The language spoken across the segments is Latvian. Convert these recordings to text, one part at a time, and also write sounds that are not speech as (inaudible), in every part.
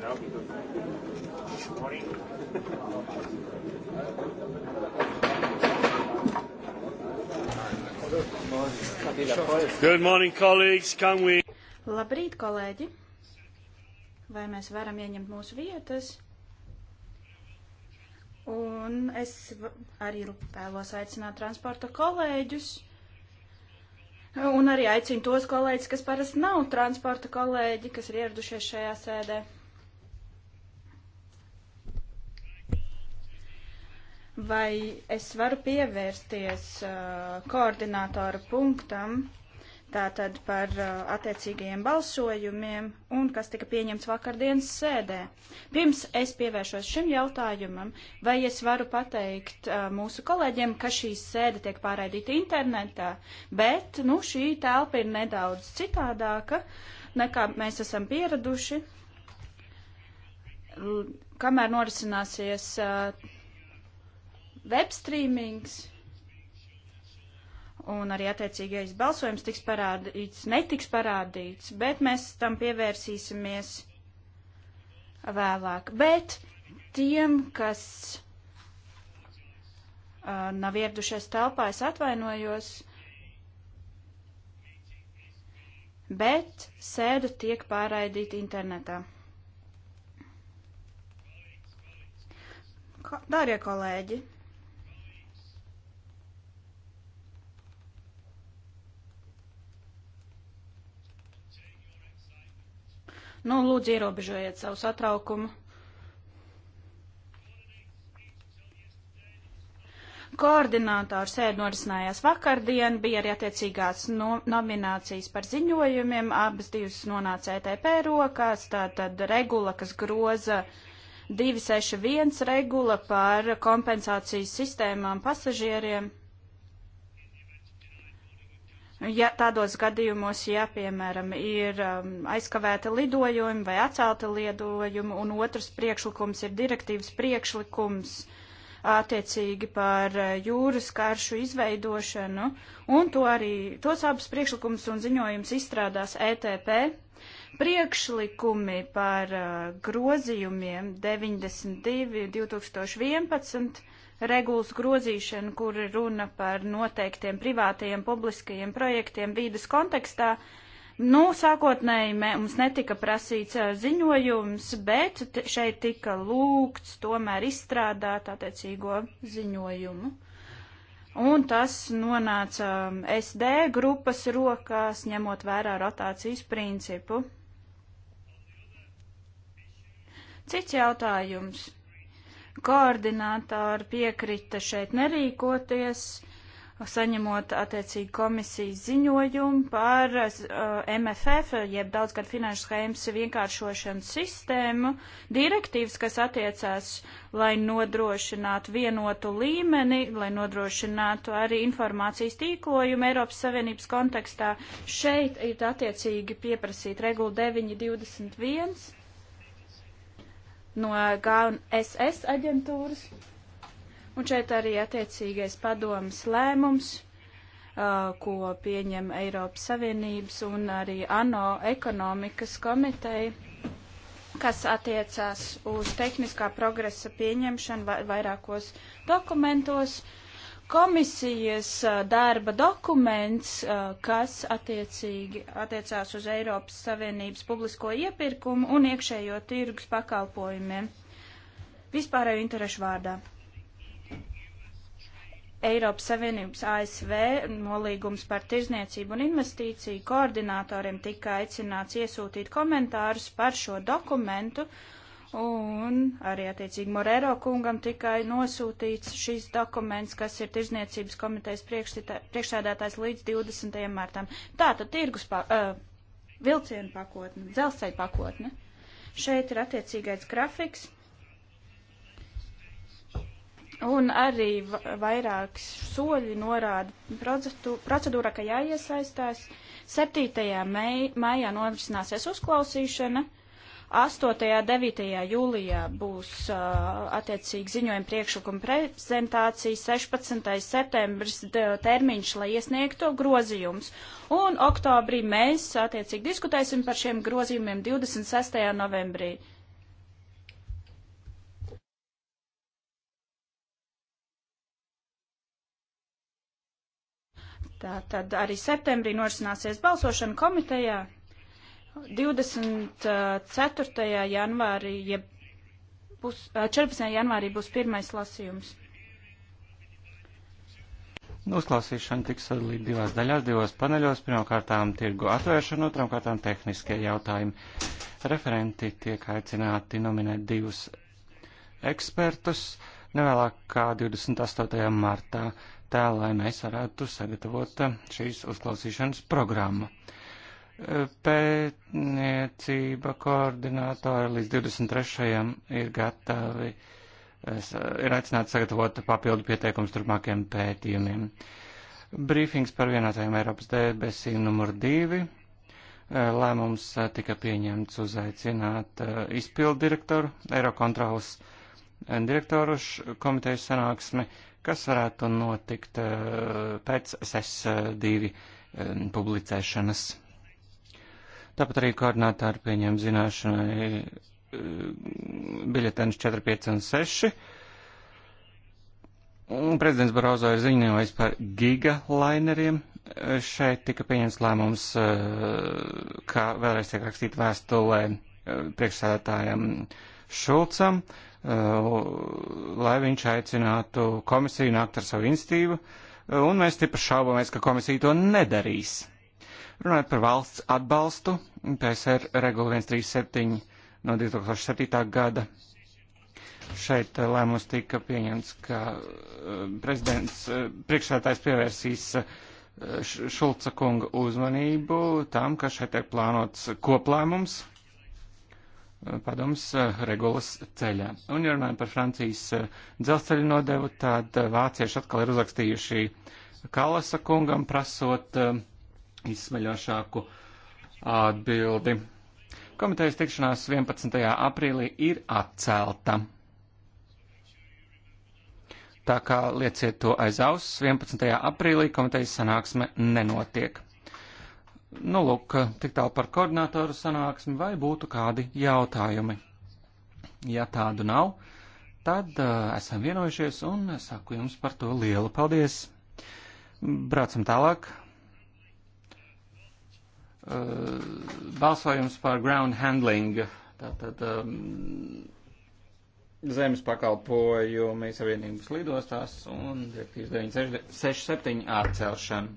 now because good morning. Good morning, colleagues. Can we? Labrīt, kolēģi. Vai mēs varam ieņemt mūsu vietas? Un es arī vēlos aicināt transporta kolēģus. Un arī aicinu tos kolēģis, kas parasti nav transporta kolēģi, kas ir ieradušies šajā sēdē. vai es varu pievērsties uh, koordinātora punktam, tātad par uh, attiecīgajiem balsojumiem un kas tika pieņemts vakardienas sēdē. Pirms es pievēršos šim jautājumam, vai es varu pateikt uh, mūsu kolēģiem, ka šī sēde tiek pārraidīta internetā, bet, nu, šī telpa ir nedaudz citādāka nekā mēs esam pieraduši. L kamēr norisināsies uh, webstreamings un arī attiecīgais balsojums tiks parādīts, netiks parādīts, bet mēs tam pievērsīsimies vēlāk. Bet tiem, kas uh, nav ieradušies telpā, es atvainojos, bet sēde tiek pārraidīta internetā. Dārgie kolēģi! Nu, lūdzu, ierobežojiet savu satraukumu. koordinātoru sēdi norisinājās vakardien, bija arī attiecīgās no, nominācijas par ziņojumiem, abas divas nonāca ETP rokās, tātad regula, kas groza 261 regula par kompensācijas sistēmām pasažieriem. Ja tādos gadījumos, ja, piemēram, ir um, aizkavēti lidojumi vai atcelti lidojumi, un otrs priekšlikums ir direktīvas priekšlikums attiecīgi par uh, jūras karšu izveidošanu, un to arī, tos abus priekšlikumus un ziņojums izstrādās ETP. Priekšlikumi par uh, grozījumiem 92, 2011 regulas grozīšanu, kur runa par noteiktiem privātajiem publiskajiem projektiem vīdas kontekstā. Nu, sākotnēji mums netika prasīts ziņojums, bet šeit tika lūgts tomēr izstrādāt attiecīgo ziņojumu. Un tas nonāca SD grupas rokās, ņemot vērā rotācijas principu. Cits jautājums Koordinātori piekrita šeit nerīkoties, saņemot attiecīgi komisijas ziņojumu par uh, eh, MFF, jeb daudzgad finanšu schēmas vienkāršošanas sistēmu, direktīvas, kas attiecās, lai nodrošinātu vienotu līmeni, lai nodrošinātu arī informācijas tīklojumu Eiropas Savienības kontekstā. Šeit ir attiecīgi pieprasīt regula 921 no GNSS aģentūras. Un šeit arī attiecīgais padomas lēmums, uh, ko pieņem Eiropas Savienības un arī ANO ekonomikas komiteja, kas attiecās uz tehniskā progresa pieņemšanu va vairākos dokumentos, uh, komisijas darba dokuments, kas attiecīgi attiecās uz Eiropas Savienības publisko iepirkumu un iekšējo tirgus pakalpojumiem vispārēju interešu vārdā. Eiropas Savienības ASV nolīgums par tirzniecību un investīciju koordinatoriem tika aicināts iesūtīt komentārus par šo dokumentu un arī attiecīgi Morero kungam tikai nosūtīts šīs dokuments, kas ir Tirzniecības komitejas priekšsēdētājs līdz 20. martam. Tā tad tirgus pa, uh, vilcienu pakotne, dzelzceļa pakotne. Šeit ir attiecīgais grafiks. Un arī vairāki soļi norāda procedūrā, ka jāiesaistās. 7. Mai, maijā norisināsies uzklausīšana. Uh, 8. un 9. jūlijā būs uh, attiecīgi ziņojuma priekšlikuma prezentācija, 16. septembris termiņš, lai iesniegtu grozījumus. Un oktobrī mēs attiecīgi diskutēsim par šiem grozījumiem 26. novembrī. Tātad arī septembrī norisināsies balsošana komitejā. 24. Uh, janvārī, jeb būs, 14. Uh, janvārī būs pirmais lasījums. Uzklausīšana tiks sadalīta divās daļās, divos paneļos. Pirmkārtām tirgu atvēršana, otram kārtām tehniskie jautājumi. Referenti tiek aicināti nominēt divus ekspertus nevēlāk kā 28. martā, tā lai mēs varētu sagatavot uh, šīs uzklausīšanas programmu pētniecība koordinātori līdz 23. ir gatavi, ir aicināti sagatavot papildu pieteikumus turpmākiem pētījumiem. Brīfings par vienotajām Eiropas debesīm numur 2. Eh, lēmums eh, tika pieņemts uzaicināt eh, izpildu direktoru, Eirokontrolas direktoru komitejas sanāksmi, kas varētu notikt pēc SES2 publicēšanas. Tāpat arī koordinātāri pieņem zināšanai biļetenus 4, 5 un 6. Prezidents Barozo ir ziņojis par gigalaineriem. Eh, šeit tika pieņems lēmums, eh, ka vēlreiz tiek rakstīt vēstulē eh, priekšsēdētājam Šulcam, lai viņš aicinātu komisiju nākt ar savu institīvu, un mēs tipā šaubamies, ka komisija to nedarīs. Runājot par valsts atbalstu, PSR regula 137 no 2007. gada. Šeit eh, lēmums tika pieņemts, ka eh, prezidents eh, priekšsētājs pievērsīs Šulca kunga uzmanību tam, ka šeit tiek plānots koplēmums padoms regulas ceļā. Un, ja runājam par Francijas dzelzceļa nodevu, tad vācieši atkal ir uzrakstījuši Kalasa kungam prasot uh, izsmeļošāku atbildi. Komitejas tikšanās 11. aprīlī ir atcelta. Tā kā lieciet to aiz auss, 11. aprīlī komitejas sanāksme nenotiek. Nu, lūk, tik tālu par koordinātoru sanāksmi, vai būtu kādi jautājumi? Ja tādu nav, tad uh, esam vienojušies un saku jums par to lielu paldies. Brācam tālāk balsojums par ground handling, tātad um, zemes pakalpojumi savienības lidostās un direktīvas 967 atcelšana.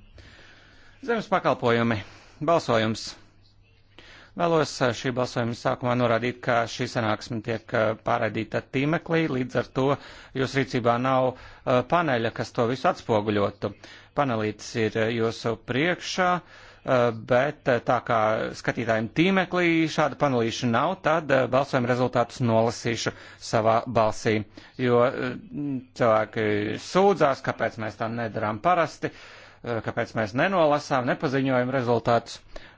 Zemes pakalpojumi. Balsojums. Vēlos šī balsojuma sākumā norādīt, ka šī sanāksme tiek pārraidīta tīmeklī, līdz ar to jūs rīcībā nav paneļa, kas to visu atspoguļotu. Panelītis ir jūsu priekšā. Uh, bet eh, tā kā skatītājiem tīmeklī šāda panelīšana nav, tad eh, balsojuma rezultātus nolasīšu savā balsī, jo eh, cilvēki sūdzās, kāpēc mēs tā nedarām parasti, kāpēc mēs nenolasām, nepaziņojam rezultātus,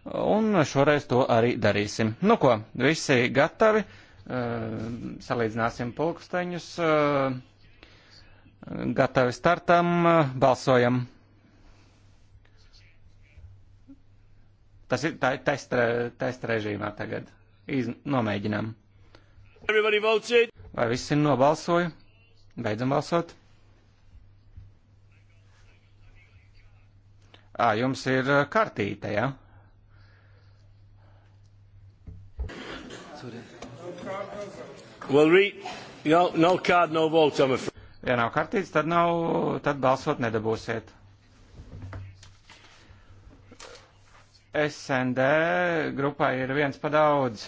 un šoreiz to arī darīsim. Nu ko, visi gatavi, salīdzināsim pulksteņus, gatavi startam, balsojam. Tas ir tā, testa, testa režīmā tagad. Iz, nomēģinām. Vai viss ir nobalsoju? Beidzam balsot. Ā, jums ir kartīte, jā? Ja? Well, re... no, no card, no vote, I'm afraid. Ja nav kartītes, tad, nav, tad balsot nedabūsiet. SND grupā ir viens pa daudz.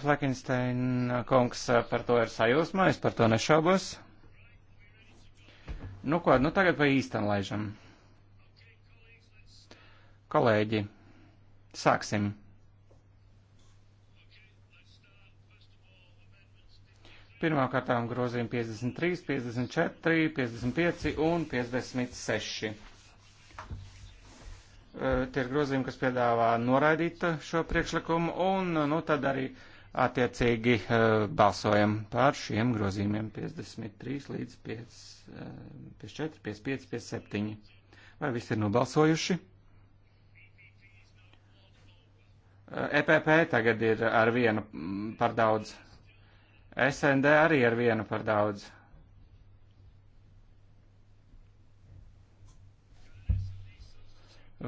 Flekinsteina kungs eh, par to ir sajūsmā, es par to nešaubos. Nu ko, nu tagad pa īstam laižam. Kolēģi, sāksim. Pirmkārt, grozījumi 53, 54, 55 un 56. Tie ir grozījumi, kas piedāvā noraidīt šo priekšlikumu, un nu, tad arī attiecīgi balsojam par šiem grozījumiem 53 līdz 5, 54, 55, 57. Vai visi ir nobalsojuši? EPP tagad ir ar vienu par daudz SND arī ar vienu par daudz.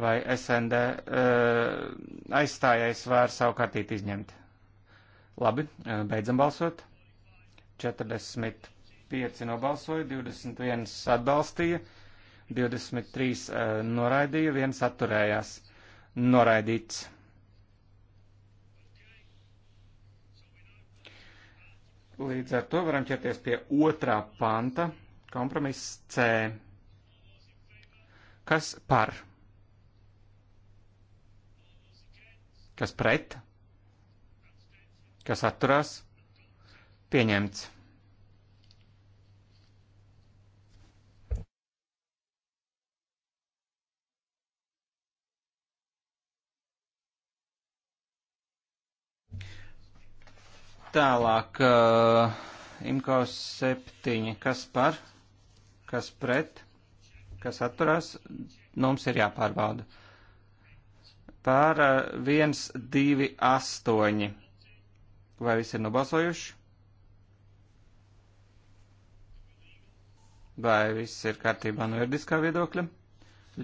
Vai SND uh, eh, aizstājais var savu kartīti izņemt? Labi, eh, beidzam balsot. 45 nobalsoja, 21 atbalstīja, 23 uh, eh, noraidīja, viens atturējās. Noraidīts. Līdz ar to varam ķerties pie otrā panta, kompromiss C. Kas par? Kas pret? Kas atturās? Pieņemts. Tālāk, uh, IMCO 7, kas par, kas pret, kas atturās, mums ir jāpārbauda. Pār uh, 1, 2, 8. Vai visi ir nobalsojuši? Vai viss ir kārtībā no juridiskā viedokļa?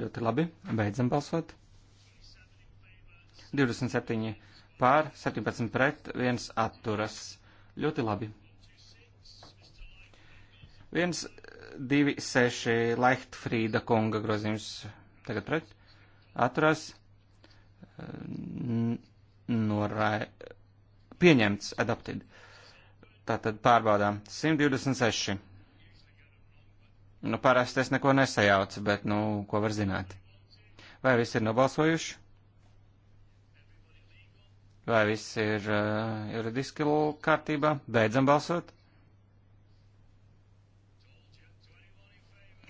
Ļoti labi, beidzam balsot. 27 pār 17 pret 1 atturas. Ļoti labi. 1, 2, 6 Leichtfrīda kunga grozījums tagad pret atturās. Norai pieņemts adapted. Tātad pārbaudām. 126. Nu, parasti es neko nesajaucu, bet, nu, ko var zināt. Vai visi ir nobalsojuši? Vai viss ir uh, juridiski kārtībā? Beidzam balsot.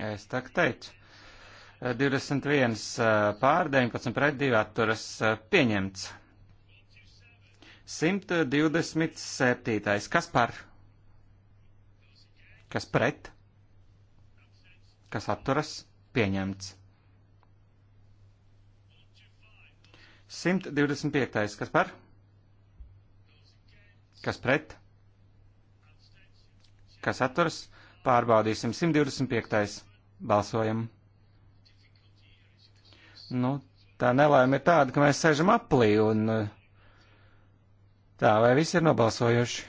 Es tā teicu. 21 eh, eh, pār 19 pret 2 atturas pieņemts. 127. Kas par? Kas pret? Kas atturas? Pieņemts. 125. Kas par? Kas pret? Kas atturas? Pārbaudīsim 125. Balsojam. Nu, tā nelaime ir tāda, ka mēs sēžam aplī un tā vai visi ir nobalsojuši.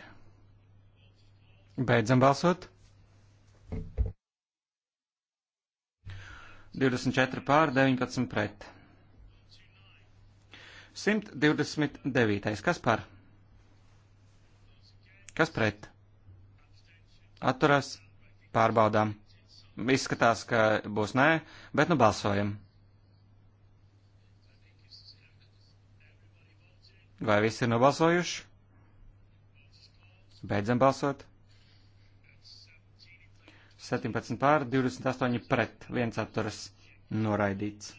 Beidzam balsot. 24 pār 19 pret. 129. Kas par? Kas pret? Atturās. Pārbaudām. Izskatās, ka būs nē, bet nu balsojam. Vai visi ir nobalsojuši? Beidzam balsot. 17 pār, 28 pret, 1 atturas noraidīts.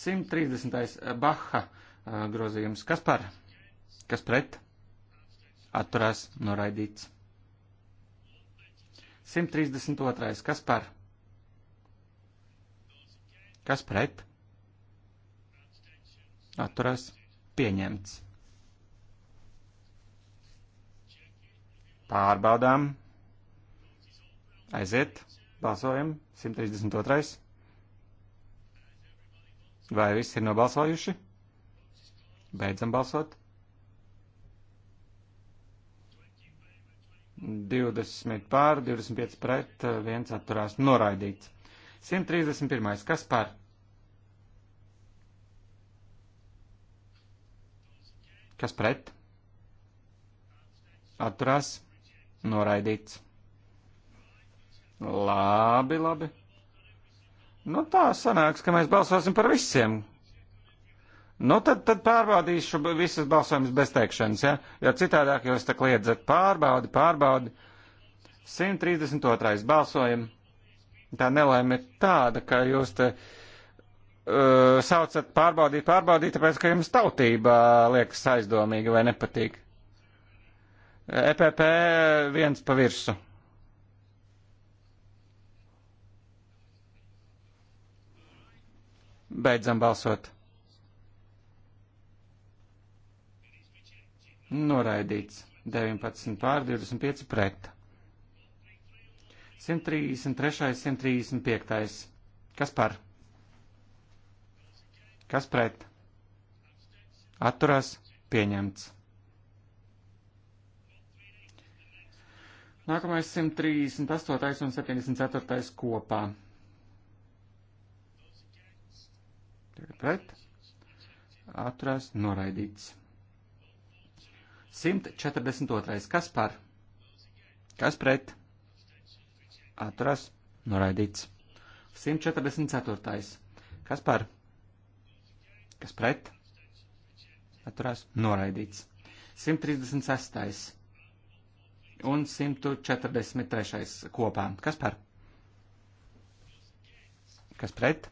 130. Baha eh, grozījums. Kas par? Kas pret? atturās noraidīts. 132. Kas par? Kas pret? Atturās pieņemts. Pārbaudām. Aiziet. Balsojam. 132. Vai visi ir nobalsojuši? Beidzam balsot. 20 pār, 25 pret, 1 atturās noraidīts. 131. Kas par? Kas pret? Atturās noraidīts. Labi, labi. Nu tā sanāks, ka mēs balsosim par visiem, Nu, tad, tad pārbaudīšu visas balsojumus bez teikšanas, ja? jo citādāk jūs tā kliedzat pārbaudi, pārbaudi. 132. balsojam. Tā nelēma ir tāda, ka jūs te uh, saucat pārbaudīt, pārbaudīt, tāpēc, ka jums tautība liekas aizdomīga vai nepatīk. EPP viens pa virsu. Beidzam balsot. Noraidīts. 19 pār 25 pret. 133, 135. Kas par? Kas pret? Atturās pieņemts. Nākamais 138 un 74 kopā. Tagad pret. Atturās noraidīts. 142. Kas par? Kas pret? Atturas. Noraidīts. 144. Kas par? Kas pret? Atturās. Noraidīts. 136. un 143. kopā. Kas par? Kas pret?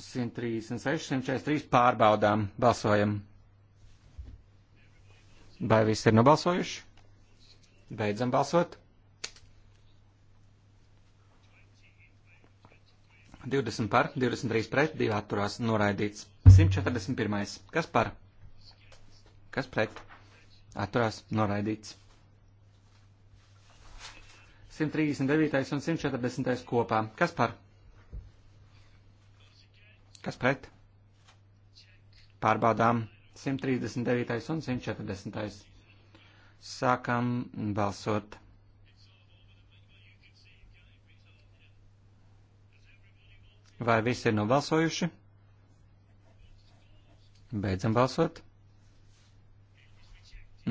136, 143 pārbaudām. Balsojam. Vai visi ir nobalsojuši? Beidzam balsot. 20 par, 23 pret, 2 atturās, noraidīts. 141. Kas par? Kas pret? Atturās, noraidīts. 139. un 140. kopā. Kas par? Kas pret? Pārbaudām 139. un 140. Sākam balsot. Vai visi ir nobalsojuši? Beidzam balsot.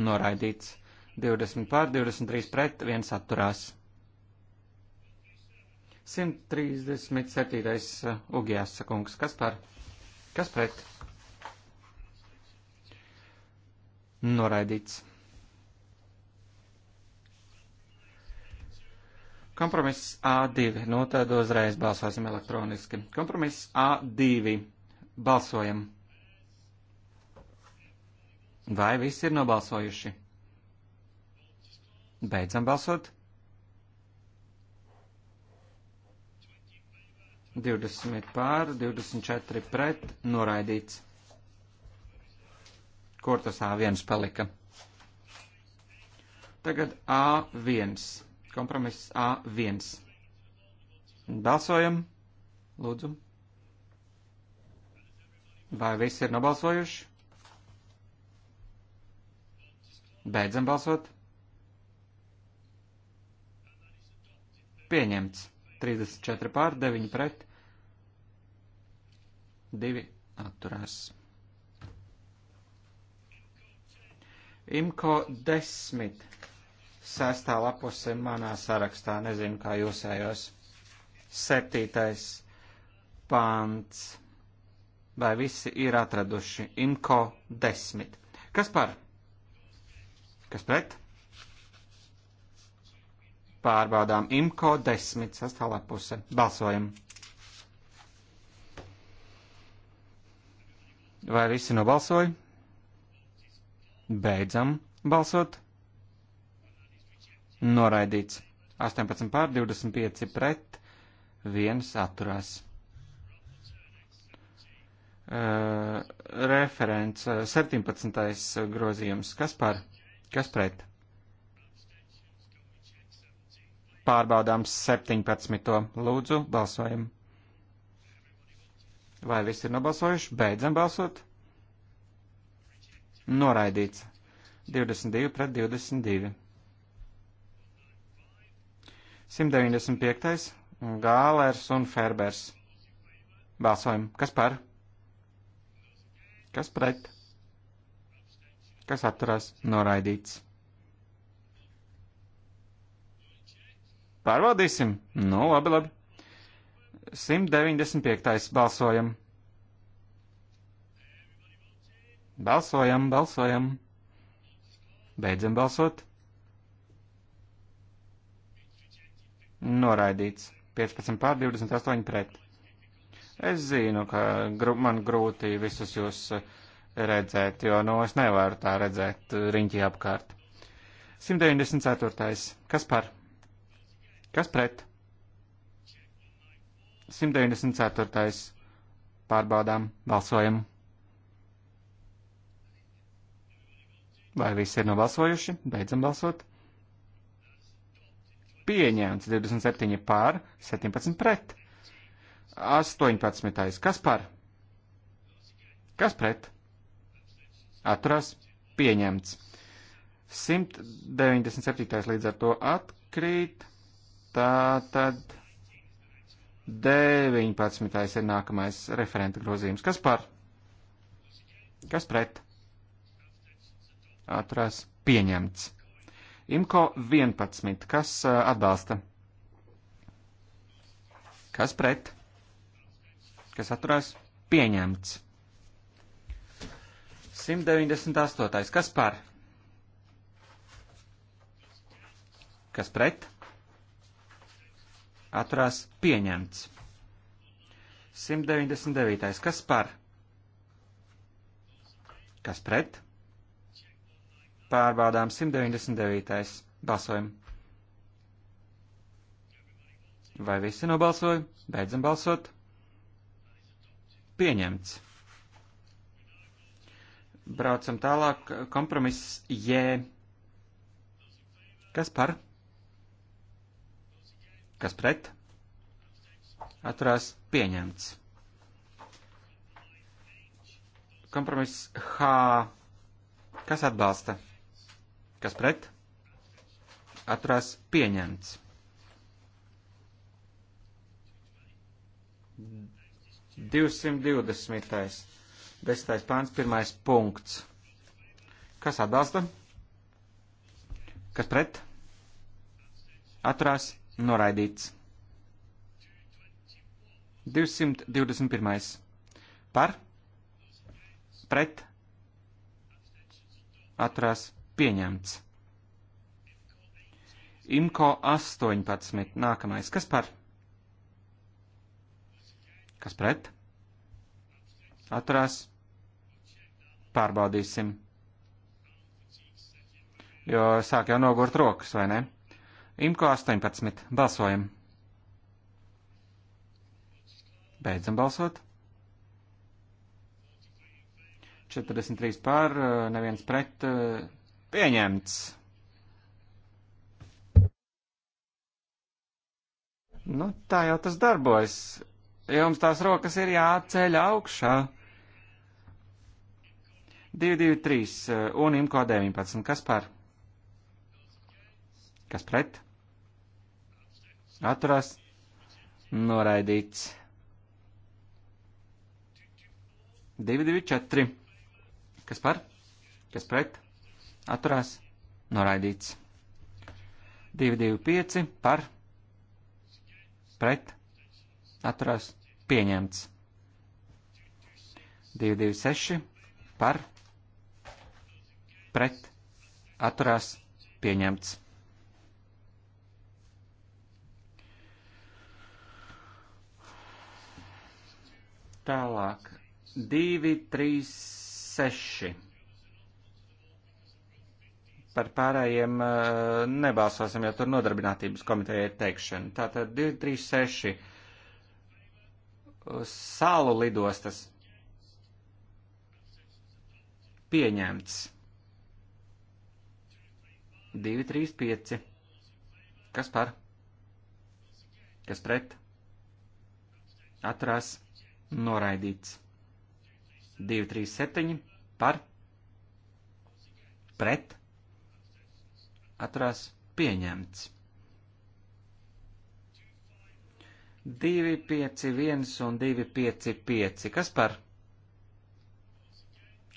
Noraidīts. 20 pār, 23 pret, 1 atturās. 137. Eh, Ugijās kungs. Kas par? Kas pret? Noraidīts. Kompromiss A2. Nu, tad uzreiz balsosim elektroniski. Kompromiss A2. Balsojam. Vai visi ir nobalsojuši? Beidzam balsot. 20 pār, 24 pret, noraidīts. Kur tas A1 palika? Tagad A1. Kompromiss A1. Balsojam. Lūdzu. Vai visi ir nobalsojuši? Beidzam balsot. Pieņemts. 34 pār 9 pret 2 atturās. Imko 10. Sestā lapuse manā sarakstā, nezinu kā jūsējos. Septītais pants. Vai visi ir atraduši? Imko 10. Kas par? Kas pret? Pārbaudām IMCO 10, sastāvā puse. Balsojam. Vai visi nobalsoja? Beidzam balsot. Noraidīts. 18 pār 25 pret, 1 atturās. Uh, referents 17. grozījums. Kas par? Kas pret? pārbaudām 17. Lūdzu, balsojam. Vai visi ir nobalsojuši? Beidzam balsot. Noraidīts. 22 pret 22. 195. Gālērs un Ferbers. Balsojam. Kas par? Kas pret? Kas atturās? Noraidīts. Pārvaldīsim? Nu, labi, labi. 195. balsojam. Balsojam, balsojam. Beidzam balsot. Noraidīts. 15 pār 28 pret. Es zinu, ka gru, man grūti visus jūs eh, redzēt, jo, nu, es nevaru tā redzēt riņķi apkārt. 194. Kas par? Kas pret? 194. pārbaudām, balsojam. Vai visi ir nobalsojuši? Beidzam balsot. Pieņemts 27 pār, 17 pret. 18. Kas par? Kas pret? Atturās. Pieņemts. 197. līdz ar to atkrīt. Tā tad 19. ir nākamais referenta grozījums. Kas par? Kas pret? Atturās pieņemts. Imko 11. Kas uh, atbalsta? Kas pret? Kas atturās? Pieņemts. 198. Kas par? Kas pret? atturās pieņemts. 199. Kas par? Kas pret? Pārbaudām 199. Balsojam. Vai visi nobalsoja? Beidzam balsot. Pieņemts. Braucam tālāk. Kompromiss J. Kas par? Kas pret? Atturās pieņemts. Kompromiss H. Kas atbalsta? Kas pret? Atturās pieņemts. 220. Desmitais pāns, pirmais punkts. Kas atbalsta? Kas pret? Atturās Noraidīts. 221. Par, pret, atturās pieņemts. Imko 18. Nākamais. Kas par? Kas pret? Atturās. Pārbaudīsim. Jo sāk jau nogurt rokas, vai ne? Imko 18. Balsojam. Beidzam balsot. 43 pār, neviens pret. Pieņemts. Nu, tā jau tas darbojas. Jums tās rokas ir jāceļ augšā. 223 un imko 19. Kas par? Kas pret? atturās, noraidīts. 224. Kas par? Kas pret? Atturās, noraidīts. 225 par, pret, atturās, pieņemts. 226 par, pret, atturās, pieņemts. Tālāk. 2, 3, 6. Par pārējiem eh, nebalsosim, jo tur nodarbinātības komiteja ir teikšana. Tātad 2, 3, 6. Salu lidostas. Pieņemts. 2, 3, 5. Kas par? Kas pret? Atrās. Noraidīts. 2, 3, 7 par pret atrās pieņemts. 2, 5, 1 un 2, 5, 5. Kas par?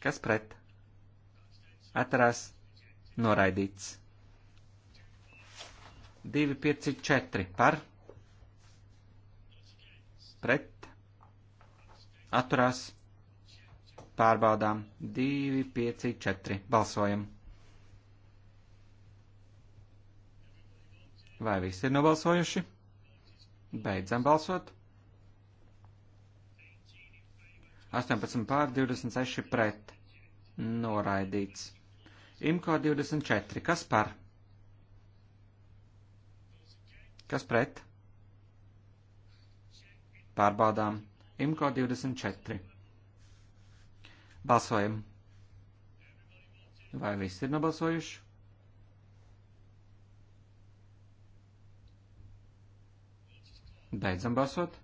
Kas pret? Atrās noraidīts. 2, 5, 4 par pret atturās, pārbaudām 2, 5, 4. Balsojam. Vai visi ir nobalsojuši? Beidzam balsot. 18 pār 26 pret. Noraidīts. Imko 24. Kas par? Kas pret? Pārbaudām. IMCO 24. Balsojam. Vai viss ir nobalsojuši? Beidzam balsot.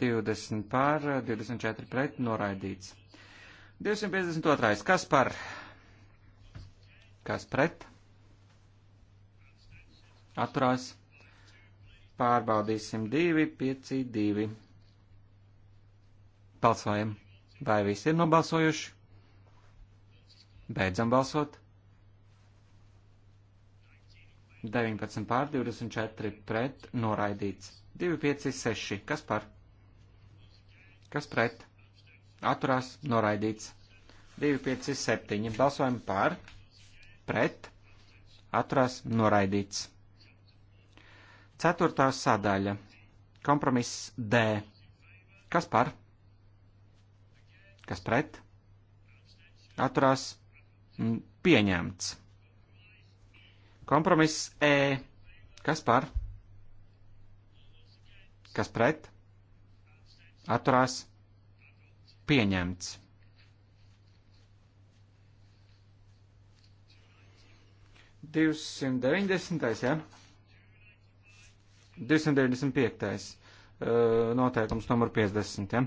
20 pār, 24 pret, noraidīts. 252. Kas par? Kas pret? Atturās. Pārbaudīsim 2, 5, 2. Balsojam. Vai visi ir nobalsojuši? Beidzam balsot. 19 pār 24 pret noraidīts. 2, 5, 6. Kas par? Kas pret? Atturās noraidīts. 2, 5, 7. Balsojam par. Pret. Atturās noraidīts. Ceturtā sadaļa. Kompromiss D. Kas par? Kas pret? Atturās mm, pieņemts. Kompromiss E. Kas par? Kas pret? Atturās pieņemts. Divsimt deviņdesmitais, jā? Ja? 295. Eh, noteikums numur 50. Ja?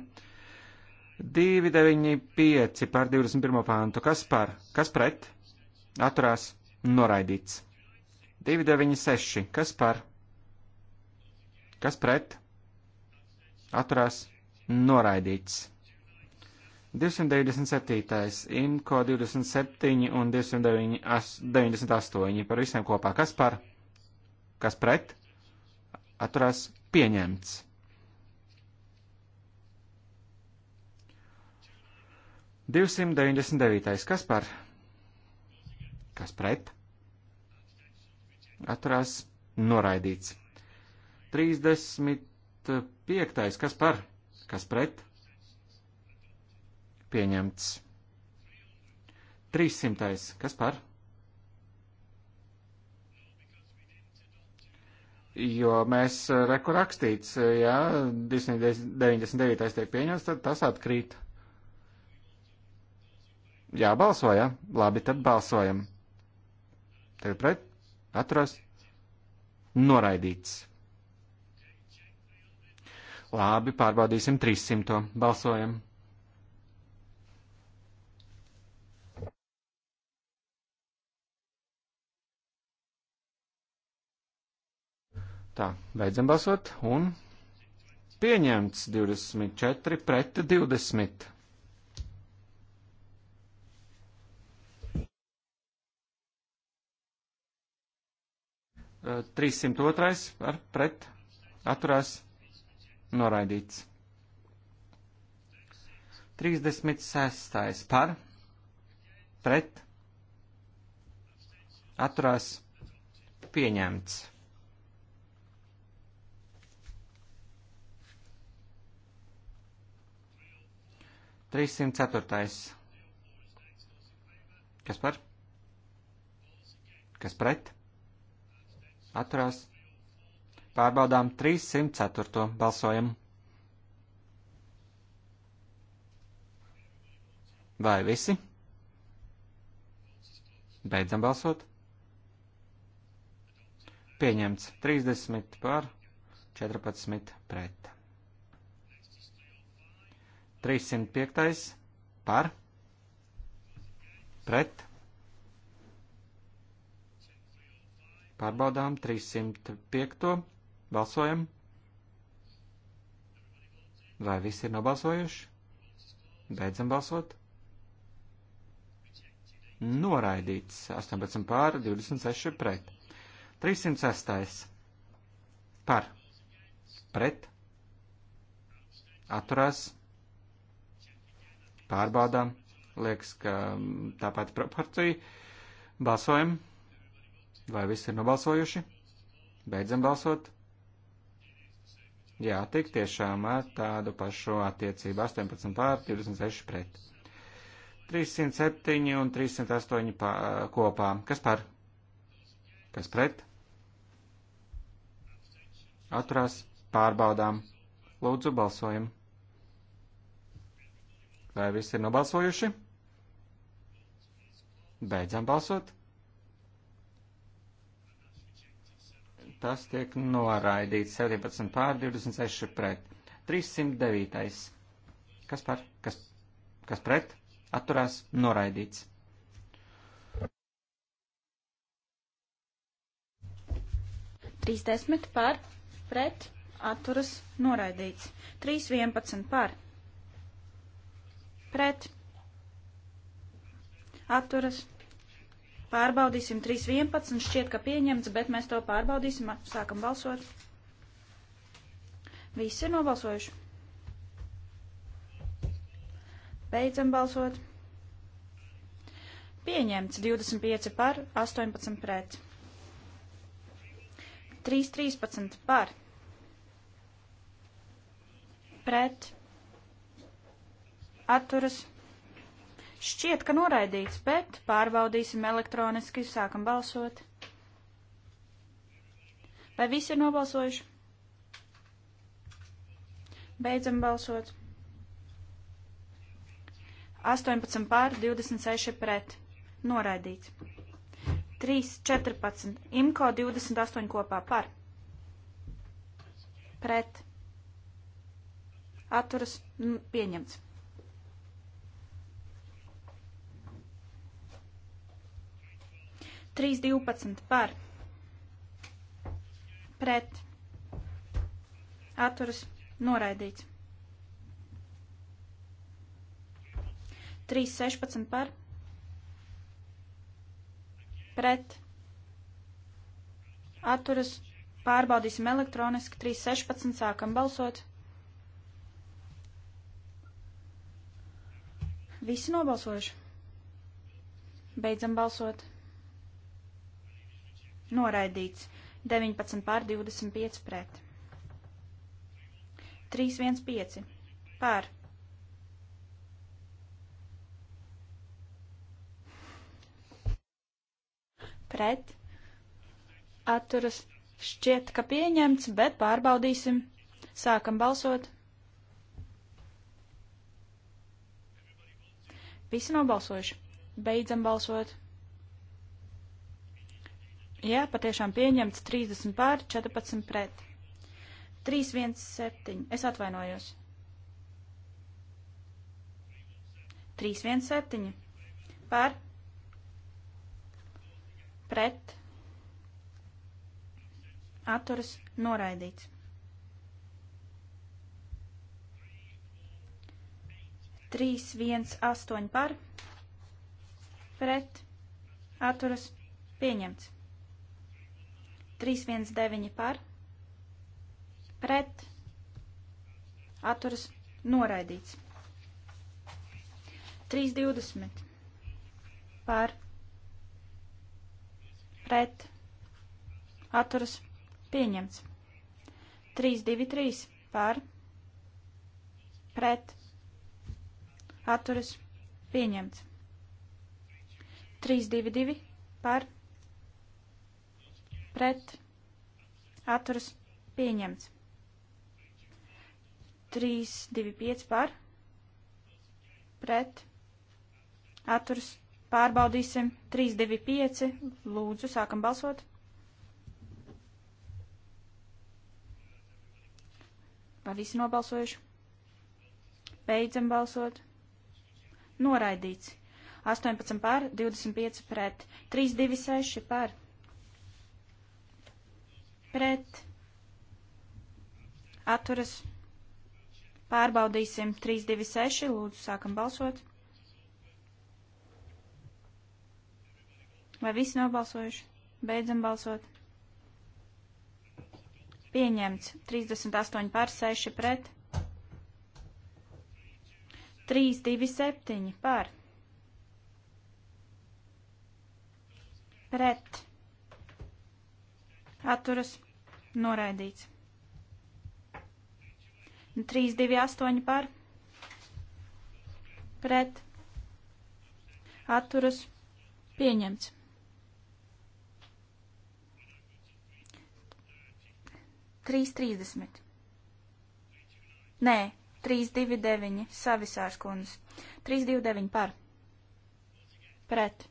295 par 21. pāntu. Kas par? Kas pret? Atturās noraidīts. 296. Kas par? Kas pret? Atturās noraidīts. 297. Inko 27 un 298 par visiem kopā. Kas par? Kas pret? atturās pieņemts. Divsimt deviņdesmit devītais. Kas par? Kas pret? Atturās noraidīts. Trīsdesmit piektais. Kas par? Kas pret? Pieņemts. Trīssimtais. Kas par? Jo mēs eh, reku rakstīts, eh, ja 299. tiek pieņemts, tad tas atkrīt. Jā, balsoja. Labi, tad balsojam. Tagad pret, atturas, noraidīts. Labi, pārbaudīsim 300. Balsojam. Tā, beidzam balsot un pieņemts 24 pret 20. Eh, Trīsimt otrais ar pret atturās noraidīts. Trīsdesmit sestais par pret atturās pieņemts. 304. Kas par? Kas pret? Atturās. Pārbaudām 304. balsojam. Vai visi? Beidzam balsot. Pieņemts 30 par 14 pret. 305. par pret pārbaudām 305. balsojam. Vai visi ir nobalsojuši? Beidzam balsot. Noraidīts 18 pār 26 pret. 306. par pret atturās pārbaudām. Liekas, ka mm, tāpat proporcija. Balsojam. Vai visi ir nobalsojuši? Beidzam balsot. Jā, tik tiešām ar tādu pašu attiecību 18 pār 26 pret. 307 un 308 pā, kopā. Kas par? Kas pret? Atturās, pārbaudām. Lūdzu, balsojam! Vai visi ir nobalsojuši? Beidzam balsot. Tas tiek noraidīts 17 pār 26 pret. 309. Kas par? Kas, kas pret? Atturās noraidīts. Trīs desmit par, pret, atturas, noraidīts. Trīs vienpadsmit par, pret, atturas. Pārbaudīsim 3.11, šķiet, ka pieņemts, bet mēs to pārbaudīsim, sākam balsot. Visi ir nobalsojuši. Beidzam balsot. Pieņemts 25 par, 18 pret. 3.13 par. Pret atturas. Šķiet, ka noraidīts, bet pārbaudīsim elektroniski, sākam balsot. Vai visi ir nobalsojuši? Beidzam balsot. 18 pār, 26 pret. Noraidīts. 3, 14. Imko 28 kopā par. Pret. Atturas pieņemts. 3.12 par pret atturas noraidīts. 3.16 par pret atturas pārbaudīsim elektroniski. 3.16 sākam balsot. Visi nobalsojuši. Beidzam balsot. Noraidīts. 19 pār 25 pret. 315 pār. Pret. Atturas šķiet, ka pieņemts, bet pārbaudīsim. Sākam balsot. Visi nobalsojuši. Beidzam balsot. Jā, patiešām pieņemts 30 pār 14 pret. 317. Es atvainojos. 317. Pār. Pret. Atturas noraidīts. 318 par. Pret. Atturas pieņemts. 319 par, pret, atturas, noraidīts. 320 par, pret, atturas, pieņemts. 323 par, pret, atturas, pieņemts. 322 par, pret atturas pieņemts. 3, 2, 5 par pret atturas pārbaudīsim. 3, 2, 5 lūdzu sākam balsot. Vai visi nobalsojuši? Beidzam balsot. Noraidīts. 18 pār, 25 pret, 3, 2, 6 pār pret, atturas, pārbaudīsim 326, lūdzu, sākam balsot. Vai visi nobalsojuši? Beidzam balsot. Pieņemts 38 pār 6 pret, 327 pār. pret atturas Noraidīts. 3, 2, 8 par. Pret. Atturas. Pieņemts. Trīs trīsdesmit. Nē, trīs divi deviņi, savisārs kundz. Trīs divi deviņi par. Pret.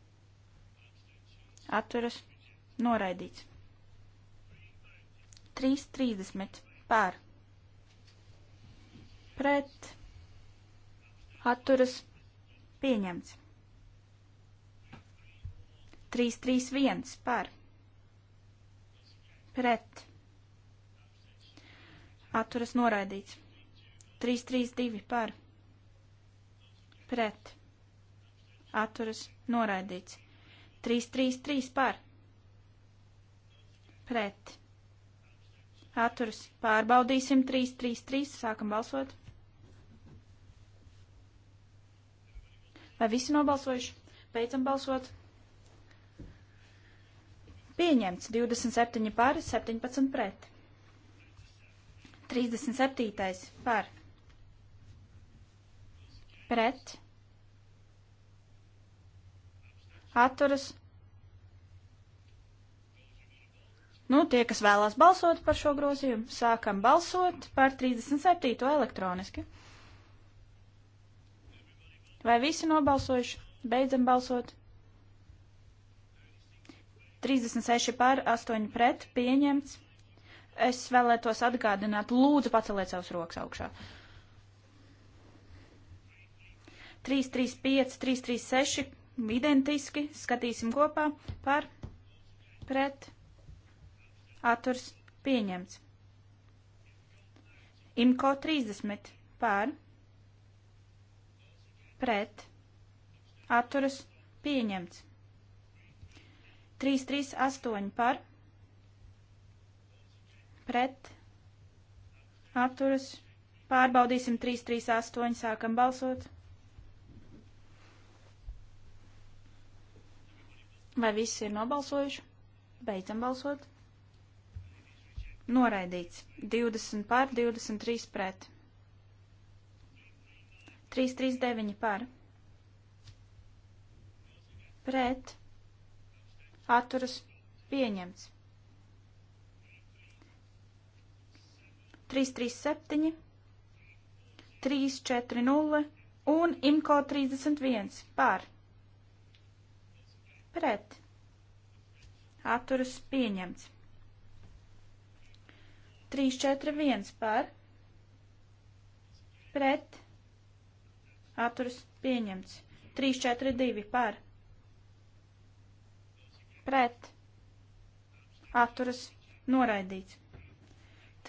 Atturas. Noraidīts. 3.30 par pret atturas pieņemts. 3.31 par pret atturas noraidīts. 3.32 par pret atturas noraidīts. 3.33 par pret Atturas. Pārbaudīsim. 3, 3, 3. Sākam balsot. Vai visi nobalsojuši? Beidzam balsot. Pieņemts 27 par, 17 pret. 37. par. Pret. Atturas Nu, tie, kas vēlās balsot par šo grozījumu, sākam balsot par 37. elektroniski. Vai visi nobalsojuši? Beidzam balsot. 36 par, 8 pret, pieņemts. Es vēlētos atgādināt, lūdzu paceliet savus rokas augšā. 3, 3, 5, 3, 3, 6, identiski, skatīsim kopā par, pret, pret atturs pieņemts. Imko 30 pār, pret, atturas pieņemts. 338 par, pret, atturas pārbaudīsim 338, sākam balsot. Vai visi ir nobalsojuši? Beidzam balsot. Noraidīts. 20 pār, 23 pret. 339 pār. Pret. Atturas pieņemts. 337, 340 un IMCO 31 pār. Pret. Atturas pieņemts. 3, 4, 1 par, pret, atturas pieņemts. 3, 4, 2 par, pret, atturas noraidīts.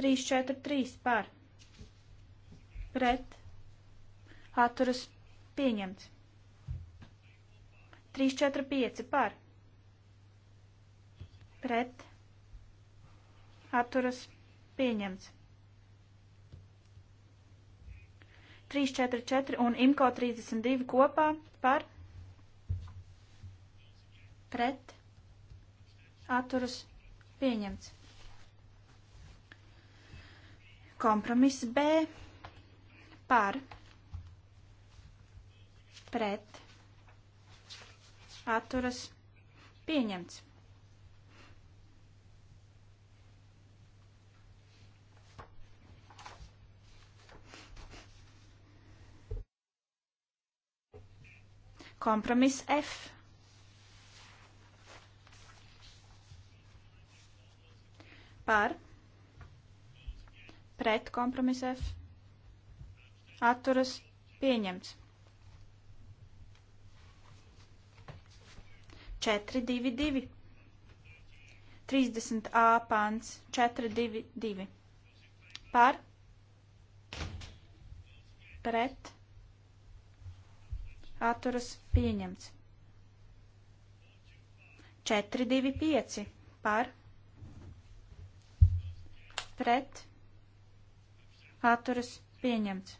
3, 4, 3 par, pret, atturas pieņemts. 3, 4, 5 par, pret, atturas pieņemts Pieņemts. 344 un IMCO 32 kopā par pret atturas pieņemts. Kompromiss B par pret atturas pieņemts. Kompromiss F. Par. Pret kompromiss F. Atturas pieņemts. 4, 2, 2. 30a pāns 4, 2, 2. Par. Pret atturas pieņemts. 4, 2, 5 par, pret, atturas pieņemts.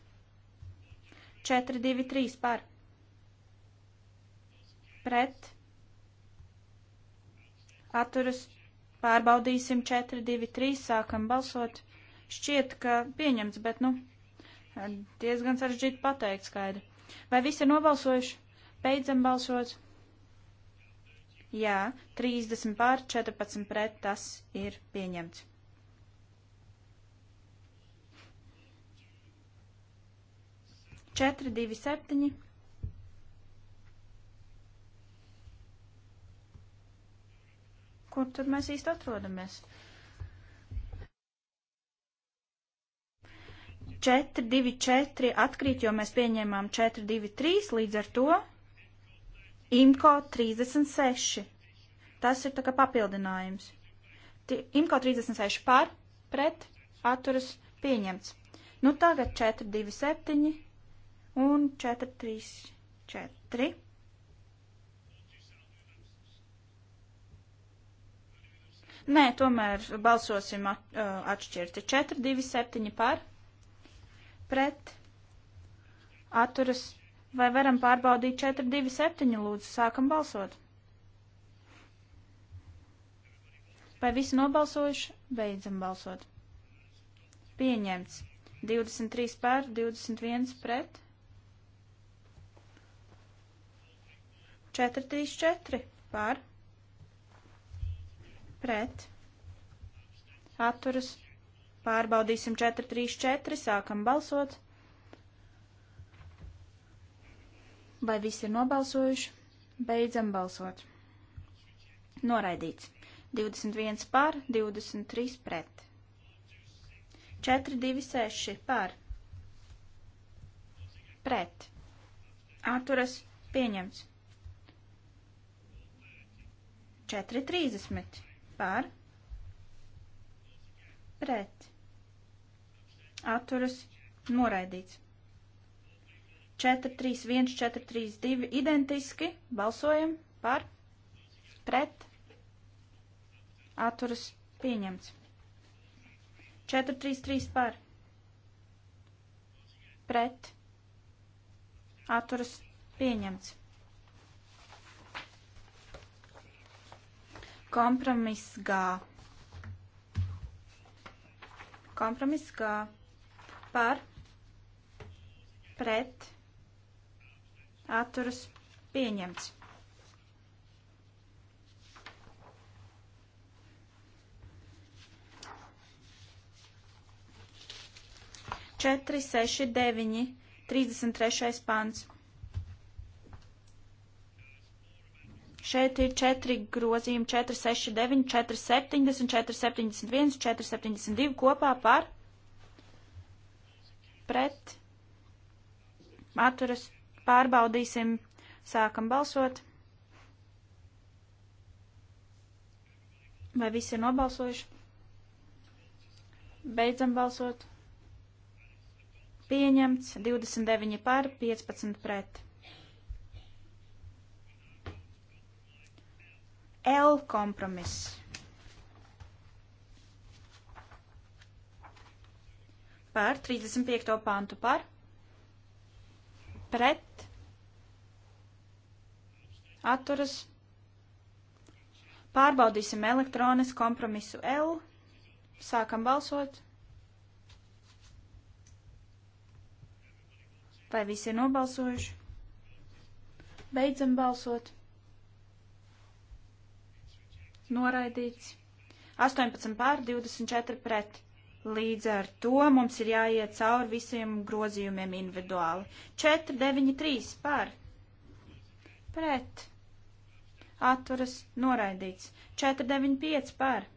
4, 2, 3 par, pret, atturas pārbaudīsim 4, 2, 3, sākam balsot. Šķiet, ka pieņemts, bet, nu, diezgan sarežģīti pateikt skaidri. Vai visi ir nobalsojuši? Beidzam balsot. Jā, 30 pār 14 pret tas ir pieņemts. Četri, divi, septiņi. Kur tad mēs īsti atrodamies? 4, 2, 4 atkrīt, jo mēs pieņēmām 4, 2, 3, līdz ar to IMCO 36. Tas ir tā kā papildinājums. IMCO 36 par, pret, atturas pieņemts. Nu tagad 4, 2, 7 un 4, 3, 4. Nē, tomēr balsosim at, uh, atšķirti. 4, 2, 7 par pret, atturas, vai varam pārbaudīt 427 lūdzu, sākam balsot. Vai visi nobalsojuši? Beidzam balsot. Pieņemts. 23 pār, 21 pret. 4, 3, 4 pār. Pret. Atturas Pārbaudīsim 434, sākam balsot. Vai visi ir nobalsojuši? Beidzam balsot. Noraidīts. 21 pār, 23 pret. 4, 2, 6 pār. Pret. Atturas pieņemts. 4, 30 pār. Pret atturas noraidīts. 4, 3, 1, 4, 3, 2 identiski balsojam par pret atturas pieņemts. 4, 3, 3 par pret atturas pieņemts. Kompromiss gā. Kompromiss gā par pret atturas pieņemts. Četri, seši, deviņi, trīsdesmit trešais pants. Šeit ir četri grozījumi - 4, 6, 9, 4, 70, 4, 71, 4, 72 kopā par pret, atturas, pārbaudīsim, sākam balsot. Vai visi ir nobalsojuši? Beidzam balsot. Pieņemts 29 par, 15 pret. L kompromiss. par 35. pantu par pret atturas. Pārbaudīsim elektronis kompromisu L. Sākam balsot. Vai visi ir nobalsojuši? Beidzam balsot. Noraidīts. 18 pār 24 pret. Līdz ar to mums ir jāiet cauri visiem grozījumiem individuāli. 4, 9, 3 par. Pret. Atturas noraidīts. 4, 9, 5 par.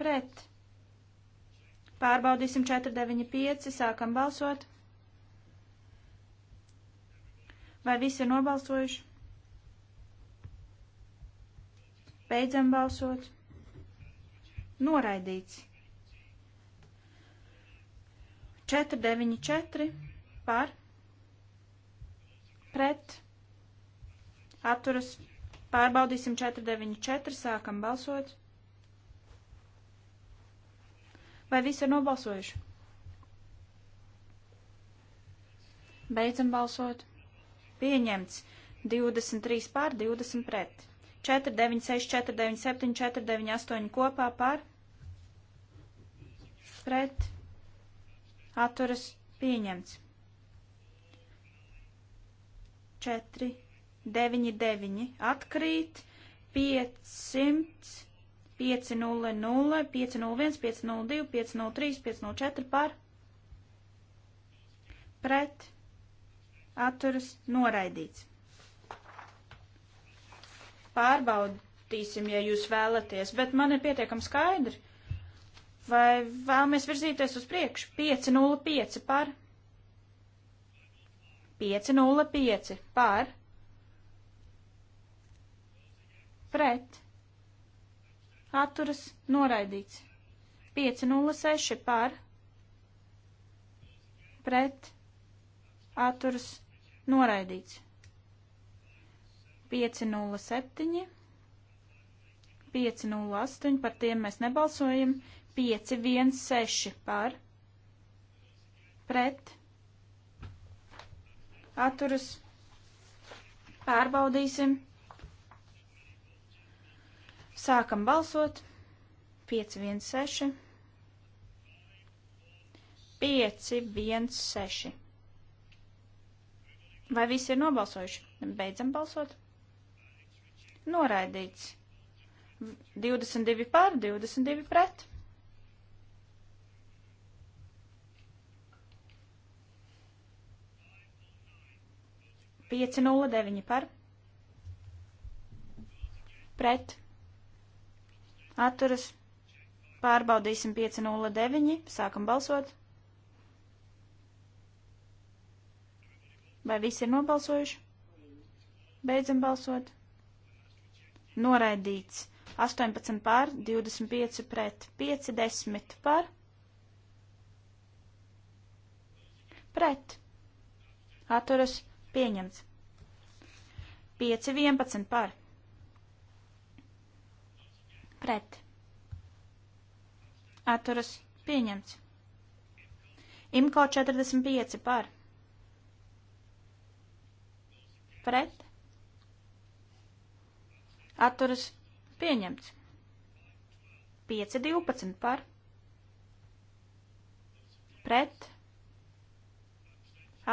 Pret. Pārbaudīsim 4, 9, 5. Sākam balsot. Vai visi ir nobalsojuši? Beidzam balsot. Noraidīts. 494 par pret atturas. Pārbaudīsim 494, sākam balsot. Vai visi ir nobalsojuši? Beidzam balsot. Pieņemts 23 pār 20 pret. 496, 497, 498 kopā par pret atturas pieņemts. 4, 9, 9 atkrīt, 500, 5, 0, 0, 5, 0, 1, 5, 0, 2, 5, 0, 3, 5, 0, 4 par pret atturas noraidīts pārbaudīsim, ja jūs vēlaties, bet man ir pietiekami skaidri. Vai vēlamies virzīties uz priekšu? 505 par. 505 par. Pret. Atturas noraidīts. 506 par. Pret. Atturas noraidīts. 507, 508, par tiem mēs nebalsojam, 516 par, pret, atturas, pārbaudīsim, sākam balsot, 516, 516. Vai visi ir nobalsojuši? Beidzam balsot. Noraidīts. 22 pār, 22 pret. Pieci nulle deviņi par. Pret. Atturas. Pārbaudīsim 509. Sākam balsot. Vai visi ir nobalsojuši? Beidzam balsot noraidīts 18 pār, 25 pret, 5, 10 pār, pret, atturas pieņemts, 5, 11 pār, pret, atturas pieņemts, imko 45 pār, pret, atturas pieņemts. 5.12 par pret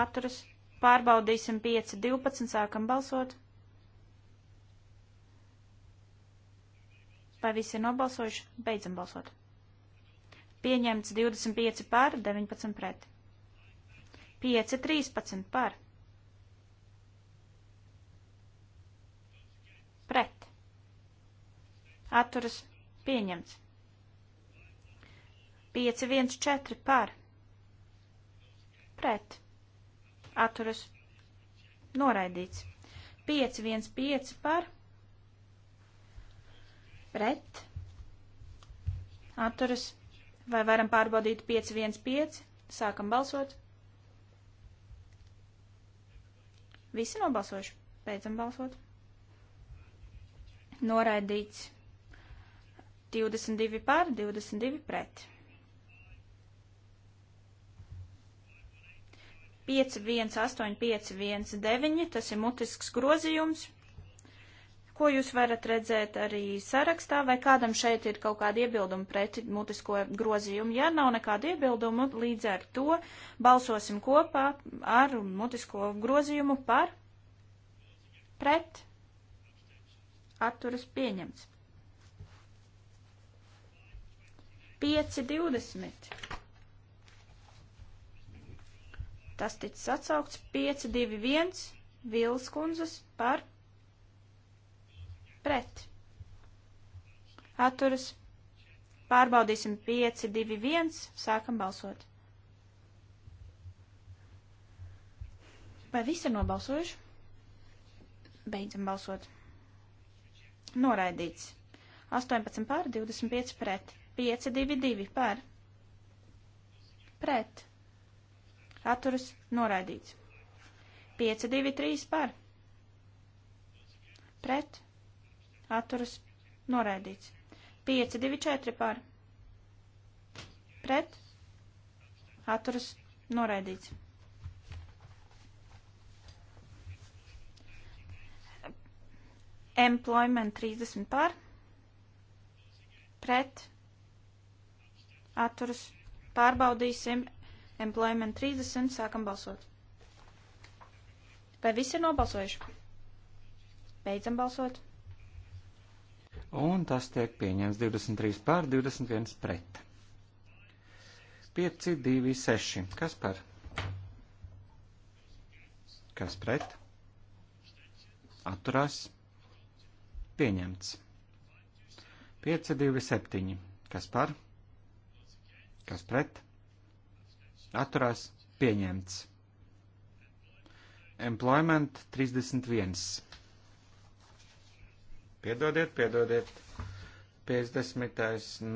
atturas pārbaudīsim 5.12 sākam balsot. Vai visi ir nobalsojuši? Beidzam balsot. Pieņemts 25 par, 19 pret. 5.13 par atturas pieņemts. 514 par pret atturas noraidīts. 515 par pret atturas vai varam pārbaudīt 515. Sākam balsot. Visi nobalsojuši. Beidzam balsot. Noraidīts 22 pār, 22 pret. 5, 1, 8, 5, 1, 9, tas ir mutisks grozījums, ko jūs varat redzēt arī sarakstā, vai kādam šeit ir kaut kāda iebilduma pret mutisko grozījumu. Ja nav nekāda iebilduma, līdz ar to balsosim kopā ar mutisko grozījumu par pret atturas pieņemts. 5.20. Tas ticis atsaukts 5.21. Vils kundzes par pret. Atturas. Pārbaudīsim 5.21. Sākam balsot. Vai visi ir nobalsojuši? Beidzam balsot. Noraidīts. 18 pār 25 pret. 522 par pret atturas noraidīts. 523 par pret atturas noraidīts. 524 par pret atturas noraidīts. Employment 30 par pret atturas pārbaudīsim employment 30, sākam balsot. Vai visi ir nobalsojuši? Beidzam balsot. Un tas tiek pieņemts 23 pār 21 pret. 5, 2, 6. Kas par? Kas pret? Atturās. Pieņemts. 5, 2, 7. Kas par? Kas pret? Atturās pieņemts. Employment 31. Piedodiet, piedodiet. 50.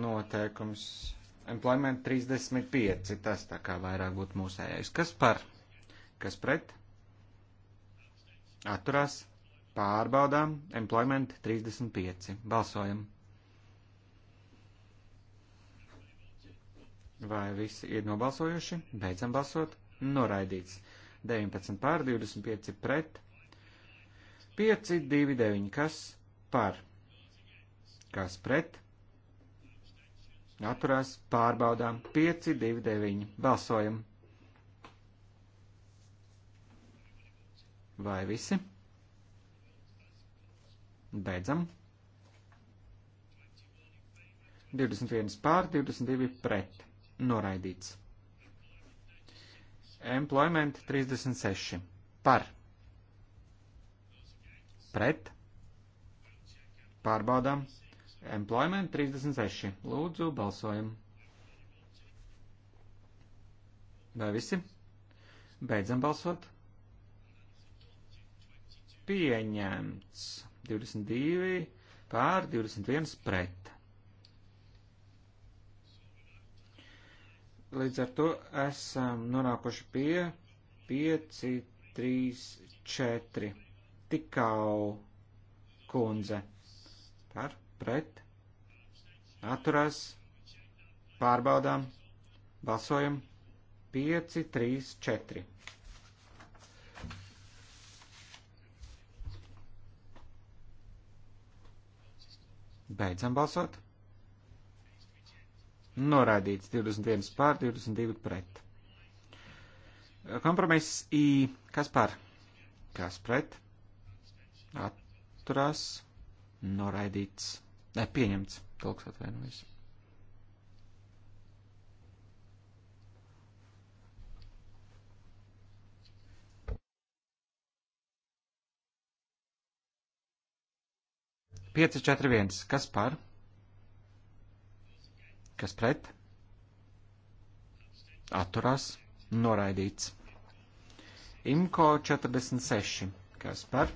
noteikums. Employment 35. Tas tā kā vairāk būtu mūsējais. Kas par? Kas pret? Atturās. Pārbaudām. Employment 35. Balsojam. Vai visi ir nobalsojuši? Beidzam balsot. Noraidīts. 19 pār 25 pret. 5, 2, 9. Kas par? Kas pret? Atturās. Pārbaudām. 5, 2, 9. Balsojam. Vai visi? Beidzam. 21 pār 22 pret noraidīts. Employment 36 par pret pārbaudām Employment 36. Lūdzu, balsojam. Vai visi? Beidzam balsot. Pieņemts 22 pār 21 pret. Līdz ar to esam nonākuši pie 5, 3, 4. Tikau kundze par pret atturās pārbaudām balsojam 5, 3, 4. Beidzam balsot. Noraidīts 21 pār 22 pret. Kompromiss I. Kas par? Kas pret? Atturās. Noraidīts. Ne, pieņemts. Tulks atvainojas. Pieci, četri, viens. Kas par? Kas pret? Atturās. Noraidīts. Imko 46. Kas par?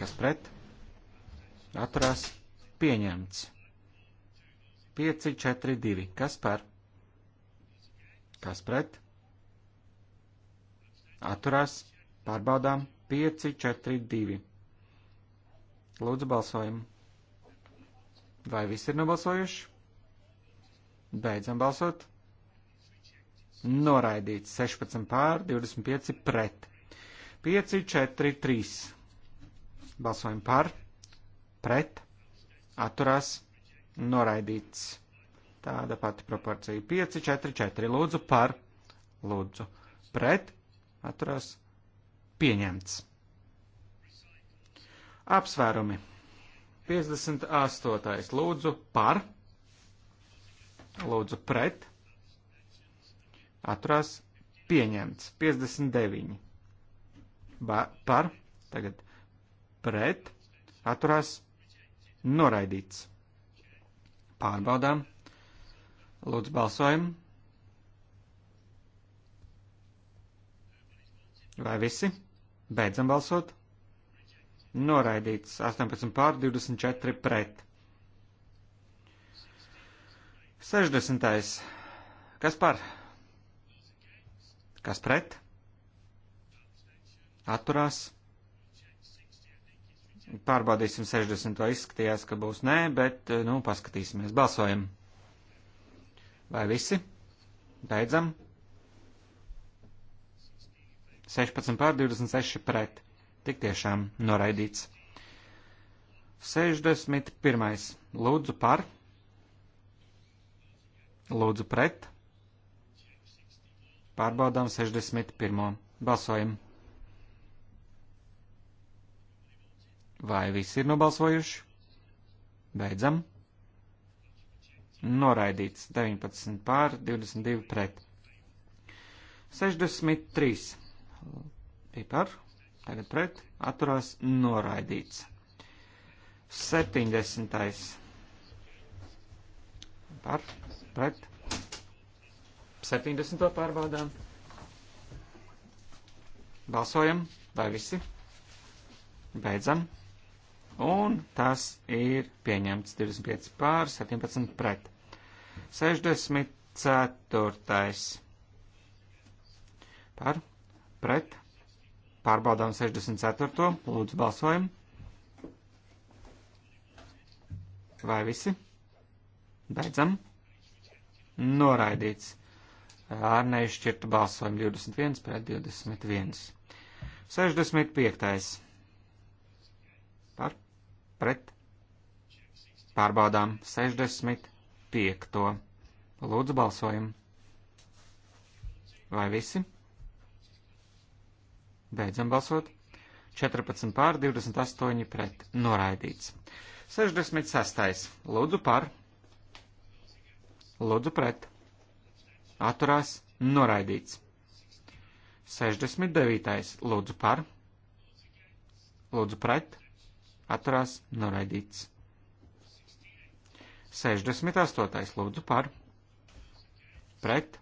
Kas pret? Atturās. Pieņemts. 5, 4, 2. Kas par? Kas pret? Atturās. Pārbaudām. 5, 4, 2. Lūdzu balsojumu. Vai visi ir nobalsojuši? Beidzam balsot. Noraidīts 16 pār, 25 pret. 5, 4, 3. Balsojam par, pret, atturās, noraidīts. Tāda pati proporcija. 5, 4, 4. Lūdzu par, lūdzu pret, atturās, pieņemts. Apsvērumi. 58. Lūdzu par, pret Lūdzu, pret. Atturās pieņemts. 59. Ba par. Tagad pret. Atturās noraidīts. Pārbaudām. Lūdzu, balsojam. Vai visi? Beidzam balsot. Noraidīts 18 pār 24 pret. 60. Kas par? Kas pret? Atturās. Pārbaudīsim 60. Izskatījās, ka būs nē, bet, eh, nu, paskatīsimies. Balsojam. Vai visi? Beidzam. 16 pār 26 pret. Tik tiešām noraidīts. 61. Lūdzu par. Lūdzu pret. Pārbaudām 61. Balsojam. Vai visi ir nobalsojuši? Beidzam. Noraidīts 19 pār 22 pret. 63. Pipar. Tagad pret. Atturās noraidīts. 70. Par pret 70. pārbaudām. Balsojam, vai visi? Beidzam. Un tas ir pieņemts 25 pār 17 pret. 64. Par pret. Pārbaudām 64. Lūdzu balsojam. Vai visi? Beidzam noraidīts ar neizšķirtu balsojumu 21 pret 21. 65. par pret pārbaudām 65. Lūdzu balsojumu. Vai visi? Beidzam balsot. 14 pār 28 pret noraidīts. 66. Lūdzu par Lūdzu pret. Atturās noraidīts. 69. Lūdzu par. Lūdzu pret. Atturās noraidīts. 68. Lūdzu par. Pret.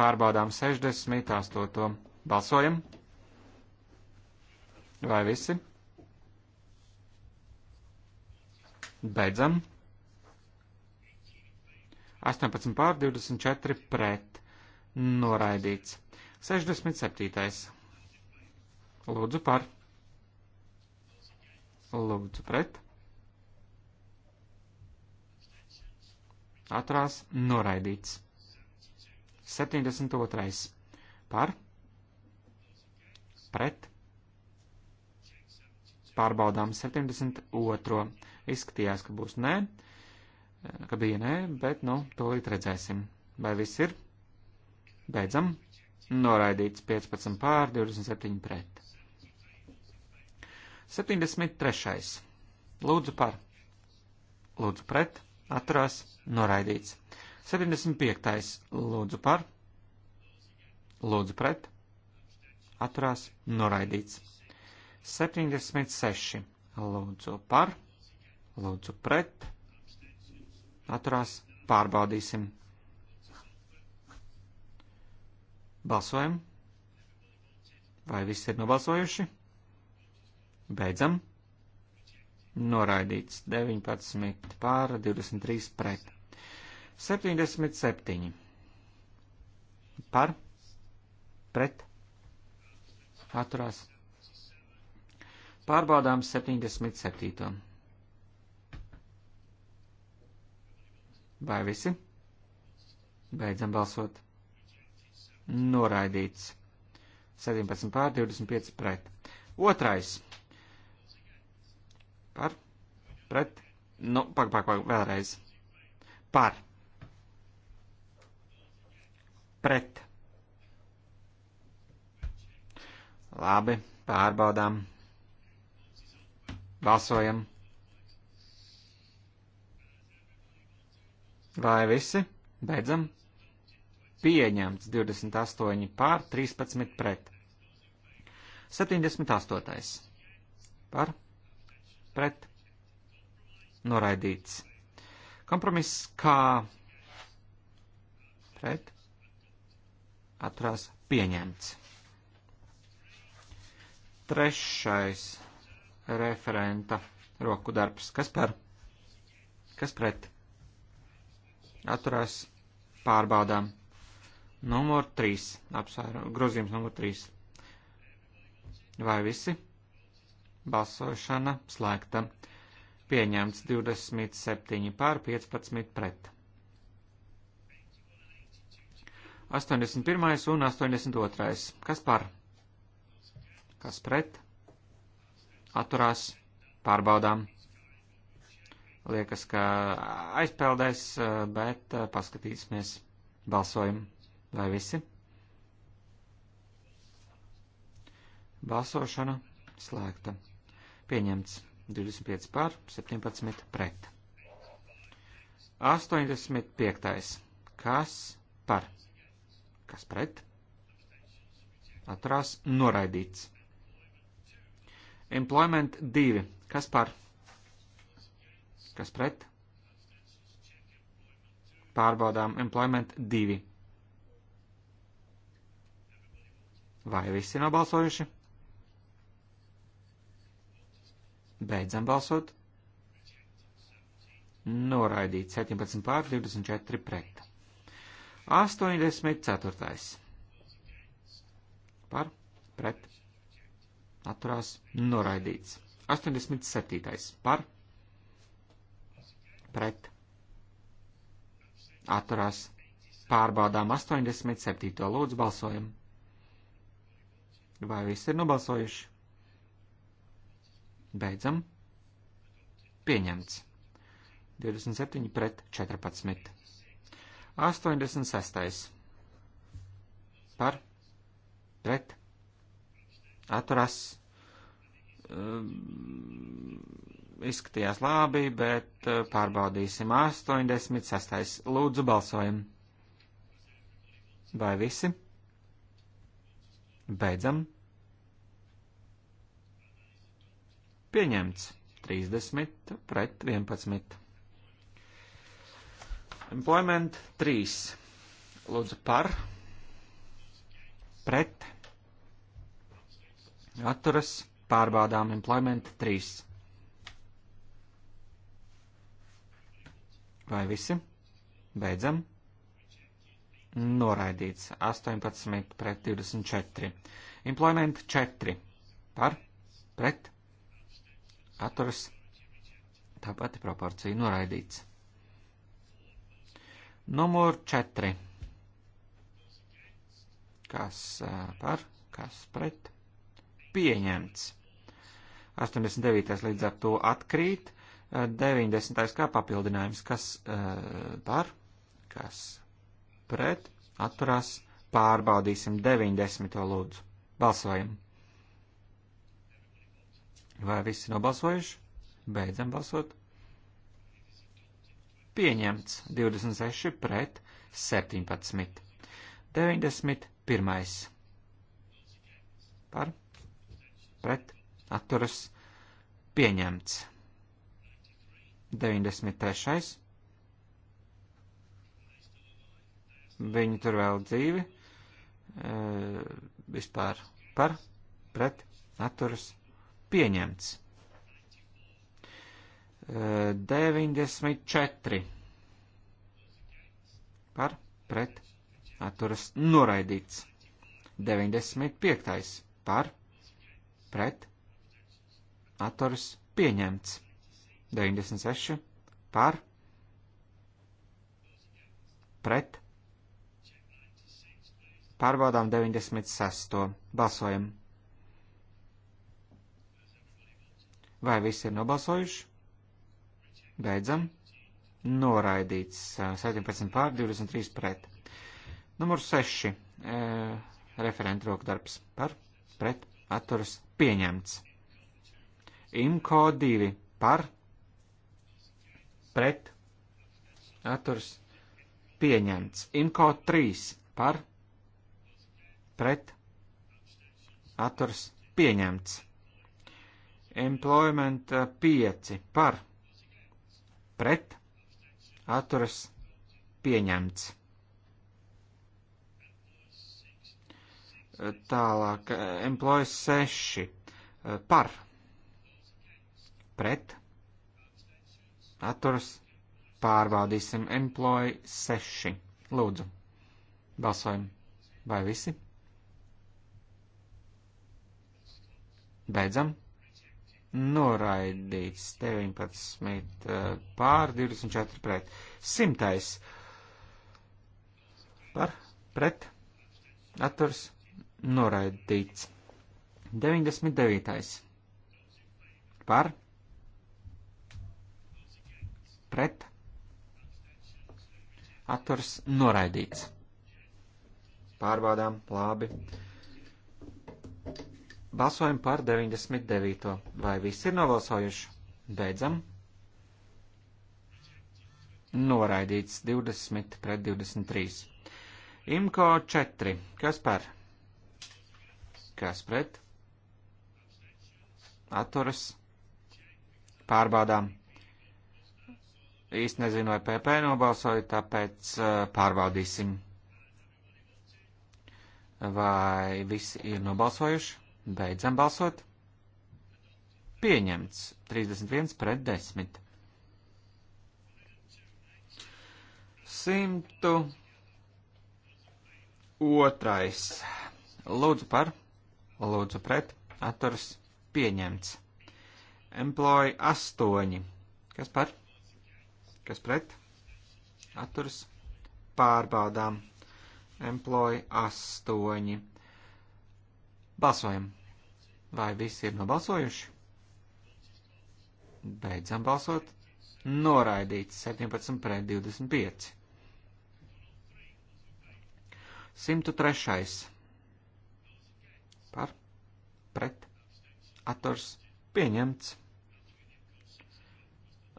Pārbaudām 68. Balsojam. Vai visi? Beidzam. 18 pār 24 pret. Noraidīts. 67. Lūdzu par. Lūdzu pret. Atrās noraidīts. 72. Par. Pret. Pārbaudām 72. Izskatījās, ka būs nē ka bija nē, bet, nu, tūlīt redzēsim. Vai viss ir? Beidzam. Noraidīts 15 pār 27 pret. 73. Lūdzu par. Lūdzu pret. Atturās. Noraidīts. 75. Lūdzu par. Lūdzu pret. Atturās. Noraidīts. 76. Lūdzu par. Lūdzu pret atturās pārbaudīsim. Balsojam. Vai viss ir nobalsojuši? Beidzam. Noraidīts 19 pār 23 pret. 77 par pret atturās. Pārbaudām 77. Vai visi? Beidzam balsot. Noraidīts. 17 pār 25 pret. Otrais. Par. Pret. Nu, pak, pak, pak, vēlreiz. Par. Pret. Labi, pārbaudām. Balsojam. Vai visi? Beidzam. Pieņemts 28 pār 13 pret. 78. Par pret. Noraidīts. Kompromiss kā pret. Atrās pieņemts. Trešais referenta roku darbs. Kas par? Kas pret? atturās pārbaudām. Numur 3. Apsvēru, grozījums numur 3. Vai visi? Balsošana slēgta. Pieņemts 27 pār 15 pret. 81. un 82. Kas par? Kas pret? Atturās. Pārbaudām. Liekas, ka aizpeldēs, eh, bet eh, paskatīsimies. Balsojam. Vai visi? Balsošana slēgta. Pieņemts 25 pār, 17 pret. 85. Kas par? Kas pret? Atrās noraidīts. Employment 2. Kas par? Kas pret? Pārbaudām employment 2. Vai visi nobalsojuši? Beidzam balsot. Noraidīt 17 pār 24 pret. 84. Par pret. Atturās noraidīts. 87. par pret pret atturās pārbaudām 87. lūdzu balsojam. Vai visi ir nobalsojuši? Beidzam. Pieņemts. 27 pret 14. 86. Par pret atturās um, izskatījās labi, bet eh, pārbaudīsim 86. Lūdzu, balsojam. Vai visi? Beidzam. Pieņemts 30 pret 11. Employment 3. Lūdzu par, pret, atturas, pārbaudām employment 3. Vai visi? Beidzam. Noraidīts 18 pret 24. Employment 4 par pret atturas tā pati proporcija noraidīts. Numur 4. Kas par, kas pret? Pieņemts. 89. līdz ar to atkrīt. 90. Eh, kā papildinājums, kas eh, par, kas pret, atturās, pārbaudīsim 90. lūdzu. Balsojam. Vai visi nobalsojuši? Beidzam balsot. Pieņemts 26 pret 17. 91. Par, pret, atturas, pieņemts. 93. Viņi tur vēl dzīvi. E, vispār par, pret, atturas, pieņemts. E, 94. Par, pret, atturas, noraidīts. 95. Par, pret, atturas, pieņemts. 96 par pret pārbaudām 96. Balsojam. Vai visi ir nobalsojuši? Beidzam. Noraidīts 17 pār 23 pret. Numurs 6. E, referenta rokdarbs par pret atturas pieņemts. Imko 2 par pret pret, atturs pieņemts. Imko 3 par, pret, atturs pieņemts. Employment 5 eh, par, pret, atturs pieņemts. Eh, tālāk, eh, employees 6 par, pret, atturas pārbaudīsim employ 6. Lūdzu, balsojam. Vai visi? Beidzam. Noraidīts 19 eh, pār 24 pret. Simtais par pret atturs noraidīts. 99. par pret pret, atturs noraidīts. Pārbaudām, labi. Balsojam par 99. Vai visi ir novalsojuši? Beidzam. Noraidīts 20 pret 23. Imko 4. Kas par? Kas pret? Atturas. Pārbaudām īsti nezinu, vai PP nobalsoja, tāpēc uh, pārbaudīsim. Vai visi ir nobalsojuši? Beidzam balsot. Pieņemts 31 pret 10. 102. Lūdzu par, lūdzu pret, atturs pieņemts. Employ 8. Kas par? Kas pret? Atturs. Pārbaudām. Employ 8. Balsojam. Vai visi ir nobalsojuši? Beidzam balsot. Noraidīts 17 pret 25. 103. Par pret atturs pieņemts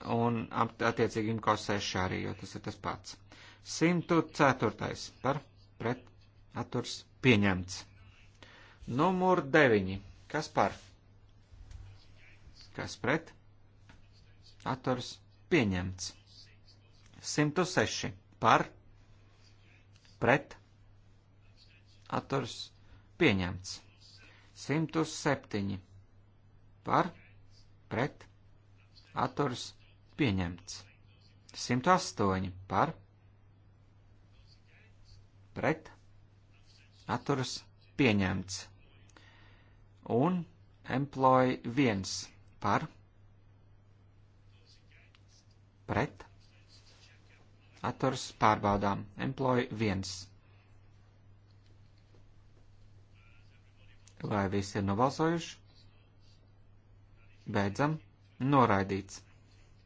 un attiecīgi imko 6 arī, jo tas ir tas pats. 104. par pret atturs pieņemts. Numur 9. Kas par? Kas pret? Atturs pieņemts. 106. Par? Pret? Atturs pieņemts. 107. Par? Pret? Atturs pieņemts pieņemts. 108 par, pret, atturas pieņemts. Un employ 1 par, pret, atturas pārbaudām. Employ 1. Vai visi ir nobalsojuši? Beidzam. Noraidīts.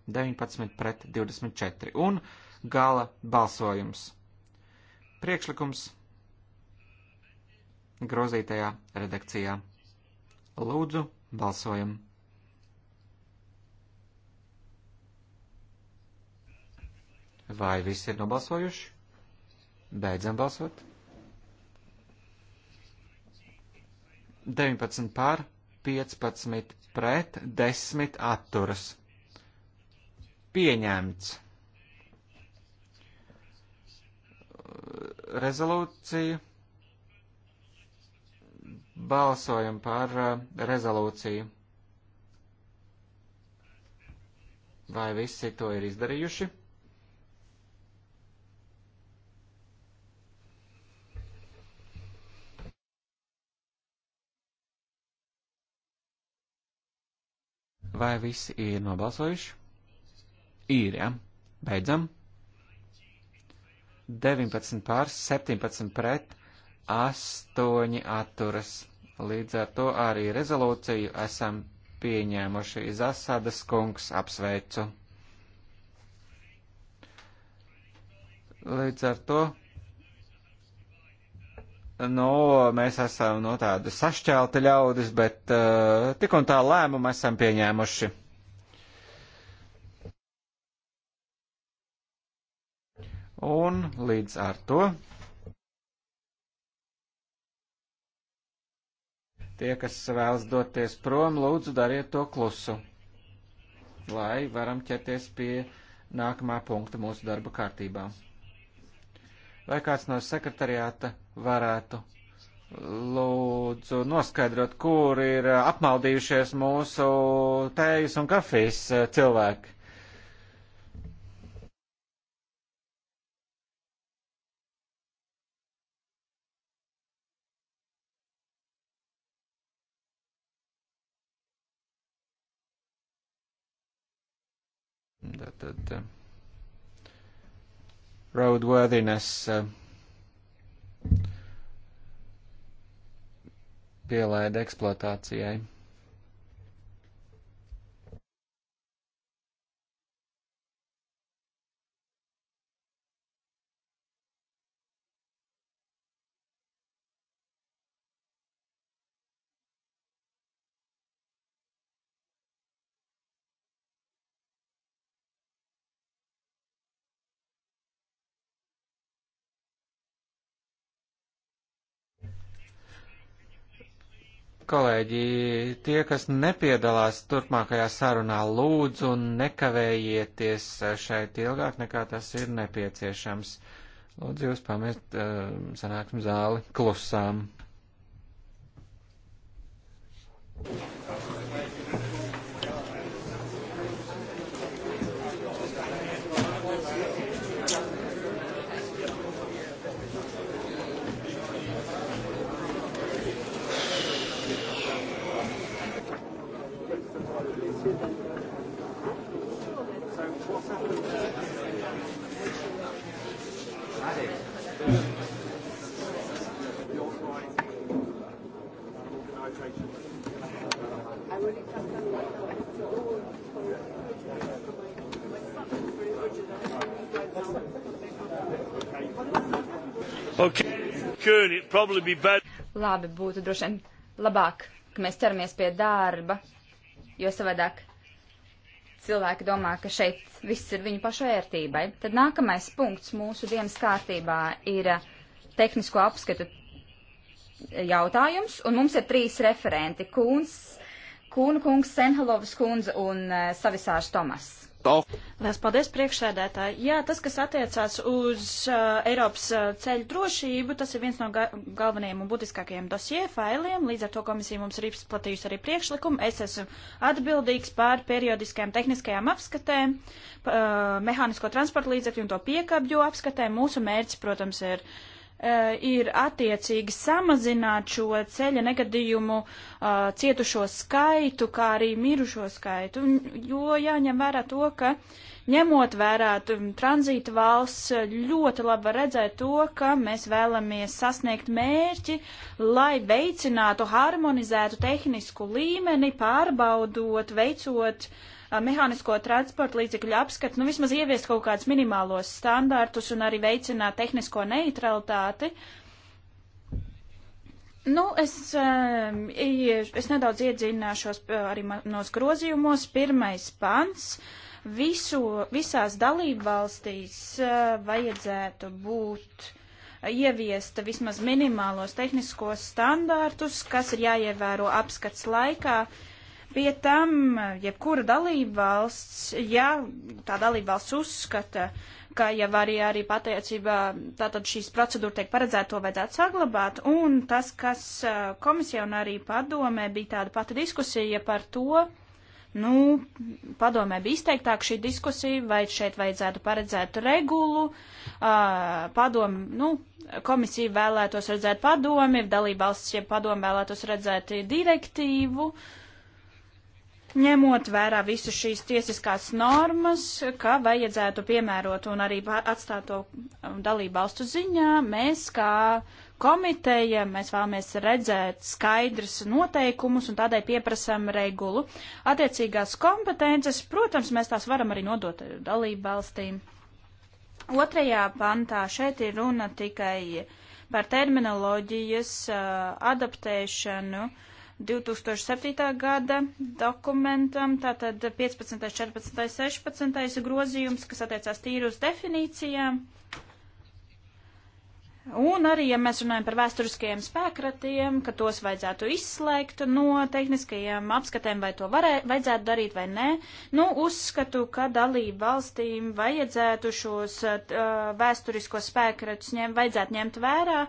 19 pret 24. Un gala balsojums. Priekšlikums grozītajā redakcijā. Lūdzu, balsojam! Vai visi ir nobalsojuši? Beidzam balsot. 19 pār, 15 pret, 10 atturas pieņemts. Rezolūcija. Balsojam par uh, rezolūciju. Vai visi to ir izdarījuši? Vai visi ir nobalsojuši? ir, ja? Beidzam. 19 pār, 17 pret, 8 atturas. Līdz ar to arī rezolūciju esam pieņēmuši iz Asadas kungs apsveicu. Līdz ar to, nu, mēs esam no tāda sašķelta ļaudis, bet uh, tik un tā lēmumu esam pieņēmuši. Un līdz ar to tie, kas vēlas doties prom, lūdzu dariet to klusu, lai varam ķerties pie nākamā punkta mūsu darba kārtībā. Vai kāds no sekretariāta varētu lūdzu noskaidrot, kur ir apmaldījušies mūsu tējas un kafijas cilvēki? that uh, roadworthiness uh, pielaida eksploatācijai. Kolēģi, tie, kas nepiedalās turpmākajā sarunā, lūdzu nekavējieties šeit ilgāk nekā tas ir nepieciešams. Lūdzu jūs pamest uh, eh, sanāksmu zāli klusām. Thank you. Okay. Labi, būtu droši vien labāk, ka mēs ķeramies pie darba, jo savādāk cilvēki domā, ka šeit viss ir viņu pašu vērtībai. Tad nākamais punkts mūsu dienas kārtībā ir eh, tehnisko apskatu jautājums, un mums ir trīs referenti - Kūns, Kūna kungs, Senhalovas kundze un eh, Savisārs Tomas. Lielas paldies priekšsēdētāji. Jā, tas, kas attiecās uz uh, Eiropas uh, ceļu drošību, tas ir viens no ga galvenajiem un būtiskākajiem dosie failiem. Līdz ar to komisija mums ir izplatījusi arī priekšlikumu. Es esmu atbildīgs pār periodiskajām tehniskajām apskatēm, uh, mehānisko transporta līdzekļu un to piekabju apskatēm. Mūsu mērķis, protams, ir. Uh, E, ir attiecīgi samazināt šo ceļa negadījumu uh, cietušo skaitu, kā arī mirušo skaitu, jo jāņem vērā to, ka ņemot vērā tranzīta valsts ļoti labi var redzēt to, ka mēs vēlamies sasniegt mērķi, lai veicinātu harmonizētu tehnisku līmeni, pārbaudot, veicot uh, mehānisko transporta līdzekļu apskats, nu vismaz ieviest kaut kādus minimālos standārtus un arī veicināt tehnisko neutralitāti. Nu, es, es nedaudz iedziļināšos arī manos grozījumos. Pirmais pants. Visu, visās dalībvalstīs vajadzētu būt ieviesta vismaz minimālos tehniskos standārtus, kas ir jāievēro apskats laikā. Uh, Pie tam, jebkura dalība valsts, ja tā dalība valsts uzskata, ka jau arī, arī pateicībā tātad šīs procedūra tiek paredzēta, to vajadzētu saglabāt. Un tas, kas komisija un arī padomē bija tāda pati diskusija par to, nu, padomē bija izteiktāk šī diskusija, vai šeit vajadzētu paredzēt regulu, uh, padomu, nu, komisija vēlētos redzēt padomi, dalībvalsts, ja padomu vēlētos redzēt direktīvu. Uh, ņemot vērā visas šīs tiesiskās normas, ka vajadzētu piemērot un arī atstāt to um, dalību valstu ziņā, mēs kā komiteja, mēs vēlamies redzēt skaidrs noteikumus un tādēļ pieprasam regulu. Attiecīgās kompetences, protams, mēs tās varam arī nodot dalību valstīm. Otrajā pantā šeit ir runa tikai par terminoloģijas uh, adaptēšanu uh, 2007. gada dokumentam, tātad 15, 14, 16 grozījums, kas attiecās tīri uz definīcijām. Uh, Un arī, ja mēs runājam par vēsturiskajiem spēkratiem, ka tos vajadzētu izslēgt no tehniskajiem apskatēm, vai to varē, vajadzētu darīt vai nē, nu, uzskatu, ka dalību valstīm vajadzētu šos uh, eh, vēsturiskos spēkratus ņem, vajadzētu ņemt vērā,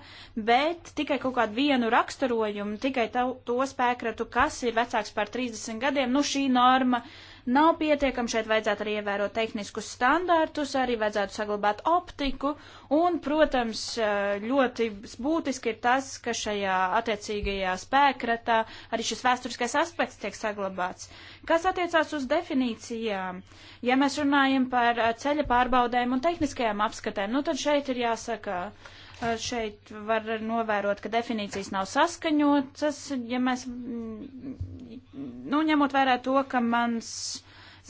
bet tikai kaut kādu vienu raksturojumu, tikai tā, to spēkratu, kas ir vecāks par 30 gadiem, nu, šī norma uh, nav pietiekami. Šeit vajadzētu arī ievērot tehniskus standārtus, arī vajadzētu saglabāt optiku. Un, protams, eh, ļoti būtiski ir tas, ka šajā attiecīgajā spēkratā arī šis vēsturiskais aspekts tiek saglabāts. Kas attiecās uz definīcijām? Ja mēs runājam par eh, ceļa pārbaudēm un tehniskajām apskatēm, nu tad šeit ir jāsaka, uh, Šeit var novērot, ka definīcijas nav saskaņotas, ja mēs, mm, nu, ņemot vērā to, ka mans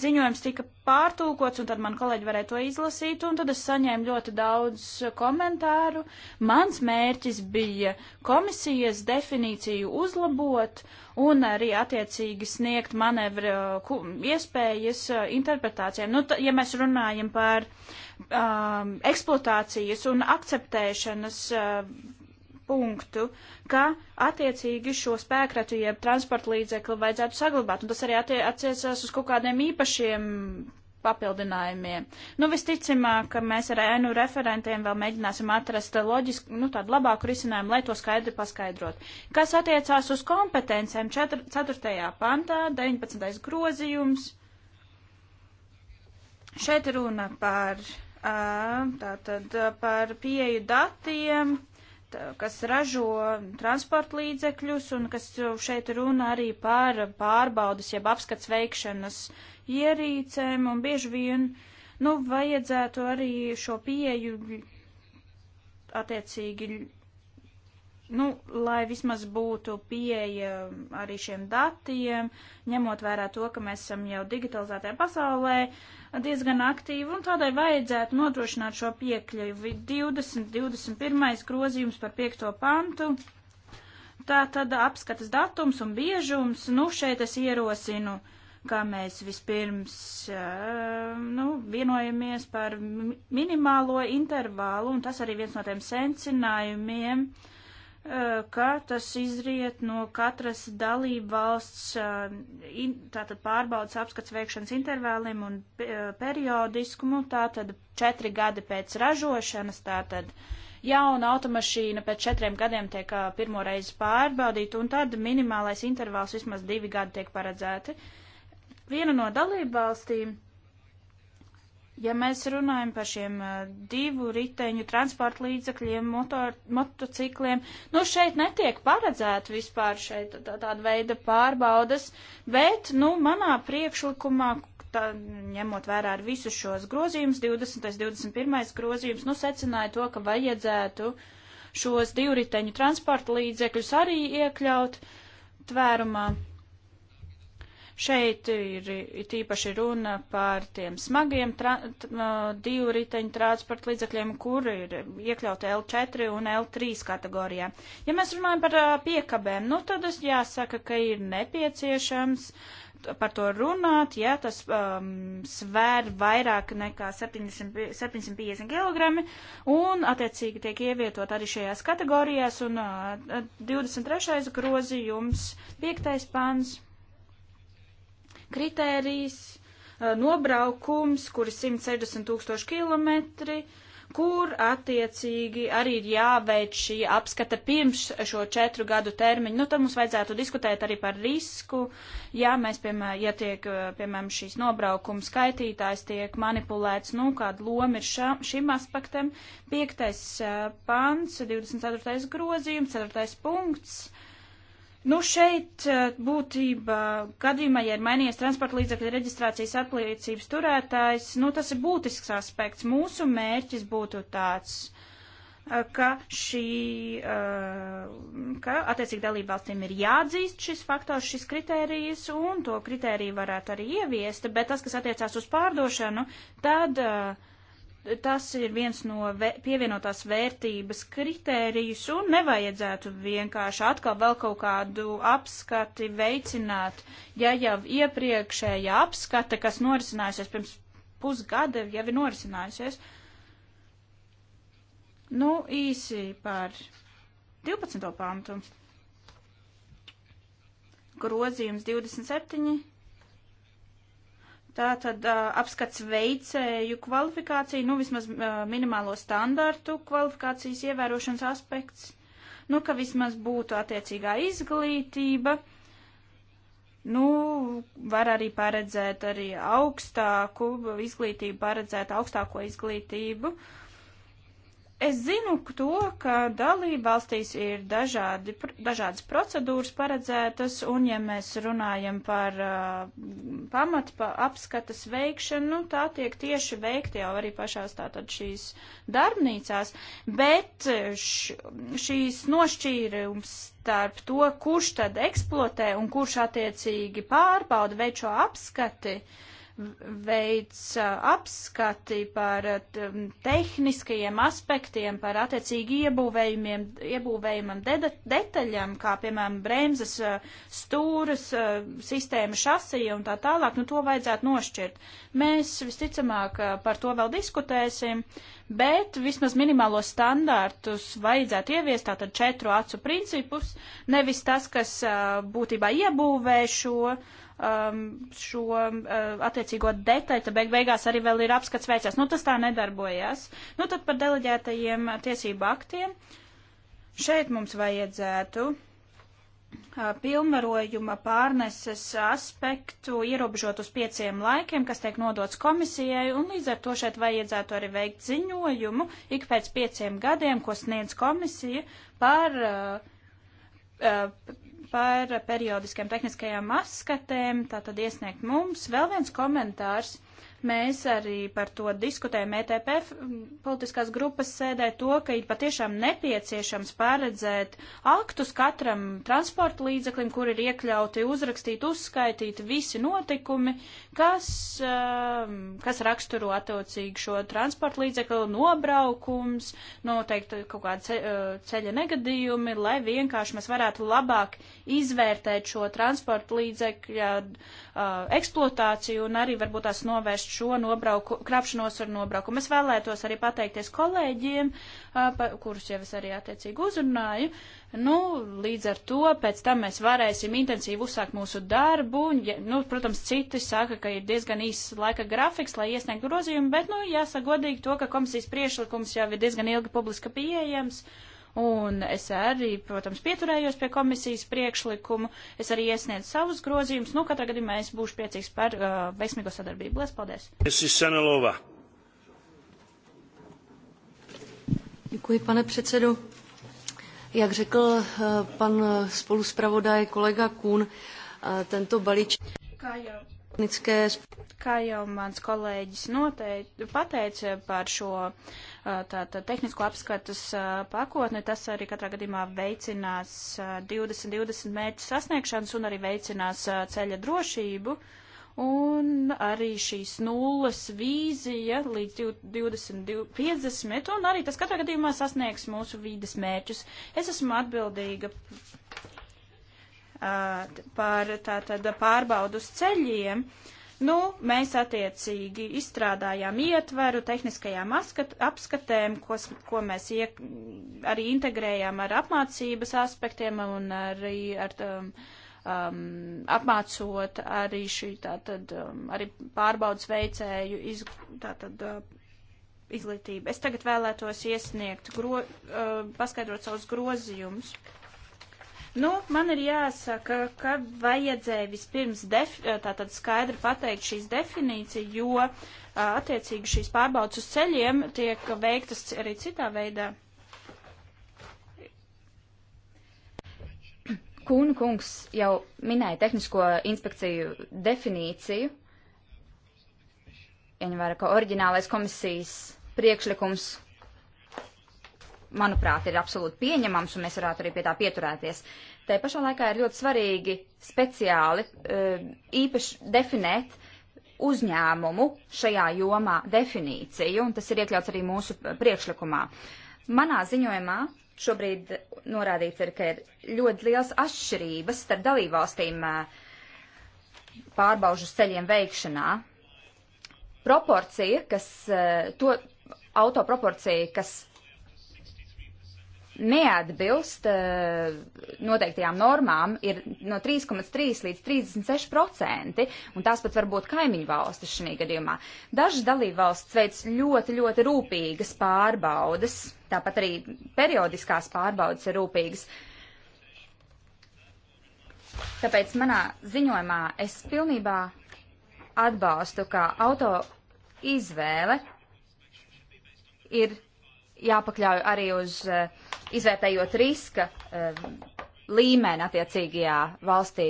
ziņojums tika pārtulkots, un tad man kolēģi varēja to izlasīt, un tad es saņēmu ļoti daudz komentāru. Mans mērķis bija komisijas definīciju uzlabot un arī attiecīgi sniegt manevru iespējas interpretācijām. Nu, ja mēs runājam par uh, um, eksploatācijas un akceptēšanas uh, punktu, ka attiecīgi šo spēkratu jeb transporta līdzekli vajadzētu saglabāt, un tas arī attie attiecas uz kaut kādiem īpašiem papildinājumiem. Nu, visticamāk, ka mēs ar ēnu referentiem vēl mēģināsim atrast loģisku, nu, tādu labāku risinājumu, lai to skaidri paskaidrot. Kas attiecās uz kompetencēm 4. pantā, 19. grozījums. Šeit runa par tātad par pieeju datiem, kas ražo transporta līdzekļus un kas šeit runa arī par pārbaudas, jeb apskats veikšanas ierīcēm un bieži vien, nu, vajadzētu arī šo pieeju attiecīgi, nu, lai vismaz būtu pieeja arī šiem datiem, ņemot vērā to, ka mēs esam jau digitalizētajā pasaulē, uh, diezgan aktīvi, un tādai vajadzētu nodrošināt šo piekļuvi. 20, 21. grozījums par 5. pantu. Tā tad apskatas datums un biežums. Nu, šeit es ierosinu, kā mēs vispirms eh, nu, vienojamies par minimālo intervālu, un tas arī viens no tiem sencinājumiem. Uh, Eh, ka tas izriet no katras dalība valsts eh, tātad pārbaudas apskats veikšanas intervēliem un eh, periodiskumu, nu, tātad četri gadi pēc ražošanas, tātad jauna automašīna pēc četriem gadiem tiek pirmo reizi pārbaudīta, un tad minimālais intervāls vismaz divi gadi tiek paredzēti. Viena no dalība valstīm Ja mēs runājam par šiem divu riteņu transporta līdzakļiem, motor, motocikliem, nu šeit netiek paredzēta vispār šeit tā, tāda veida pārbaudas, bet, nu, manā priekšlikumā, tā, ņemot vērā ar visu šos grozījumus, 20. 21. grozījums, nu secināja to, ka vajadzētu šos divriteņu transporta līdzekļus arī iekļaut tvērumā. Šeit ir, ir tīpaši runa par tiem smagiem tra, t, divu riteņu transporta līdzekļiem, kur ir iekļauti L4 un L3 kategorijā. Ja mēs runājam par piekabēm, nu tad es jāsaka, ka ir nepieciešams par to runāt, ja tas um, svēr vairāk nekā 700, 750 kg un attiecīgi tiek ievietot arī šajās kategorijās un uh, 23. grozījums, 5. pāns kritērijs, eh, nobraukums, kur ir 160 tūkstoši kilometri, kur attiecīgi arī ir jāveic šī apskata pirms šo četru gadu termiņu. Nu, tad mums vajadzētu diskutēt arī par risku, ja mēs, piemēram, ja tiek, eh, piemēram, šīs nobraukuma skaitītājs tiek manipulēts, nu, kāda loma ir šā, šim aspektam. Piektais eh, pants, 24. grozījums, 4. punkts Nu, šeit eh, būtībā gadījumā, ja ir mainījies transporta līdzekļa reģistrācijas apliecības turētājs, nu, tas ir būtisks aspekts. Mūsu mērķis būtu tāds, eh, ka šī, eh, ka attiecīgi dalībvalstīm ir jāatzīst šis faktors, šis kritērijs, un to kritēriju varētu arī ieviest, bet tas, kas attiecās uz pārdošanu, tad uh, tas ir viens no vē, pievienotās vērtības kritērijus un nevajadzētu vienkārši atkal vēl kaut kādu apskati veicināt, ja jau iepriekšējā apskata, kas norisinājusies pirms pusgada, jau ir norisinājusies. Nu, īsi par 12. pantu. Grozījums 27. Tā tad uh, apskats veicēju kvalifikāciju, nu vismaz uh, minimālo standartu kvalifikācijas ievērošanas aspekts, nu ka vismaz būtu attiecīgā izglītība, nu var arī paredzēt arī augstāku izglītību, paredzēt augstāko izglītību. Uh, Es zinu to, ka dalībvalstīs ir dažādi, dažādas procedūras paredzētas, un ja mēs runājam par uh, pamatu pa apskatas veikšanu, nu, tā tiek tieši veikta jau arī pašās tātad šīs darbnīcās, bet š, šīs nošķīrums starp to, kurš tad eksploatē un kurš attiecīgi pārbauda veičo apskati, uh, veids apskati par tehniskajiem aspektiem, par attiecīgi iebūvējumiem, iebūvējumam de detaļam, kā piemēram bremzes stūras, sistēma šasija un tā tālāk, nu to vajadzētu nošķirt. Mēs visticamāk par to vēl diskutēsim, bet vismaz minimālo standārtus vajadzētu ieviest, tātad četru acu principus, nevis tas, kas būtībā iebūvē šo, um, šo uh, attiecīgo detaļu, tad beig beigās arī vēl ir apskats veicās. Nu, tas tā nedarbojas. Nu, tad par deleģētajiem uh, tiesību aktiem. Šeit mums vajadzētu uh, pilnvarojuma pārneses aspektu ierobežot uz pieciem laikiem, kas tiek nodots komisijai, un līdz ar to šeit vajadzētu arī veikt ziņojumu ik pēc pieciem gadiem, ko sniedz komisija par uh, uh, par periodiskiem tehniskajām apskatēm, tātad iesniegt mums. Vēl viens komentārs Mēs arī par to diskutējam ETP politiskās grupas sēdē to, ka ir patiešām nepieciešams paredzēt aktus katram transporta līdzeklim, kur ir iekļauti, uzrakstīti, uzskaitīti visi notikumi, kas, um, kas raksturo attiecīgi šo transporta līdzeklu nobraukums, noteikti kaut kādi uh, ceļa negadījumi, lai vienkārši mēs varētu labāk izvērtēt šo transporta līdzekļu Uh, eksploatāciju un arī varbūt tās novērst šo nobrauku, krapšanos ar nobraukumu. Es vēlētos arī pateikties kolēģiem, uh, pa, kurus jau es arī attiecīgi uzrunāju. Nu, līdz ar to pēc tam mēs varēsim intensīvi uzsākt mūsu darbu. Ja, nu, protams, citi saka, ka ir diezgan īsts laika grafiks, lai iesniegtu grozījumu, bet, nu, jāsaka godīgi to, ka komisijas priešlikums jau ir diezgan ilgi publiski pieejams. Uh, un es arī, protams, pieturējos pie komisijas priekšlikumu, es arī iesniedzu savus grozījumus, nu, katrā gadījumā es būšu priecīgs par uh, veiksmīgo sadarbību. Lielas paldies! Es esmu Senelova. Děkuji, pane předsedo. Jak řekl eh, pan eh, spoluspravodaj kolega Kuhn, eh, tento balíček kā jau mans kolēģis noteikti pateica par šo tātad tehnisko apskatus pakotni, tas arī katrā gadījumā veicinās 2020 mērķu sasniegšanas un arī veicinās ceļa drošību. Un arī šīs nulles vīzija līdz 2050, un arī tas katrā gadījumā sasniegs mūsu vīdes mērķus. Es esmu atbildīga uh, par tātad pārbaudus ceļiem. Uh, Nu, mēs attiecīgi izstrādājām ietveru tehniskajām askat, apskatēm, ko, ko mēs iek, arī integrējām ar apmācības aspektiem un arī ar um, um, apmācot arī šī tātad um, arī pārbaudas veicēju iz, tātad, uh, izglītību. Es tagad vēlētos iesniegt, gro, uh, paskaidrot savus grozījumus. Uh, Nu, man ir jāsaka, ka vajadzēja vispirms tātad skaidri pateikt šīs definīcijas, jo attiecīgi šīs pārbaudas uz ceļiem tiek veiktas arī citā veidā. Kūna kungs jau minēja tehnisko inspekciju definīciju, ja ņem vērā, ka oriģinālais komisijas priekšlikums manuprāt, ir absolūti pieņemams, un mēs varētu arī pie tā pieturēties. Te pašā laikā ir ļoti svarīgi speciāli e, īpaši definēt uzņēmumu šajā jomā definīciju, un tas ir iekļauts arī mūsu priekšlikumā. Manā ziņojumā šobrīd norādīts ir, ka ir ļoti liels atšķirības starp dalībvalstīm e, pārbaužu ceļiem veikšanā. Proporcija, kas e, to autoproporcija, kas neatbilst eh, noteiktajām normām, ir no 3,3 līdz 36 procenti, un tās pat var būt kaimiņu valstis šī gadījumā. Dažas dalībvalsts veic ļoti, ļoti rūpīgas pārbaudas, tāpat arī periodiskās pārbaudas ir rūpīgas. Tāpēc manā ziņojumā es pilnībā atbalstu, ka auto izvēle ir jāpakļauj arī uz eh, izvērtējot riska eh, līmeni attiecīgajā valstī.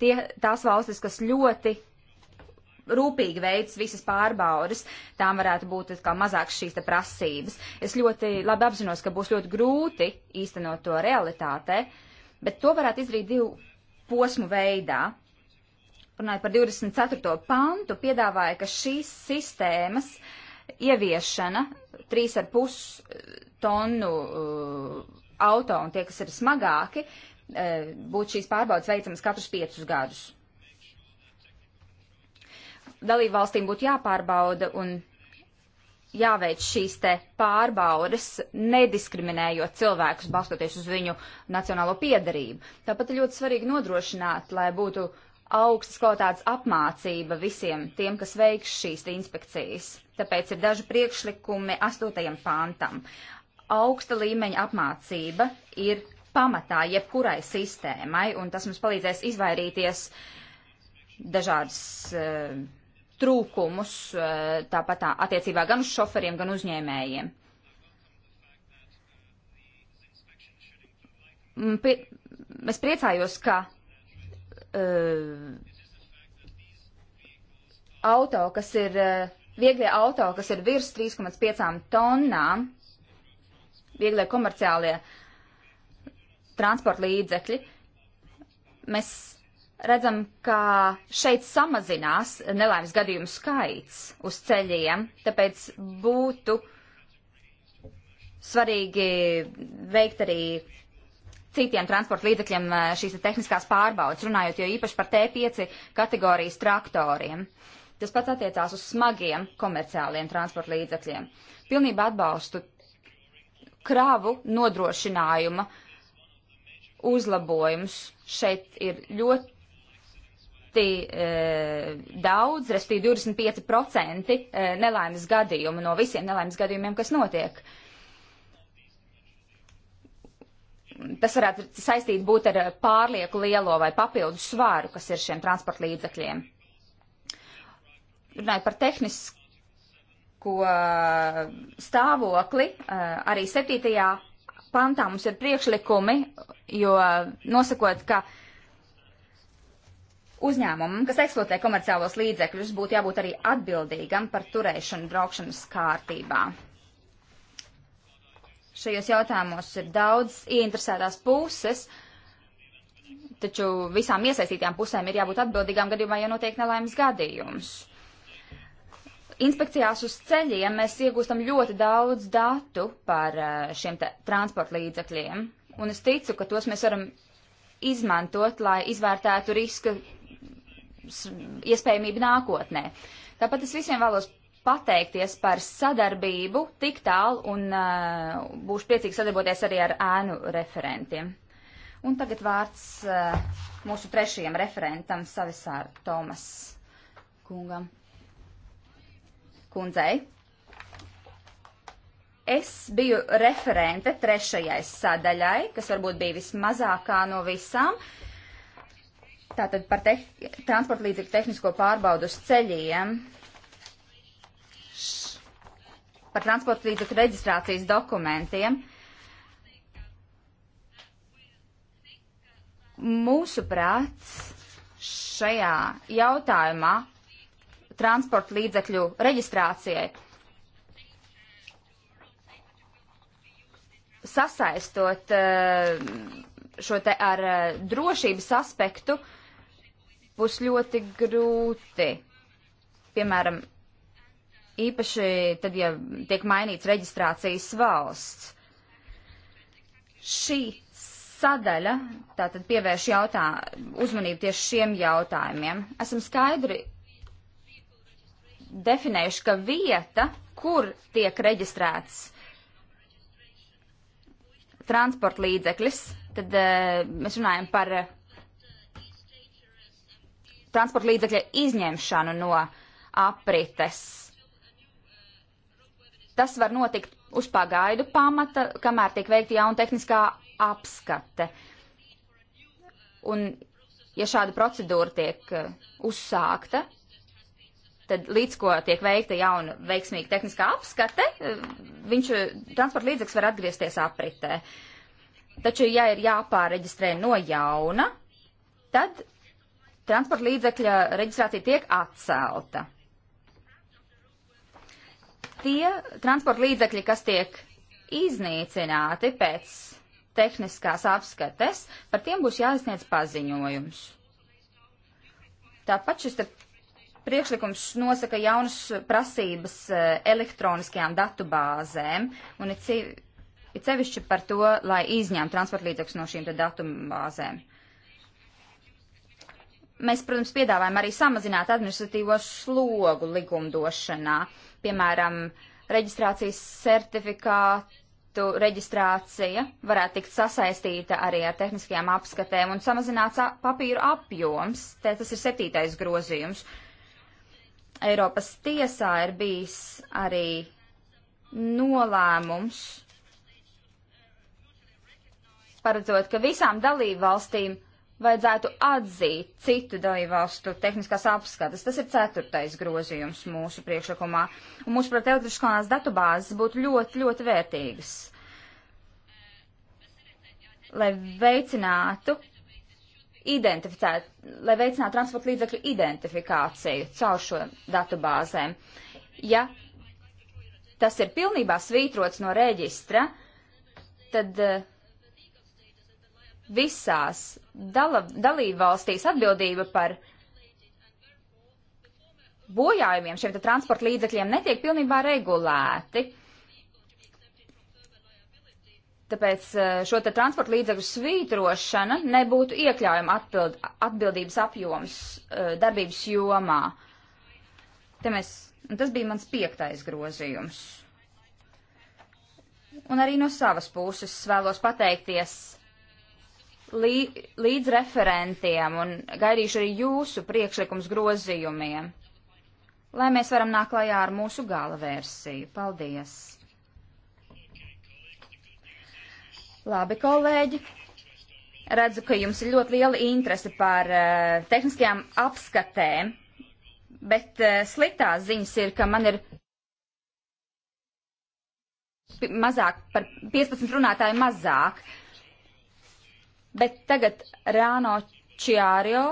Tie, tās valstis, kas ļoti rūpīgi veids visas pārbaudas, tām varētu būt kā mazākas šīs te prasības. Es ļoti labi apzinos, ka būs ļoti grūti īstenot to realitātē, bet to varētu izdarīt divu posmu veidā. Runājot par 24. pantu, piedāvāja, ka šīs sistēmas uh, ieviešana 3,5 eh, tonu uh, auto un tie, kas ir smagāki, uh, būtu šīs pārbaudas veicamas katrus piecus gadus. Dalību valstīm būtu jāpārbauda un jāveic šīs te pārbaudas, nediskriminējot cilvēkus, balstoties uz viņu nacionālo piedarību. Tāpat ir ļoti svarīgi nodrošināt, lai būtu uh, augstas kvalitātes apmācība visiem tiem, kas veiks šīs inspekcijas. Tāpēc ir daži priekšlikumi astotajam pāntam. Augsta līmeņa apmācība ir pamatā jebkurai sistēmai, un tas mums palīdzēs izvairīties dažādas uh, e, trūkumus, uh, tāpat tā, attiecībā gan uz šoferiem, gan uzņēmējiem. Mm, pie, es priecājos, ka Uh, auto, kas ir, uh, vieglie auto, kas ir virs 3,5 tonnām, vieglie komerciālie transporta līdzekļi, mēs redzam, ka šeit samazinās nelaimes gadījumu skaits uz ceļiem, tāpēc būtu svarīgi veikt arī citiem transporta līdzekļiem eh, šīs tehniskās pārbaudas, runājot jo īpaši par T5 kategorijas traktoriem. Tas pats attiecās uz smagiem komerciāliem transporta līdzekļiem. Pilnībā atbalstu kravu nodrošinājuma uzlabojumus. Šeit ir ļoti e, daudz, respektīvi 25% eh, nelaimes gadījumu no visiem nelaimes gadījumiem, kas notiek. E, tas varētu saistīt būt ar pārlieku lielo vai papildu svāru, kas ir šiem transporta līdzekļiem. Runājot par tehnisko eh, stāvokli, eh, arī 7. pantā mums ir priekšlikumi, jo nosakot, ka uzņēmumam, kas eksploatē komerciālos līdzekļus, būtu jābūt arī atbildīgam par turēšanu braukšanas kārtībā. Šajos jautājumos ir daudz ieinteresētās puses, taču visām iesaistītajām pusēm ir jābūt atbildīgām gadījumā, ja notiek nelaimes gadījums. Inspekcijās uz ceļiem mēs iegūstam ļoti daudz datu par eh, šiem transporta līdzakļiem, un es ticu, ka tos mēs varam izmantot, lai izvērtētu riska iespējamību nākotnē. Tāpat es visiem vēlos pateikties par sadarbību tik tālu un uh, būšu priecīgi sadarboties arī ar ēnu referentiem. Un tagad vārds uh, mūsu trešajam referentam, Savisār Tomas kungam. Kundzei. Es biju referente trešajai sadaļai, kas varbūt bija vismazākā no visām. Tātad par te transporta līdzekļu tehnisko pārbaudu uz ceļiem par transporta līdzekļu reģistrācijas dokumentiem. Mūsuprāt, šajā jautājumā transporta līdzekļu reģistrācijai sasaistot eh, šo te ar eh, drošības aspektu būs ļoti grūti. Piemēram, īpaši tad, ja tiek mainīts reģistrācijas valsts. Šī sadaļa tātad pievērš jautā, uzmanību tieši šiem jautājumiem. Esam skaidri definējuši, ka vieta, kur tiek reģistrēts transporta līdzeklis, tad uh, mēs runājam par uh, transporta līdzekļa izņemšanu no aprites. Tas var notikt uz pagaidu pamata, kamēr tiek veikta jauna tehniskā apskate. Un, ja šāda procedūra tiek eh, uzsākta, tad līdz ko tiek veikta jauna veiksmīga tehniskā apskate, eh, viņš eh, transporta līdzeklis var atgriezties apritē. Taču, ja ir jāpāreģistrē no jauna, tad transporta līdzekļa reģistrācija tiek atcelta tie transporta līdzekļi, kas tiek iznīcināti pēc tehniskās apskates, par tiem būs jāizsniedz paziņojums. Tāpat šis priekšlikums nosaka jaunas prasības eh, elektroniskajām datubāzēm un ir sevišķi par to, lai izņem transporta līdzekļus no šīm datubāzēm. Mēs, protams, piedāvājam arī samazināt administratīvo slogu likumdošanā. Uh, piemēram, reģistrācijas certifikātu reģistrācija varētu tikt sasaistīta arī ar tehniskajām apskatēm un samazināts papīru apjoms. Te tas ir septītais grozījums. Eiropas tiesā ir bijis arī nolēmums paredzot, ka visām dalību valstīm vajadzētu atzīt citu dalībvalstu tehniskās apskates. Tas ir ceturtais grozījums mūsu priekšlikumā. Un mūsu prāt elektriskās datubāzes būtu ļoti, ļoti vērtīgas, lai veicinātu identificēt, lai veicinātu transporta līdzekļu identifikāciju caur šo datubāzēm. Ja tas ir pilnībā svītrots no reģistra, tad uh, visās dala, dalībvalstīs atbildība par bojājumiem šiem transporta līdzekļiem netiek pilnībā regulēti. Tāpēc eh, šo te transporta līdzekļu svītrošana nebūtu iekļaujama atbild, atbildības apjoms eh, darbības jomā. Te mēs, tas bija mans piektais grozījums. Un arī no savas puses vēlos pateikties līdz referentiem un gaidīšu arī jūsu priekšlikums grozījumiem, lai mēs varam nākt klajā ar mūsu gala versiju. Paldies! Labi, kolēģi! Redzu, ka jums ir ļoti liela interese par uh, tehniskajām apskatēm, bet uh, eh, sliktās ziņas ir, ka man ir mazāk par 15 runātāju mazāk. Uh, bet tagad Rāno Čiārio,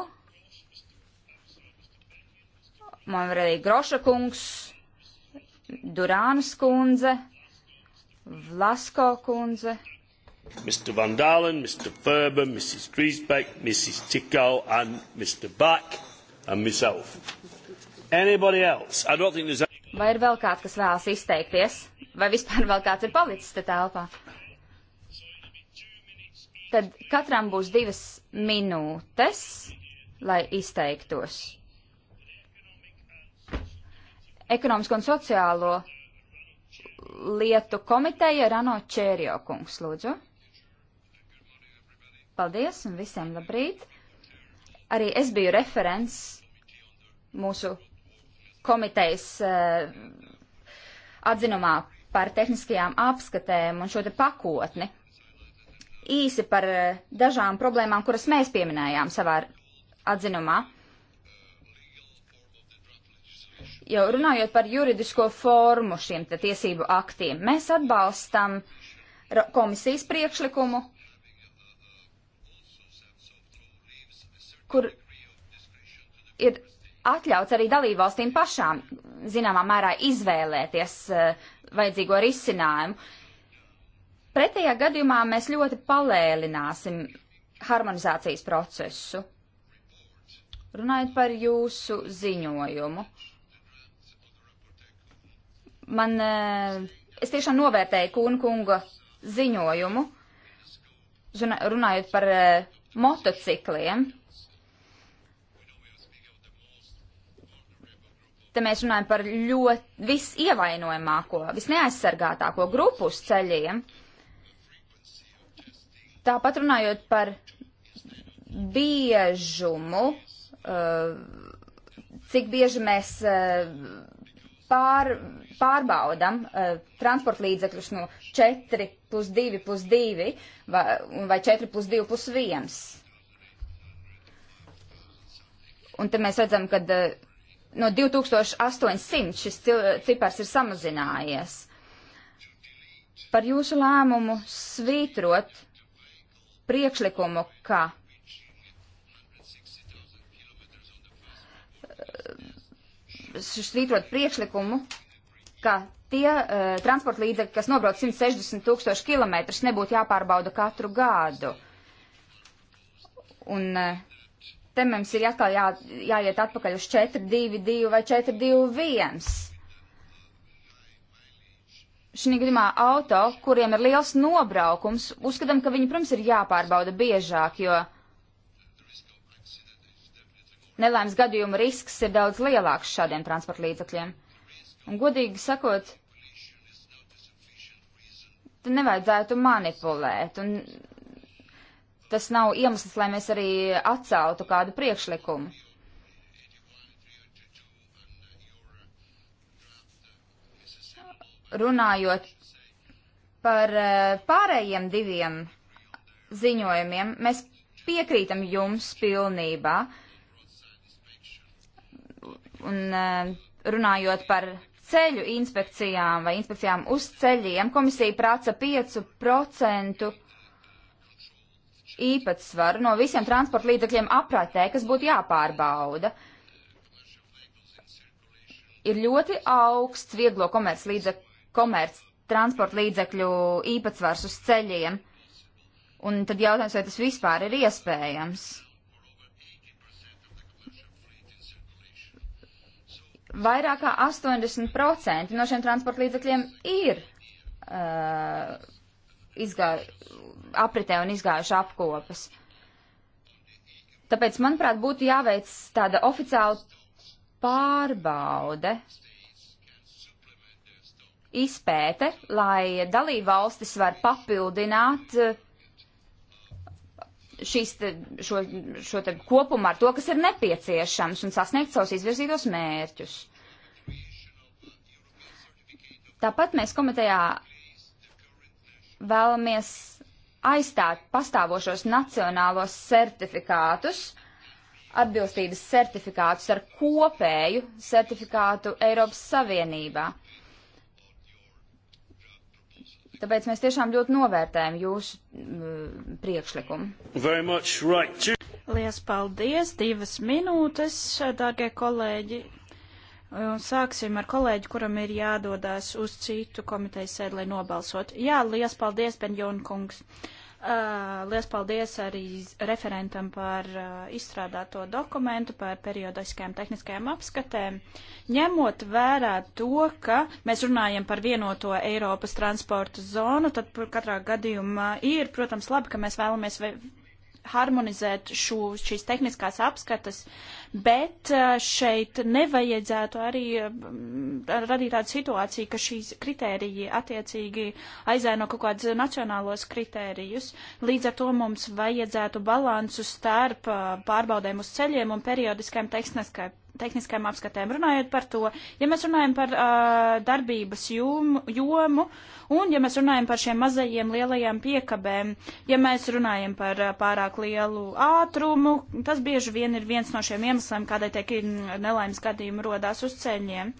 man ir arī Groša kungs, Durānas kundze, Vlasko kundze. Mr. Van Dalen, Mr. Ferber, Mrs. Griesbeck, Mrs. Tico, and Mr. Back, and myself. Anybody else? I don't think there's. Vai ir vēl kāds, kas vēlas izteikties? Vai vispār vēl kāds ir palicis te telpā? tad katram būs divas minūtes, lai izteiktos. Ekonomisko un sociālo lietu komiteja Rano Čērio kungs, lūdzu. Paldies un visiem labrīt. Arī es biju referents mūsu komitejas uh, atzinumā par tehniskajām apskatēm un šo te pakotni īsi par eh, dažām problēmām, kuras mēs pieminējām savā atzinumā. Jau runājot par juridisko formu šiem tiesību aktiem, mēs atbalstam komisijas priekšlikumu, kur ir atļauts arī dalībvalstīm pašām zināmā mērā izvēlēties uh, vajadzīgo risinājumu. Pretējā gadījumā mēs ļoti palēlināsim harmonizācijas procesu. Runājot par jūsu ziņojumu. Man, eh, es tiešām novērtēju Kūna kunga ziņojumu, runājot par eh, motocikliem. Te mēs runājam par ļoti visievainojamāko, visneaizsargātāko grupu uz ceļiem. Uh, Tāpat runājot par biežumu, eh, cik bieži mēs eh, pār, pārbaudam eh, transporta līdzekļus no 4 plus 2 plus 2 vai, vai 4 plus 2 plus 1. Un te mēs redzam, ka no 2800 šis cipars ir samazinājies. Par jūsu lēmumu svītrot priekšlikumu, ka svītrot eh, priekšlikumu, ka tie uh, transporta līdzekļi, kas nobrauc 160 tūkstoši kilometrus, nebūtu jāpārbauda katru gadu. Un uh, te mums ir atkal jā, jāiet atpakaļ uz 4, 2, 2 vai 4, 2, 1 šī gadījumā auto, kuriem ir liels nobraukums, uzskatām, ka viņi, protams, ir jāpārbauda biežāk, jo nelaimes gadījuma risks ir daudz lielāks šādiem transporta līdzakļiem. Un, godīgi sakot, te nevajadzētu manipulēt, un tas nav iemesls, lai mēs arī atceltu kādu priekšlikumu. runājot par eh, pārējiem diviem ziņojumiem, mēs piekrītam jums pilnībā. Un eh, runājot par ceļu inspekcijām vai inspekcijām uz ceļiem, komisija prāca 5% īpatsvaru no visiem transporta līdzekļiem apratē, kas būtu jāpārbauda. Ir ļoti augsts vieglo komerc līdzekļu komerc transporta līdzekļu īpatsvars uz ceļiem. Un tad jautājums, vai tas vispār ir iespējams? Vairāk kā 80% no šiem transporta līdzekļiem ir uh, izgā, apritē un izgājuši apkopas. Tāpēc, manuprāt, būtu jāveic tāda oficiāla pārbaude, uh, izpēte, lai dalībvalstis var papildināt eh, šīs, te, šo, šo te kopumu ar to, kas ir nepieciešams un sasniegt savus izvirzītos mērķus. Tāpat mēs komitejā vēlamies aizstāt pastāvošos nacionālos certifikātus, atbilstības certifikātus ar kopēju certifikātu Eiropas Savienībā. Tāpēc mēs tiešām ļoti novērtējam jūsu m, priekšlikumu. Right. Lielas paldies, divas minūtes, dārgie kolēģi. Un sāksim ar kolēģi, kuram ir jādodas uz citu komitejas sēdi, lai nobalsot. Jā, liels paldies, Benjona kungs. Uh, Lielas paldies arī referentam par izstrādāto dokumentu, par periodiskajām tehniskajām apskatēm. Ņemot vērā to, ka mēs runājam par vienoto Eiropas transporta zonu, tad katrā gadījumā ir, protams, labi, ka mēs vēlamies harmonizēt šo, šīs tehniskās apskatas uh, bet eh, šeit nevajadzētu arī eh, radīt tādu situāciju, ka šīs kritēriji attiecīgi aizēno kaut kādus nacionālos kritērijus. Līdz ar to mums vajadzētu balansu starp eh, pārbaudēm uz ceļiem un periodiskajām tehniskajām tehniskajām apskatēm. Runājot par to, ja mēs runājam par uh, darbības jomu, jomu un ja mēs runājam par šiem mazajiem lielajiem piekabēm, ja mēs runājam par uh, pārāk lielu ātrumu, tas bieži vien ir viens no šiem iemesliem, kādai tiek nelaimes gadījumi rodās uz ceļiem.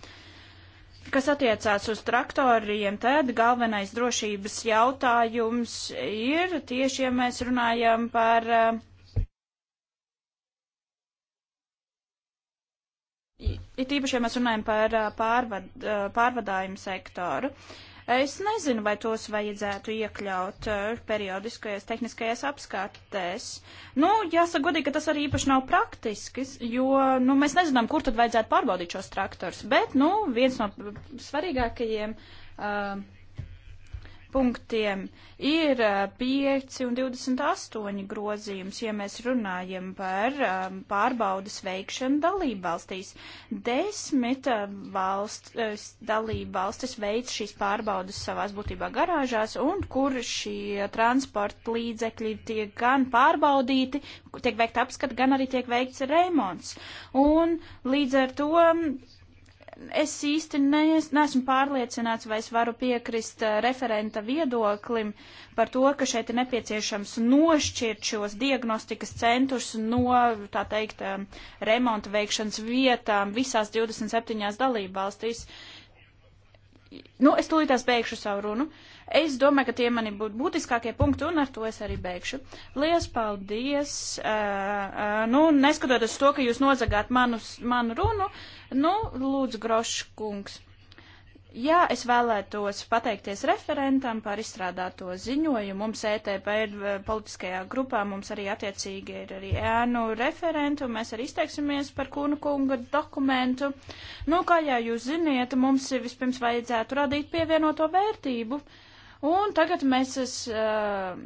Kas attiecās uz traktoriem, tad galvenais drošības jautājums ir tieši, ja mēs runājam par uh, It īpaši, ja mēs runājam par pārvad, pārvadājumu sektoru, es nezinu, vai tos vajadzētu iekļaut periodiskajās tehniskajās apskatēs. Nu, jāsaka godīgi, ka tas arī īpaši nav praktisks, jo, nu, mēs nezinām, kur tad vajadzētu pārbaudīt šos traktors. Bet, nu, viens no svarīgākajiem. Uh, punktiem ir 5 eh, un 28 grozījums, ja mēs runājam par eh, pārbaudas veikšanu dalību valstīs. Desmit eh, valsts, dalību valstis veic šīs pārbaudas savās būtībā garāžās, un kur šie transporta līdzekļi tiek gan pārbaudīti, tiek veikta apskata, gan arī tiek veikts remonts. Un līdz ar to mm, Es īsti nees, neesmu pārliecināts, vai es varu piekrist eh, referenta viedoklim par to, ka šeit ir nepieciešams nošķirt šos diagnostikas centrus no, tā teikt, eh, remonta veikšanas vietām visās 27 dalībvalstīs. Nu, es tūlītās beigšu savu runu. Uh, Es domāju, ka tie mani būtu būtiskākie punkti, un ar to es arī beigšu. Lielas paldies! Uh, uh, nu, neskatoties to, ka jūs nozagāt manus, manu runu, nu, lūdzu, Grošs kungs. Jā, es vēlētos pateikties referentam par izstrādāto ziņojumu. Mums ETP ir politiskajā grupā, mums arī attiecīgi ir arī ēnu referentu, mēs arī izteiksimies par Kūnu kunga dokumentu. Nu, kā jau jūs ziniet, mums vispirms vajadzētu radīt pievienoto vērtību. Uh, Un tagad mēs es, uh,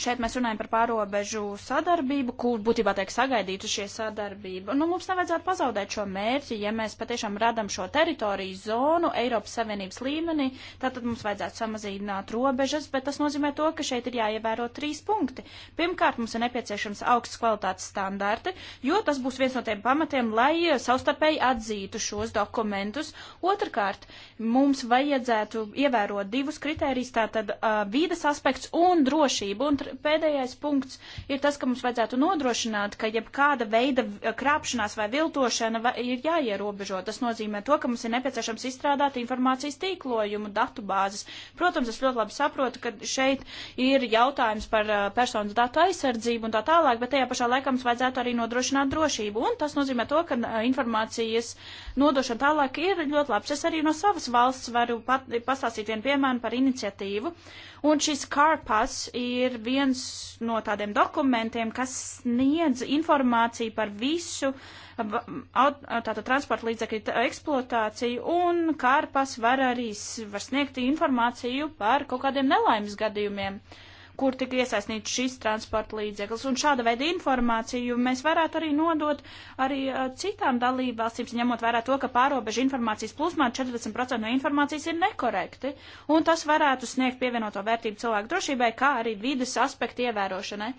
Šeit mēs runājam par pārobežu sadarbību, kur būtībā tiek sagaidīta šie sadarbība. Nu, mums nevajadzētu pazaudēt šo mērķi, ja mēs patiešām radam šo teritoriju zonu Eiropas Savienības līmenī, tātad mums vajadzētu samazināt robežas, bet tas nozīmē to, ka šeit ir jāievēro trīs punkti. Pirmkārt, mums ir nepieciešams augsts kvalitātes standarti, jo tas būs viens no tiem pamatiem, lai eh, savstarpēji atzītu šos dokumentus. Otrkārt, mums vajadzētu ievērot divus kritērijus, tātad uh, vīdes aspekts un drošību. Un pēdējais punkts ir tas, ka mums vajadzētu nodrošināt, ka jebkāda veida krāpšanās vai viltošana ir jāierobežo. Tas nozīmē to, ka mums ir nepieciešams izstrādāt informācijas tīklojumu, datu bāzes. Protams, es ļoti labi saprotu, ka šeit ir jautājums par uh, personas datu aizsardzību un tā tālāk, bet tajā pašā laikā mums vajadzētu arī nodrošināt drošību. Un tas nozīmē to, ka uh, informācijas nodošana tālāk ir ļoti labs. Es arī no savas valsts varu pat, pastāstīt vienu piemēru par iniciatīvu. Un šis CarPass ir viena viens no tādiem dokumentiem, kas sniedz informāciju par visu tātad transporta līdzekļu eksploatāciju un kārpas var arī var sniegt informāciju par kaut kādiem nelaimes gadījumiem. Uh, kur tika iesaistīts šis transporta līdzeklis. Un šāda veida informāciju mēs varētu arī nodot arī uh, citām dalībvalstīm, ņemot vērā to, ka pārobežu informācijas plūsmā 40% no informācijas ir nekorekti. Un tas varētu sniegt pievienoto vērtību cilvēku drošībai, kā arī vides aspektu ievērošanai.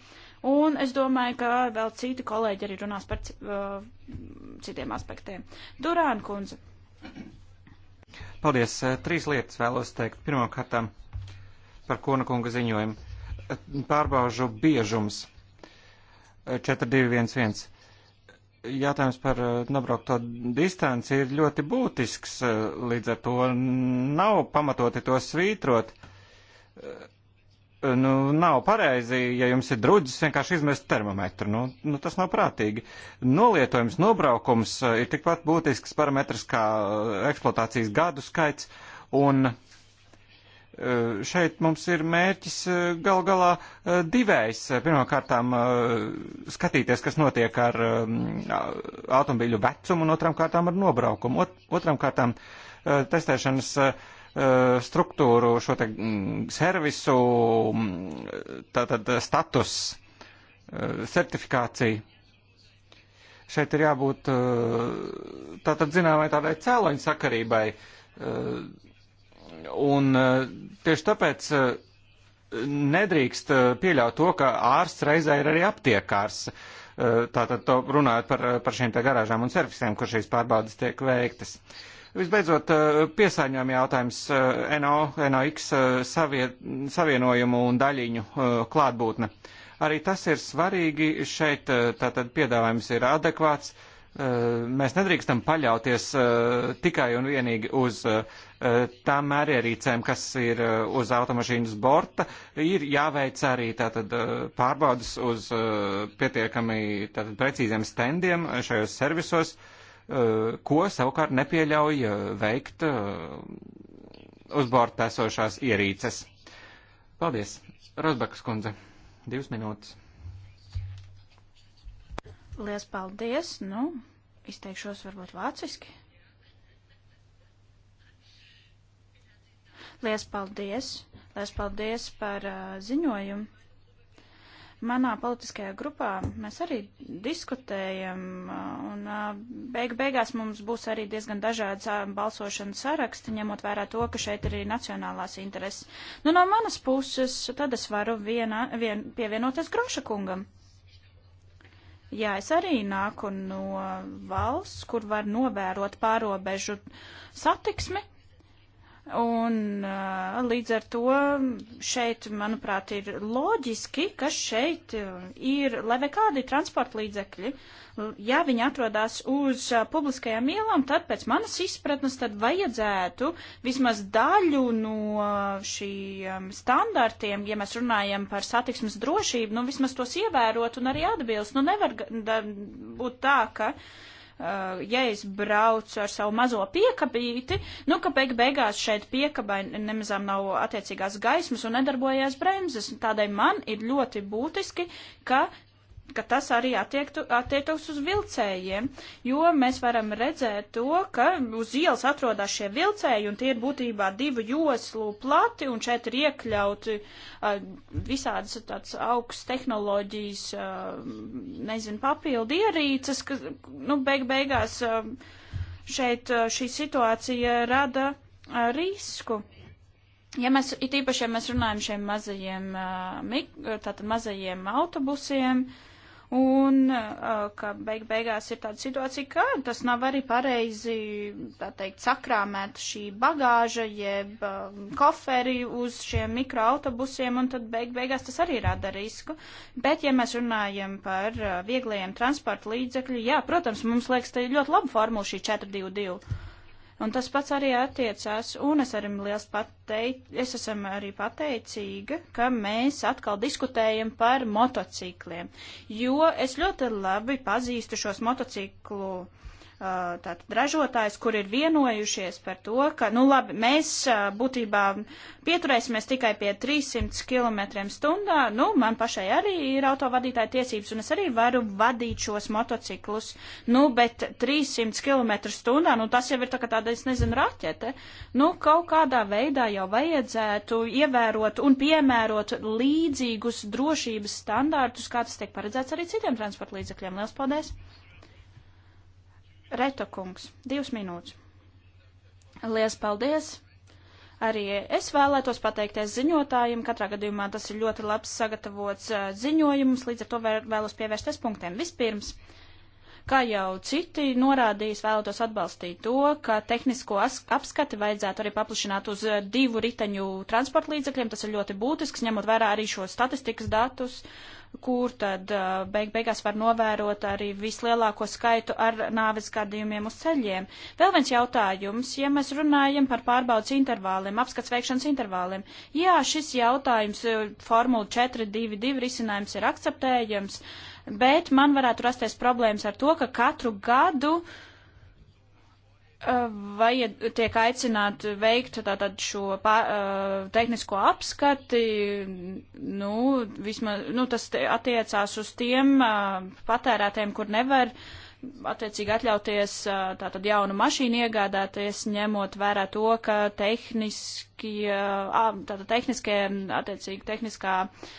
Un es domāju, ka vēl citi kolēģi arī runās par uh, citiem aspektiem. Durāna kundze. Paldies. Trīs lietas vēlos teikt. Pirmkārt, par Kona kunga ziņojumu pārbaužu biežums 4211. Jātājums par eh, nobraukto distanci ir ļoti būtisks, eh, līdz ar to nav pamatoti to svītrot. Eh, nu, nav pareizi, ja jums ir drudzis, vienkārši izmest termometru. Nu, nu, tas nav prātīgi. Nolietojums, nobraukums ir tikpat būtisks parametrs kā eksploatācijas gadu skaits, un uh, Eh, šeit mums ir mērķis eh, gal galā eh, divējs. Pirmkārtām skatīties, kas notiek ar automobīļu vecumu, un otram kārtām ar nobraukumu. Otram kārtām testēšanas struktūru, šo te mm, servisu, mm, tātad status, certifikāciju šeit ir jābūt tātad zināmai tādai cēloņu sakarībai. Un e, tieši tāpēc e, nedrīkst e, pieļaut to, ka ārsts reizē ir arī aptiekārs. Tātad to runājot par, par šīm te garāžām un servisiem, kur šīs pārbaudas tiek veiktas. Visbeidzot, piesāņojuma jautājums NO, NOx savie, savienojumu un daļiņu klātbūtne. Arī tas ir svarīgi. Šeit tātad piedāvājums ir adekvāts. Mēs nedrīkstam paļauties tikai un vienīgi uz uh, E, tām mērierīcēm, kas ir e, uz automašīnas borta, ir jāveic arī tātad e, pārbaudas uz pietiekami tātad precīziem standiem šajos servisos, ko savukārt nepieļauj veikt uz borta esošās ierīces. Paldies. Rozbekas kundze, divas minūtes. Lielas paldies. Nu, izteikšos varbūt vāciski. Lies paldies! Lies paldies par uh, ziņojumu! Manā politiskajā grupā mēs arī diskutējam, uh, un uh, beig beigās mums būs arī diezgan dažādas uh, balsošanas saraksti, ņemot vērā to, ka šeit ir arī nacionālās intereses. Nu, no manas puses, tad es varu viena, vien, pievienoties Groša kungam. Jā, es arī nāku no valsts, kur var novērot pārobežu satiksmi, Un uh, līdz ar to šeit, manuprāt, ir loģiski, ka šeit uh, ir, lai vai kādi transporta līdzekļi, uh, ja viņi atrodas uz uh, publiskajām ielām, tad pēc manas izpratnes tad vajadzētu vismaz daļu no uh, šīm um, standartiem, ja mēs runājam par satiksmes drošību, nu vismaz tos ievērot un arī atbilst. Nu nevar da, būt tā, ka. Uh, Uh, ja es braucu ar savu mazo piekabīti, nu, ka beig beigās šeit piekabai nemazām nav attiecīgās gaismas un nedarbojās bremzes. Tādēļ man ir ļoti būtiski, ka ka tas arī attiektu, attiektos uz vilcējiem, jo mēs varam redzēt to, ka uz ielas atrodas šie vilcēji, un tie ir būtībā divu joslu plati, un šeit ir iekļauti uh, visādas tāds augsts tehnoloģijas, uh, nezinu, papildi ierīces, kas, nu, beig beigās uh, šeit uh, šī situācija rada uh, risku. Ja mēs, it īpaši, ja mēs runājam šiem mazajiem, uh, mik, tātad mazajiem autobusiem, uh, Un ka beig beigās ir tāda situācija, ka tas nav arī pareizi, tā teikt, sakrāmēt šī bagāža jeb koferi uz šiem mikroautobusiem, un tad beig beigās tas arī rada risku. Bet, ja mēs runājam par vieglajiem transporta līdzekļu, jā, protams, mums liekas, te ir ļoti laba formula šī 422. Un tas pats arī attiecās, un es arī liels pateic, es esam arī pateicīga, ka mēs atkal diskutējam par motocikliem, jo es ļoti labi pazīstu šos motociklu uh, tātad ražotājs, kur ir vienojušies par to, ka, nu labi, mēs būtībā pieturēsimies tikai pie 300 km stundā, nu man pašai arī ir autovadītāja tiesības un es arī varu vadīt šos motociklus, nu bet 300 km stundā, nu tas jau ir tā kā tāda, es nezinu, raķete, nu kaut kādā veidā jau vajadzētu ievērot un piemērot līdzīgus drošības standārtus, kā tas tiek paredzēts arī citiem transporta līdzekļiem. Liels paldies! Reto kungs, divas minūtes. Lielas paldies! Arī es vēlētos pateikties ziņotājiem. Katrā gadījumā tas ir ļoti labs sagatavots ziņojums, līdz ar to vēlos pievērsties punktiem. Vispirms, uh, Kā jau citi norādījis, vēlētos atbalstīt to, ka tehnisko apskati vajadzētu arī paplašināt uz eh, divu riteņu transporta līdzekļiem. Tas ir ļoti būtisks, ņemot vērā arī šo statistikas datus, kur tad eh, beig beigās var novērot arī vislielāko skaitu ar nāves gadījumiem uz ceļiem. Vēl viens jautājums, ja mēs runājam par pārbaudas intervāliem, apskats veikšanas intervāliem. Jā, šis jautājums eh, formula 422 risinājums ir akceptējams. Uh, bet man varētu rasties problēmas ar to, ka katru gadu uh, vajad, tiek aicināt veikt tātad šo pār, uh, eh, tehnisko apskati, nu, vismaz, nu, tas attiecās uz tiem uh, patērētiem, kur nevar attiecīgi atļauties tātad jaunu mašīnu iegādāties, ņemot vērā to, ka tehniski, tātad tehniskie, attiecīgi tehniskā uh,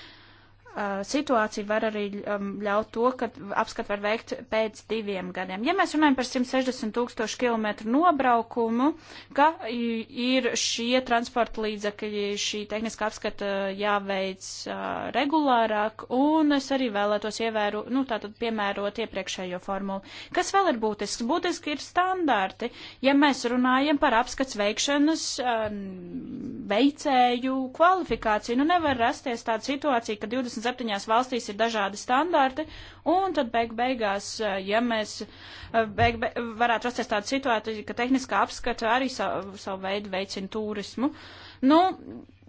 Eh, situācija var arī um, ļaut to, ka apskat var veikt pēc diviem gadiem. Ja mēs runājam par 160 tūkstošu kilometru nobraukumu, ka ir šie transporta līdzekļi, šī tehniska apskata jāveic eh, regulārāk, un es arī vēlētos ievēru, nu, tātad piemērot iepriekšējo formulu. Kas vēl ir būtisks? Būtiski ir standarti. Ja mēs runājam par apskats veikšanas eh, veicēju kvalifikāciju, nu, nevar rasties tāda situācija, ka 20 27 valstīs ir dažādi standarti, un tad beig beigās, eh, ja mēs eh, beig be varētu rasties tāda situācija, ka tehniskā apskata arī savu, savu veidu veicina turismu. Uh, Nu,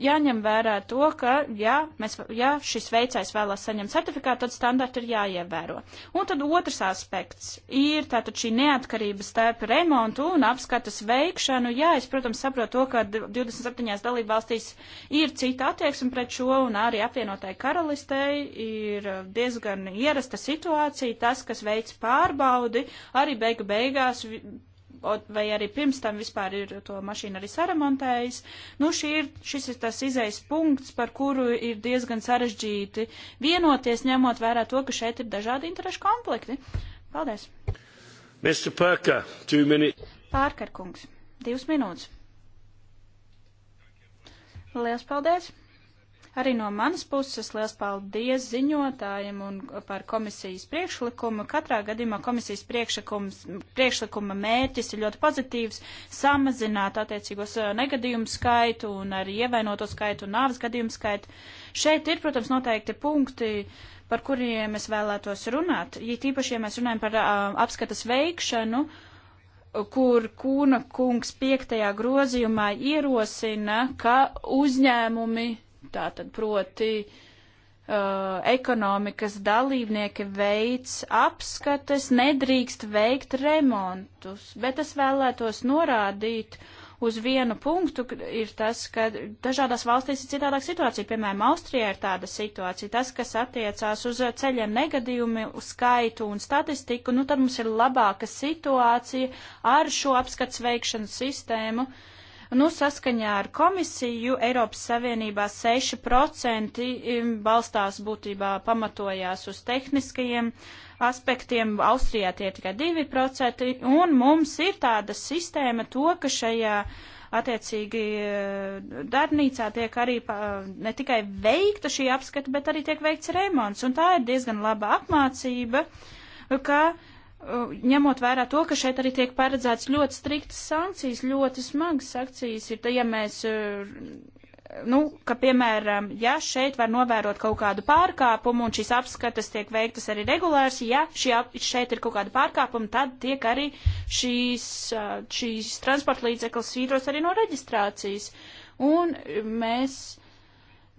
jāņem vērā to, ka, ja, mēs, ja šis veicējs vēlas saņemt certifikātu, tad standarti ir jāievēro. Un tad otrs aspekts ir tātad šī neatkarība starp remontu un apskatas veikšanu. Jā, es, protams, saprotu to, ka 27. dalība valstīs ir cita attieksme pret šo, un arī apvienotai karalistei ir diezgan ierasta situācija. Tas, kas veic pārbaudi, arī beigu beigās vai arī pirms tam vispār ir to mašīnu arī saremontējis. Nu, ir, šis ir tas izejas punkts, par kuru ir diezgan sarežģīti vienoties, ņemot vērā to, ka šeit ir dažādi interešu konflikti. Paldies! Mr. Parker, two minutes. Parker kungs, divas minūtes. Lielas paldies! Arī no manas puses liels paldies ziņotājiem un par komisijas priekšlikumu. Katrā gadījumā komisijas priekšlikuma mērķis ir ļoti pozitīvs - samazināt attiecīgos eh, negadījumu skaitu un arī ievainoto skaitu un nāves gadījumu skaitu. Šeit ir, protams, noteikti punkti, par kuriem es vēlētos runāt. Ja tīpaši, ja mēs runājam par uh, apskatas veikšanu, kur Kūna kungs piektajā grozījumā ierosina, ka uzņēmumi tātad proti uh, ekonomikas dalībnieki veids apskates, nedrīkst veikt remontus, bet es vēlētos norādīt uz vienu punktu, ir tas, ka dažādās valstīs ir citādāk situācija, piemēram, Austrijā ir tāda situācija, tas, kas attiecās uz ceļiem negadījumi, uz skaitu un statistiku, nu tad mums ir labāka situācija ar šo apskats veikšanas sistēmu, uh, Nu, saskaņā ar komisiju Eiropas Savienībā 6% um, balstās būtībā pamatojās uz tehniskajiem aspektiem, Austrijā tie tikai 2%, un mums ir tāda sistēma to, ka šajā attiecīgi uh, darbnīcā tiek arī uh, ne tikai veikta šī apskata, bet arī tiek veikts remonts, un tā ir diezgan laba apmācība, ka uh, Uh, ņemot vērā to, ka šeit arī tiek paredzēts ļoti striktas sankcijas, ļoti smagas sankcijas, ir, ja mēs, uh, nu, ka, piemēram, ja šeit var novērot kaut kādu pārkāpumu un šīs apskatas tiek veiktas arī regulārs, ja šī, šeit ir kaut kāda pārkāpuma, tad tiek arī šīs, uh, šīs transporta līdzeklis svītros arī no reģistrācijas. Un mēs,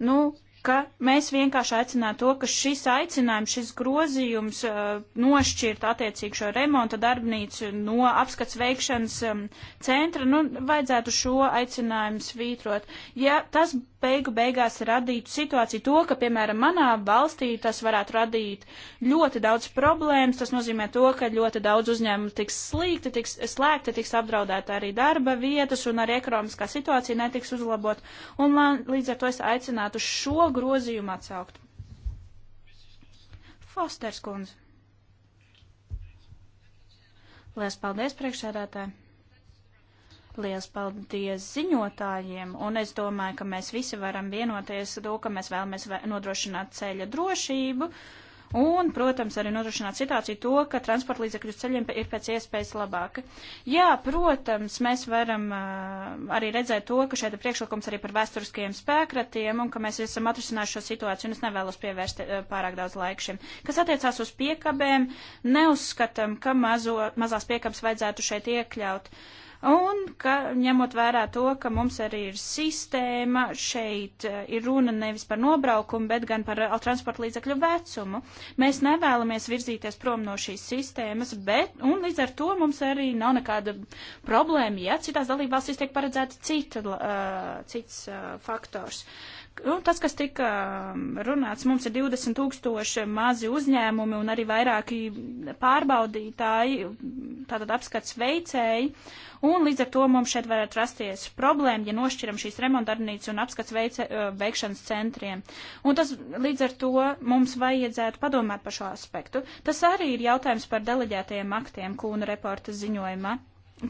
nu, ka mēs vienkārši aicinām to, ka šis aicinājums, šis grozījums uh, nošķirt attiecīgi šo remonta darbnīcu no apskats veikšanas um, centra, nu, vajadzētu šo aicinājumu svītrot. Ja tas beigu beigās radītu situāciju to, ka, piemēram, manā valstī tas varētu radīt ļoti daudz problēmas. Tas nozīmē to, ka ļoti daudz uzņēmumu tiks slīgti, tiks slēgti, tiks apdraudēta arī darba vietas un arī ekonomiskā situācija netiks uzlabot. Un man, līdz ar to es aicinātu šo grozījumu atsaukt. Fosters kundze. Lielas paldies priekšsēdētāji! Liels paldies ziņotājiem, un es domāju, ka mēs visi varam vienoties to, ka mēs vēlamies nodrošināt ceļa drošību, un, protams, arī nodrošināt situāciju to, ka transporta līdzekļu ceļiem ir pēc iespējas labāka. Jā, protams, mēs varam uh, arī redzēt to, ka šeit ir priekšlikums arī par vēsturiskajiem spēkratiem, un ka mēs esam atrisinājuši šo situāciju, un es nevēlos pievērst uh, pārāk daudz laika šim. Kas attiecās uz piekabēm, neuzskatām, ka mazo, mazās piekabas vajadzētu šeit iekļaut. Uh, Un, ka ņemot vērā to, ka mums arī ir sistēma, šeit eh, ir runa nevis par nobraukumu, bet gan par eh, transporta līdzakļu vecumu, mēs nevēlamies virzīties prom no šīs sistēmas, bet, un līdz ar to mums arī nav nekāda problēma, ja citās dalībvalstīs tiek paredzēta cita, uh, cits uh, faktors. Uh, Un nu, tas, kas tika um, runāts, mums ir 20 tūkstoši mazi uzņēmumi un arī vairāki pārbaudītāji, tātad apskats veicēji. Un līdz ar to mums šeit varētu rasties problēma, ja nošķiram šīs remontdarbnīcas un apskats veice, uh, veikšanas centriem. Un tas līdz ar to mums vajadzētu padomāt par šo aspektu. Tas arī ir jautājums par deleģētajiem aktiem Kūna reporta ziņojumā.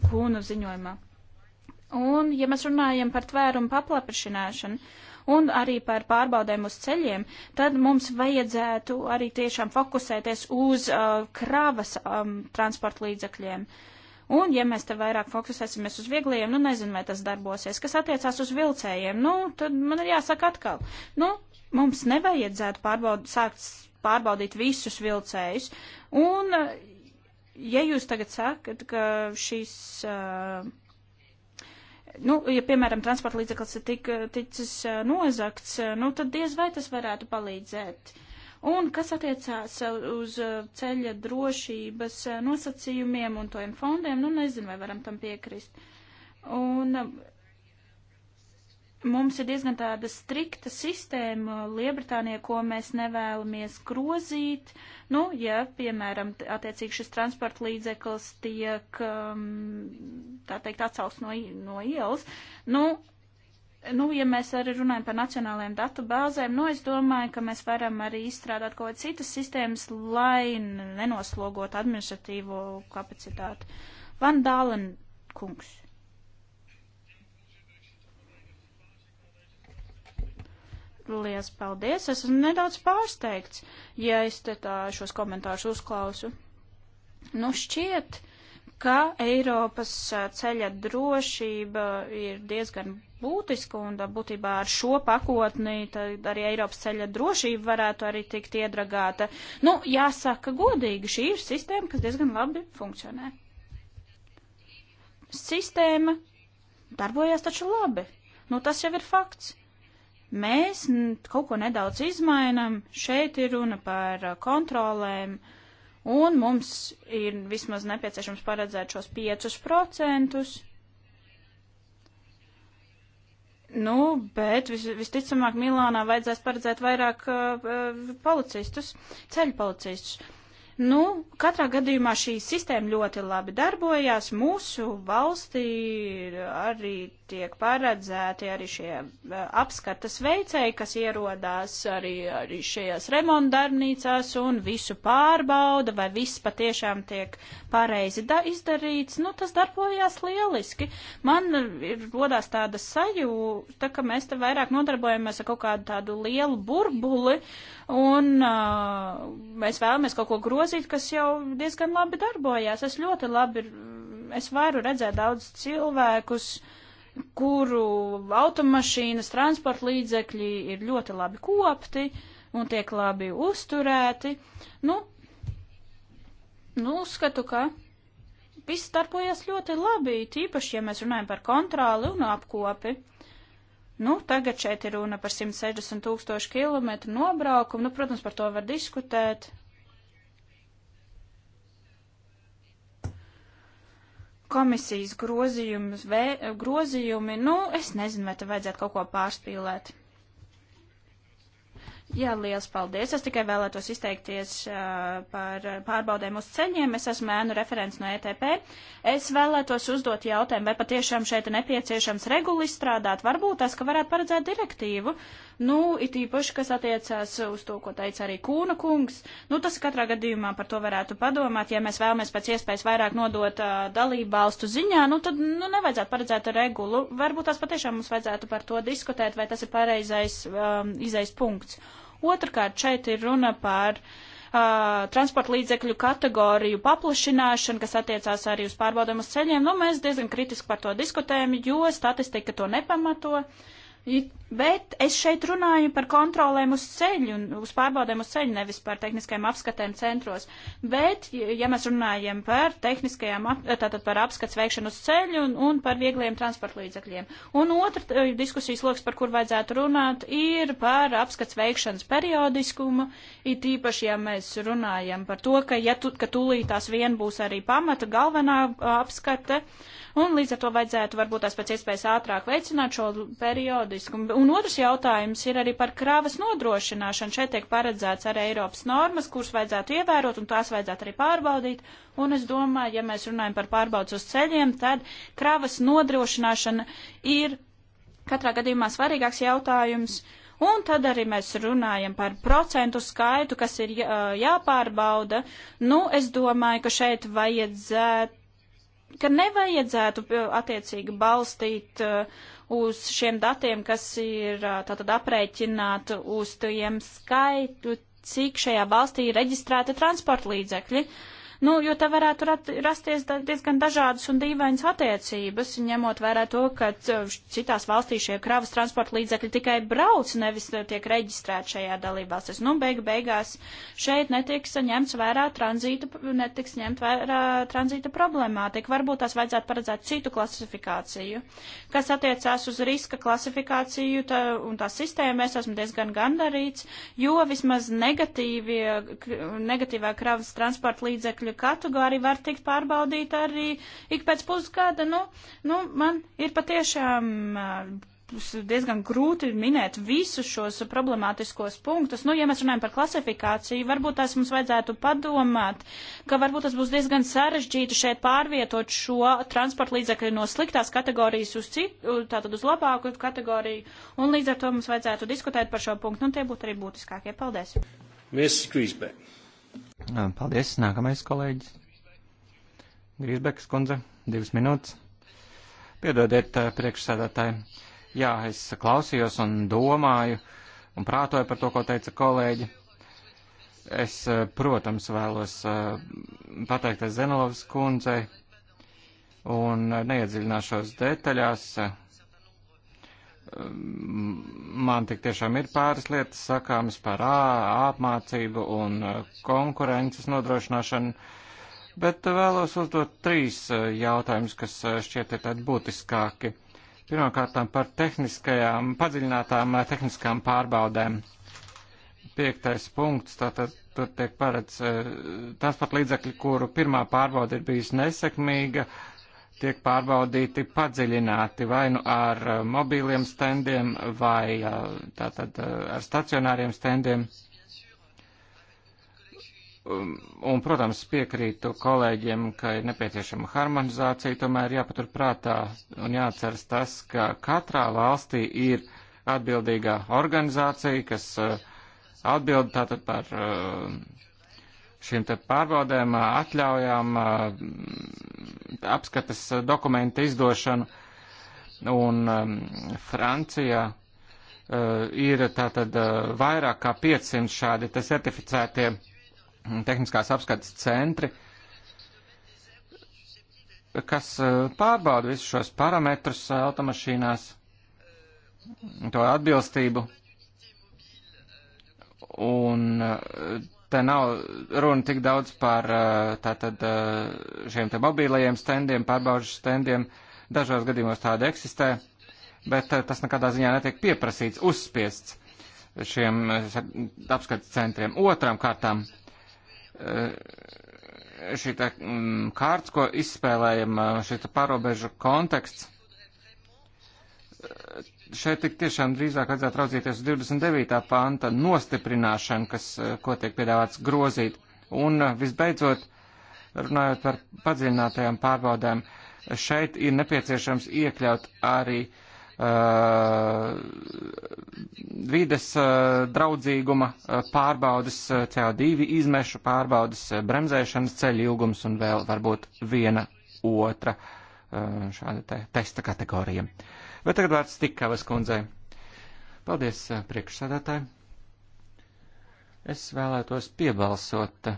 Kūnu ziņojumā. Un, ja mēs runājam par tvērumu paplašināšanu, un arī par pārbaudēm uz ceļiem, tad mums vajadzētu arī tiešām fokusēties uz uh, kravas um, transporta līdzekļiem. Un, ja mēs te vairāk fokusēsimies uz viegliem, nu nezinu, vai tas darbosies, kas attiecās uz vilcējiem, nu, tad man ir jāsaka atkal, nu, mums nevajadzētu pārbaud, sākt pārbaudīt visus vilcējus. Un, ja jūs tagad sakat, ka šīs. Uh, nu, ja, piemēram, transporta līdzeklis ir tik, eh, ticis eh, nozakts, eh, nu, tad diez vai tas varētu palīdzēt. Un kas attiecās uz ceļa drošības nosacījumiem un tojiem fondiem, nu, nezinu, vai varam tam piekrist. Un mums ir diezgan tāda strikta sistēma Liebritānijā, ko mēs nevēlamies grozīt. Nu, ja, piemēram, attiecīgi šis transporta līdzeklis tiek, um, tā teikt, atcelts no, no ielas, nu, nu, ja mēs arī runājam par nacionālajiem datu bāzēm, nu, es domāju, ka mēs varam arī izstrādāt kaut kādas citas sistēmas, lai nenoslogot administratīvo kapacitāti. Van Dālen kungs. Lies paldies! Es esmu nedaudz pārsteigts, ja es te tā šos komentārus uzklausu. Nu šķiet, ka Eiropas ceļa drošība ir diezgan būtiska un būtībā ar šo pakotni arī Eiropas ceļa drošība varētu arī tikt iedragāta. Nu, jāsaka godīgi, šī ir sistēma, kas diezgan labi funkcionē. Sistēma darbojās taču labi. Nu, tas jau ir fakts. Mēs kaut ko nedaudz izmainam, šeit ir runa par uh, kontrolēm, un mums ir vismaz nepieciešams paredzēt šos 5%. Nu, bet vis, visticamāk Milānā vajadzēs paredzēt vairāk uh, uh, policistus, ceļu policistus. Nu, katrā gadījumā šī sistēma ļoti labi darbojās. Mūsu valstī arī tiek paredzēti arī šie eh, apskatas veicēji, kas ierodās arī, arī šajās remontdarbnīcās un visu pārbauda, vai viss patiešām tiek pareizi izdarīts. Nu, tas darbojās lieliski. Man ir rodās tāda sajūta, tā, ka mēs te vairāk nodarbojamies ar kaut kādu tādu lielu burbuli un uh, mēs vēlamies kaut ko grozīt, kas jau diezgan labi darbojās. Es ļoti labi, es varu redzēt daudz cilvēkus, uh, kuru automašīnas, transporta līdzekļi ir ļoti labi kopti un tiek labi uzturēti. Nu, nu uzskatu, ka viss starpojas ļoti labi, tīpaši, ja mēs runājam par kontroli un apkopi. Nu, tagad šeit ir runa par 160 tūkstošu kilometru nobraukumu, nu, protams, par to var diskutēt, komisijas grozījumus, vē, grozījumi, nu, es nezinu, vai te vajadzētu kaut ko pārspīlēt. Jā, liels paldies. Es tikai vēlētos izteikties uh, par pārbaudēm uz ceļiem. Es esmu ēnu referents no ETP. Es vēlētos uzdot jautājumu, vai patiešām šeit ir nepieciešams regulis strādāt. Varbūt tas, ka varētu paredzēt direktīvu. Uh, Nu, it īpaši, kas attiecās uz to, ko teica arī Kūna kungs, nu, tas katrā gadījumā par to varētu padomāt. Ja mēs vēlamies pēc iespējas vairāk nodot uh, dalību valstu ziņā, nu, tad, nu, nevajadzētu paredzēt regulu. Varbūt tās patiešām mums vajadzētu par to diskutēt, vai tas ir pareizais um, izais punkts. Otrkārt, šeit ir runa par. Uh, transporta līdzekļu kategoriju paplašināšanu, kas attiecās arī uz pārbaudēm uz ceļiem. Nu, mēs diezgan kritiski par to diskutējam, jo statistika to nepamato. Uh, Bet es šeit runāju par kontrolēm uz ceļu, uz pārbaudēm uz ceļu, nevis par tehniskajām apskatēm centros. Bet, ja mēs runājam par tehniskajām, tātad par apskats veikšanu uz ceļu un, un par viegliem transporta līdzakļiem. Un otra eh, diskusijas loks, par kur vajadzētu runāt, ir par apskats veikšanas periodiskumu. It īpaši, ja mēs runājam par to, ka, ja tu, ka tūlītās vien būs arī pamata galvenā eh, apskate, un līdz ar to vajadzētu varbūt tās pēc iespējas ātrāk veicināt šo periodu risku. Un otrs jautājums ir arī par krāvas nodrošināšanu. Šeit tiek paredzēts arī Eiropas normas, kuras vajadzētu ievērot un tās vajadzētu arī pārbaudīt. Un es domāju, ja mēs runājam par pārbaudas uz ceļiem, tad krāvas nodrošināšana ir katrā gadījumā svarīgāks jautājums. Un tad arī mēs runājam par procentu skaitu, kas ir jāpārbauda. Nu, es domāju, ka šeit vajadzētu ka nevajadzētu attiecīgi balstīt uh, uz šiem datiem, kas ir uh, tātad aprēķināti uz tiem skaitu, cik šajā valstī ir reģistrēti transporta līdzekļi. Uh, nu, jo tā varētu rasties diezgan dažādas un dīvainas attiecības, ņemot vērā to, ka citās valstīs šie kravas transporta līdzekļi tikai brauc, nevis e, tiek reģistrēti šajā dalībvalstīs. Nu, beigu beigās šeit netiks ņemts vērā tranzīta, netiks ņemt vērā tranzīta problemātika. Varbūt tās vajadzētu paredzēt citu klasifikāciju. Kas attiecās uz riska klasifikāciju tā, un tā sistēmu, es esmu diezgan gandarīts, jo vismaz negatīvi, negatīvā kravas transporta līdzekļa līdzekļu kategorija var tikt pārbaudīta arī ik pēc pusgada. Nu, nu, man ir patiešām diezgan grūti minēt visus šos problemātiskos punktus. Nu, ja mēs runājam par klasifikāciju, varbūt tās mums vajadzētu padomāt, ka varbūt tas būs diezgan sarežģīti šeit pārvietot šo transporta līdzekļu no sliktās kategorijas uz citu, tātad uz labāku kategoriju, un līdz ar to mums vajadzētu diskutēt par šo punktu. Nu, tie būtu arī būtiskākie. Paldies! Mrs. Griesbeck. Paldies. Nākamais kolēģis. Grīsbekas kundze, divas minūtes. Piedodiet, priekšsēdētāji. Jā, es klausījos un domāju un prātoju par to, ko teica kolēģi. Es, protams, vēlos pateikties Zenolovas kundzei un neiedziļināšos detaļās. Ehm, man tik tiešām ir pāris lietas sakāmas par apmācību un e, konkurences nodrošināšanu, bet vēlos uzdot trīs e, jautājumus, kas e, šķiet ir tādi būtiskāki. Pirmkārtām par tehniskajām, padziļinātām tehniskām pārbaudēm. Piektais punkts, tātad tur tiek paredz transporta līdzekļi, kuru pirmā pārbauda ir bijusi nesekmīga, uh, tiek pārbaudīti padziļināti vai nu ar eh, mobīliem standiem vai eh, tātad eh, ar stacionāriem standiem. Um, un, protams, piekrītu kolēģiem, ka ir nepieciešama harmonizācija, tomēr jāpatur prātā un jāatceras tas, ka katrā valstī ir atbildīgā organizācija, kas atbild tātad par uh, šīm te pārbaudēm, atļaujām, apskates dokumenta izdošanu. Un Francijā ir tātad vairāk kā 500 šādi te certificētie tehniskās apskates centri, kas pārbauda visus šos parametrus automašīnās, to atbilstību. Un te nav runa tik daudz par eh, tātad eh, šiem te mobīlajiem standiem, pārbaužu standiem. Dažos gadījumos tāda eksistē, bet eh, tas nekādā ziņā netiek pieprasīts, uzspiests šiem apskates centriem. Otram kārtām šī tā mm, kārts, ko izspēlējam, šī tā parobežu konteksts, šeit tik tiešām drīzāk vajadzētu raudzīties uz 29. panta nostiprināšanu, kas, eh, ko tiek piedāvāts grozīt. Un eh, visbeidzot, runājot par padziļinātajām pārbaudēm, šeit ir nepieciešams iekļaut arī uh, vides uh, draudzīguma uh, pārbaudas, uh, CO2 izmešu pārbaudas, uh, bremzēšanas ceļu ilgums un vēl varbūt viena otra uh, šāda te testa kategorija. Uh, Bet tagad vārds tikavas kundzei. Paldies, priekšsādātāji. Es vēlētos piebalsot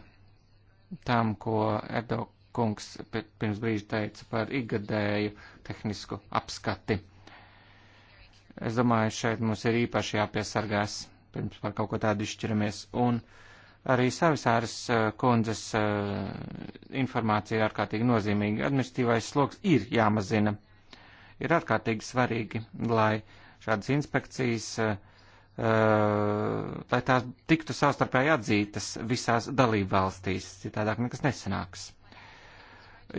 tam, ko Erdo kungs pirms brīža teica par igadēju tehnisku apskati. Es domāju, šeit mums ir īpaši jāpiesargās, pirms par kaut ko tādu izšķiramies. Un arī savisāras kundzes informācija ir ārkārtīgi nozīmīga. Administratīvais sloks ir jāmazina ir ārkārtīgi svarīgi, lai šādas inspekcijas, eh, eh, lai tās tiktu savstarpēji atzītas visās dalībvalstīs, citādāk nekas nesanāks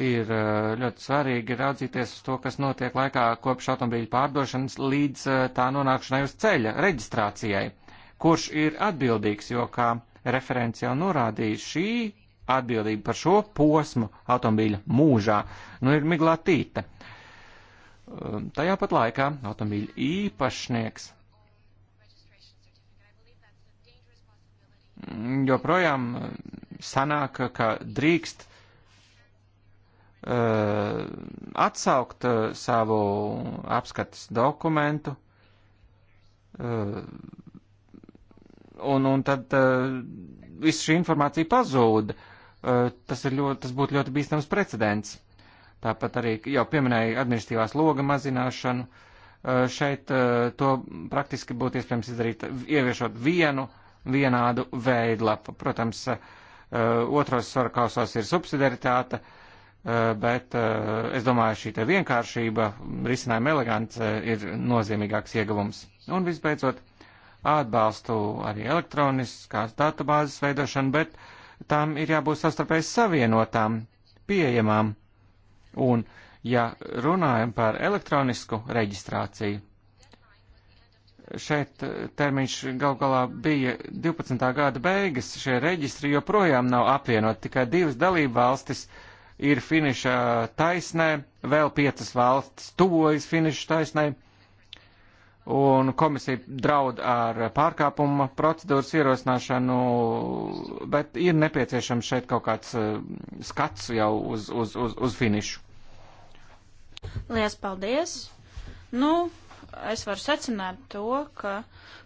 ir eh, ļoti svarīgi raudzīties uz to, kas notiek laikā kopš automobīļa pārdošanas līdz tā nonākšanai uz ceļa reģistrācijai. Kurš ir atbildīgs, jo, kā referents jau norādīja, šī atbildība par šo posmu automobīļa mūžā nu, ir miglā tīta. Uh, Um, tajā pat laikā automobīļa īpašnieks mm, joprojām mm, sanāk, ka drīkst uh, atsaukt uh, savu apskates dokumentu, uh, un, un tad uh, viss šī informācija pazūd. Uh, tas, ir ļoti, tas būtu ļoti bīstams precedents. Tāpat arī jau pieminēja administratīvās loga mazināšanu. Šeit to praktiski būtu iespējams izdarīt, ieviešot vienu vienādu veidlapu. Protams, otros svarkausos ir subsidiaritāte, bet es domāju, šī te vienkāršība, risinājuma elegance ir nozīmīgāks ieguvums. Un visbeidzot, atbalstu arī elektroniskās datubāzes veidošanu, bet tām ir jābūt sastarpēji savienotām, pieejamām Un, ja runājam par elektronisku reģistrāciju, šeit eh, termiņš gal galā bija 12. gada beigas, šie reģistri joprojām nav apvienoti, tikai divas dalība valstis ir finiša taisnē, vēl piecas valstis tuvojas finiša taisnē un komisija draud ar pārkāpuma procedūras ierosināšanu, bet ir nepieciešams šeit kaut kāds eh, skats jau uz, uz, uz, uz finišu. Lielas paldies! Nu, es varu secināt to, ka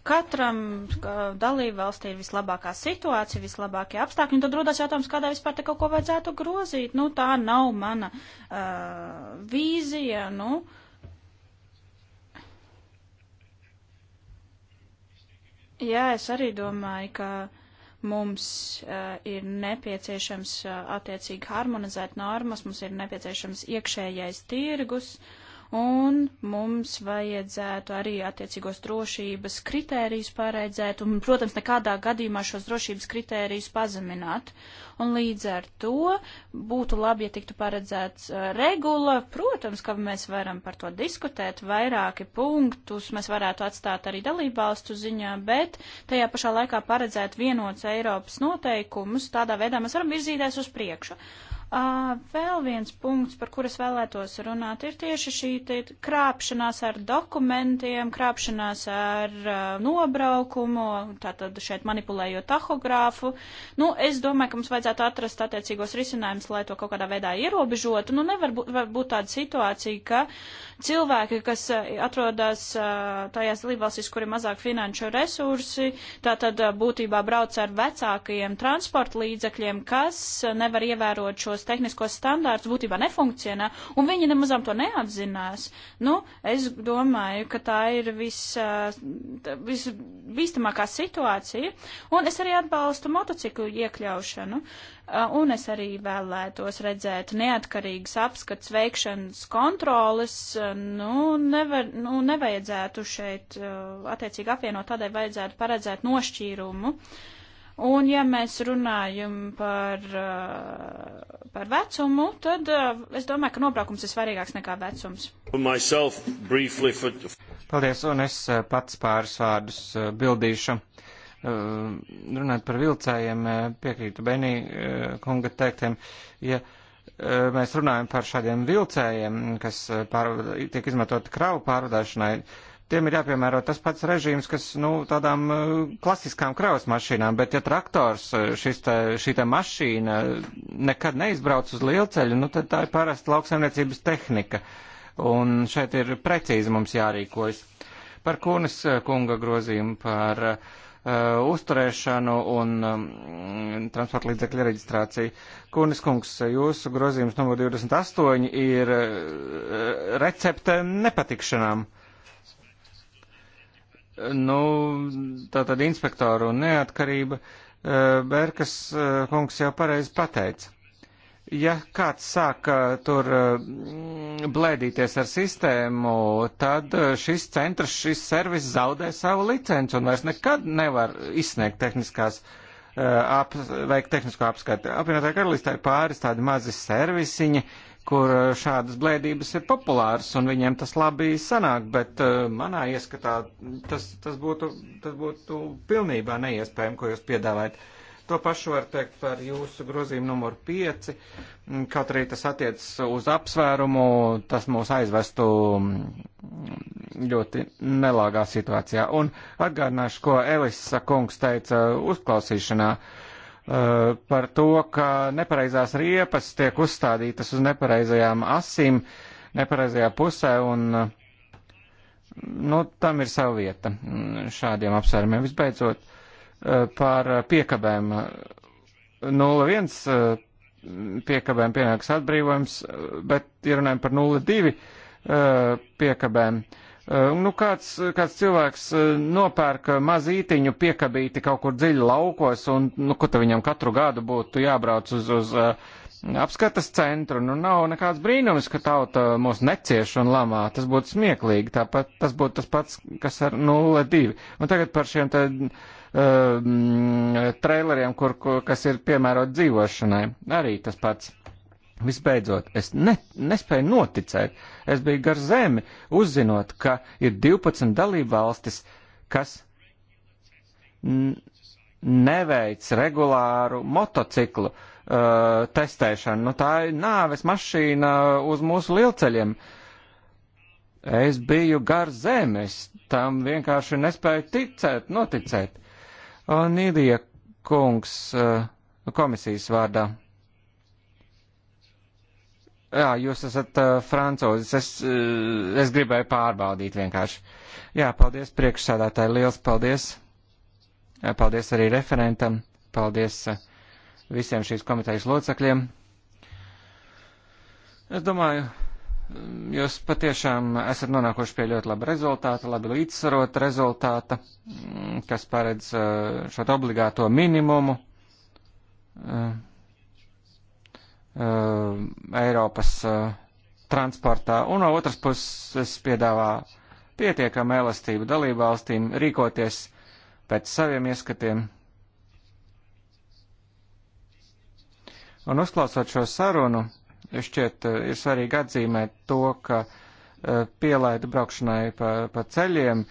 katram ka dalību valstī ir vislabākā situācija, vislabākie apstākļi, un tad rodas jautājums, kādā vispār te kaut ko vajadzētu grozīt. Nu, tā nav mana uh, vīzija, nu. Uh, Jā, es arī domāju, ka mums uh, ir nepieciešams uh, attiecīgi harmonizēt normas, mums ir nepieciešams iekšējais tirgus. Uh, un mums vajadzētu arī attiecīgos drošības kritērijus pārēdzēt, un, protams, nekādā gadījumā šos drošības kritērijus pazemināt. Un līdz ar to būtu labi, ja tiktu paredzēts uh, regula, protams, ka mēs varam par to diskutēt, vairāki punktus mēs varētu atstāt arī dalībvalstu ziņā, bet tajā pašā laikā paredzēt vienots Eiropas noteikumus, tādā veidā mēs varam virzīties uz priekšu. Uh, vēl viens punkts, par kuras vēlētos runāt, ir tieši šī te, krāpšanās ar dokumentiem, krāpšanās ar uh, nobraukumu, tātad šeit manipulējot tahogrāfu. Nu, es domāju, ka mums vajadzētu atrast attiecīgos risinājumus, lai to kaut kādā veidā ierobežotu. Nu, nevar būt, būt tāda situācija, ka cilvēki, kas atrodas uh, tajās dalībvalstīs, kur ir mazāk finanšu resursi, tātad būtībā brauc ar vecākajiem transporta līdzekļiem, kas nevar ievērot šos šos tehniskos standārtus būtībā nefunkcionē, un viņi nemazām to neapzinās. Nu, es domāju, ka tā ir visbīstamākā vis, situācija, un es arī atbalstu motociklu iekļaušanu, un es arī vēlētos redzēt neatkarīgas apskats veikšanas kontroles, nu, nevar, nu nevajadzētu šeit attiecīgi apvienot, tādēļ vajadzētu paredzēt nošķīrumu. Uh, Un ja mēs runājam par, eh, par vecumu, tad eh, es domāju, ka nobraukums ir svarīgāks nekā vecums. Paldies, un es eh, pats pāris vārdus bildīšu runāt par vilcējiem, piekrītu Benī kunga teiktiem, ja mēs runājam par šādiem vilcējiem, kas pār, tiek izmantoti kravu pārvadāšanai, tiem ir jāpiemēro tas pats režīms, kas, nu, tādām uh, klasiskām kravas mašīnām, bet ja traktors, uh, šis te, šī te mašīna nekad neizbrauc uz lielceļu, nu, tad tā ir parasta lauksaimniecības tehnika. Un šeit ir precīzi mums jārīkojas. Par Kūnes uh, kunga grozījumu par uh, uzturēšanu un um, transporta līdzekļu reģistrāciju. Kūnis kungs, jūsu grozījums numur 28 ir uh, recepte nepatikšanām. Uh, Nu, tā tad inspektoru neatkarība, e, Berkas e, kungs jau pareizi pateica. Ja kāds sāk tur e, blēdīties ar sistēmu, tad šis centrs, šis servis zaudē savu licenci un vairs nekad nevar izsniegt tehniskās uh, ap, veikt tehnisko apskati. Apvienotā karalistē ir pāris tādi mazi servisiņi, uh, kur eh, šādas blēdības ir populāras un viņiem tas labi sanāk, bet uh, manā ieskatā tas, tas, būtu, tas būtu pilnībā neiespējami, ko jūs piedāvājat. To pašu var teikt par jūsu grozījumu numuru 5, mm, kaut arī tas attiec uz apsvērumu, tas mūs aizvestu mm, ļoti nelāgā situācijā. Un atgādināšu, ko Elisa kungs teica uzklausīšanā. Uh, Eh, par to, ka nepareizās riepas tiek uzstādītas uz nepareizajām asim, nepareizajā pusē, un eh, nu, tam ir sava vieta mm, šādiem apsvērumiem. Visbeidzot, eh, par piekabēm 01 piekabēm pienāks atbrīvojums, bet ja runājam par 02 piekabēm, Eh, nu, kāds, kāds cilvēks eh, nopērk eh, mazītiņu piekabīti kaut kur dziļi laukos, un, nu, ko te viņam katru gadu būtu jābrauc uz, uz apskatas centru, nu, nav nekāds brīnums, ka tauta mūs necieš un lamā, tas būtu smieklīgi, tāpat tas būtu tas pats, kas ar 0,2. Un tagad par šiem te uh, traileriem, kur, kur, kas ir piemērot dzīvošanai, arī tas pats. Visbeidzot, es ne, nespēju noticēt, es biju gar zemi, uzzinot, ka ir 12 dalībvalstis, kas neveic regulāru motociklu uh, testēšanu. Nu, tā ir nāves mašīna uz mūsu lielceļiem. Es biju gar zemes, tam vienkārši nespēju ticēt, noticēt. Un Nīdija kungs uh, komisijas vārdā. Jā, jūs esat uh, francūzis, es, uh, es gribēju pārbaudīt vienkārši. Jā, paldies priekšsādātāji, liels paldies. Paldies arī referentam, paldies uh, visiem šīs komitejas locekļiem. Es domāju, mm, jūs patiešām esat nonākuši pie ļoti laba rezultāta, labi līdzsvarota rezultāta, mm, kas paredz uh, šo obligāto minimumu. Uh, Uh, Eiropas uh, transportā, un no otras puses piedāvā pietiekama elastība dalībvalstīm rīkoties pēc saviem ieskatiem. Un uzklausot šo sarunu, šķiet, uh, ir svarīgi atzīmēt to, ka pielaidu braukšanai pa, pa ceļiem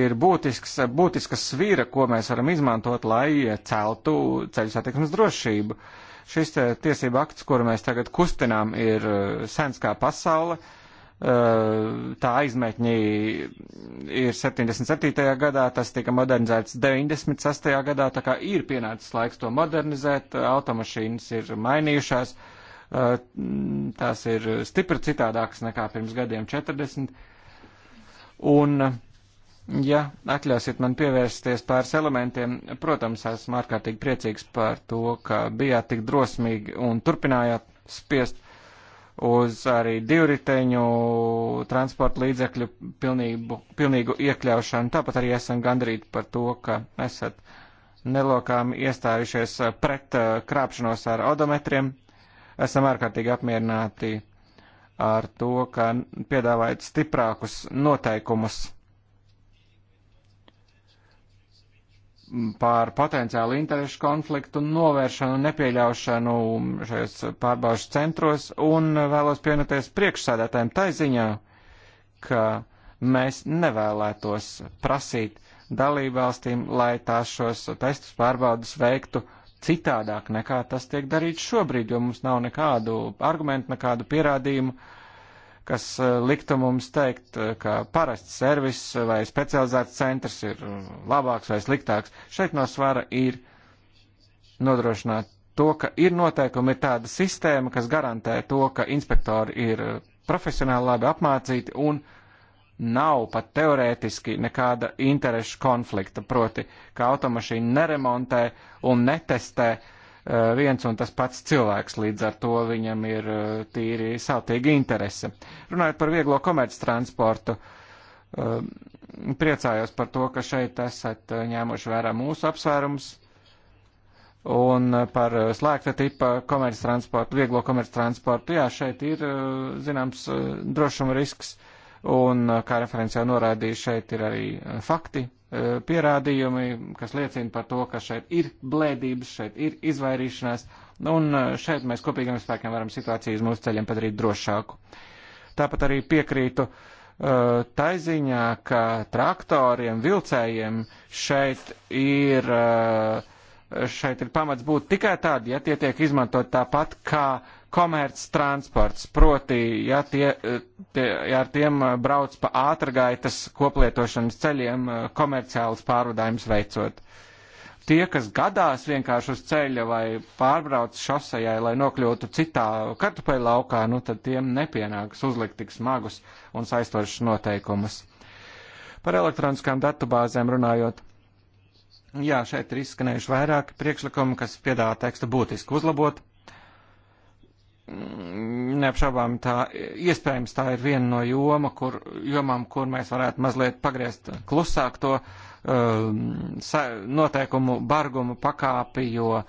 ir būtisks, būtiska svīra, ko mēs varam izmantot, lai celtu ceļu satiksmes drošību. Uh, Šis eh, tiesība akts, kuru mēs tagad kustinām, ir eh, sens kā pasaule. Eh, tā aizmetņi ir 77. gadā, tas tika modernizēts 96. gadā, tā kā ir pienācis laiks to modernizēt, automašīnas ir mainījušās, tās ir stipri citādākas nekā pirms gadiem 40. Un Ja atļausiet man pievērsties pāris elementiem, protams, esmu ārkārtīgi priecīgs par to, ka bijāt tik drosmīgi un turpinājāt spiest uz arī divriteņu transporta līdzekļu pilnību, pilnīgu iekļaušanu. Tāpat arī esam gandrīti par to, ka esat nelokām iestājušies pret uh, krāpšanos ar odometriem. Esam ārkārtīgi apmierināti ar to, ka piedāvājat stiprākus noteikumus pār potenciālu interešu konfliktu novēršanu un nepieļaušanu šajos pārbaušu centros un vēlos pienoties priekšsēdētājiem tai ziņā, ka mēs nevēlētos prasīt dalībvalstīm, lai tās šos testus pārbaudas veiktu citādāk nekā tas tiek darīts šobrīd, jo mums nav nekādu argumentu, nekādu pierādījumu, uh, kas eh, liktu mums teikt, eh, ka parasts servis vai specializēts centrs ir labāks vai sliktāks. Šeit no svara ir nodrošināt to, ka ir noteikumi, ir tāda sistēma, kas garantē to, ka inspektori ir eh, profesionāli labi apmācīti un nav pat teorētiski nekāda interešu konflikta, proti, ka automašīna neremontē un netestē uh, Eh, viens un tas pats cilvēks, līdz ar to viņam ir eh, tīri sautīga interese. Runājot par vieglo komerctransportu, eh, priecājos par to, ka šeit esat ņēmuši vērā mūsu apsvērums un par slēgta tipa komerctransportu, vieglo komerctransportu. Jā, šeit ir zināms drošuma risks, un, kā referents jau norādīja, šeit ir arī fakti, E, pierādījumi, kas liecina par to, ka šeit ir blēdības, šeit ir izvairīšanās, un e, šeit mēs kopīgiem spēkiem varam situāciju uz mūsu ceļiem padarīt drošāku. Tāpat arī piekrītu uh, e, taiziņā, ka traktoriem, vilcējiem šeit ir, uh, šeit ir pamats būt tikai tādi, ja tie tiek izmantot tāpat kā uh, komerc transports, proti, ja, tie, eh, tie, ja ar tiem eh, brauc pa ātrgaitas koplietošanas ceļiem eh, komerciāls pārvadājums veicot. Tie, kas gadās vienkārši uz ceļa vai pārbrauc šosejai, lai nokļūtu citā kartupeļa laukā, nu tad tiem nepienāks uzlikt tik smagus un saistošus noteikumus. Par elektroniskām datubāzēm runājot, jā, šeit ir izskanējuši vairāki priekšlikumi, kas piedāvā tekstu būtiski uzlabot neapšaubām tā iespējams tā ir viena no joma, kur, jomām, kur mēs varētu mazliet pagriezt klusāk to uh, noteikumu bargumu pakāpi, jo uh,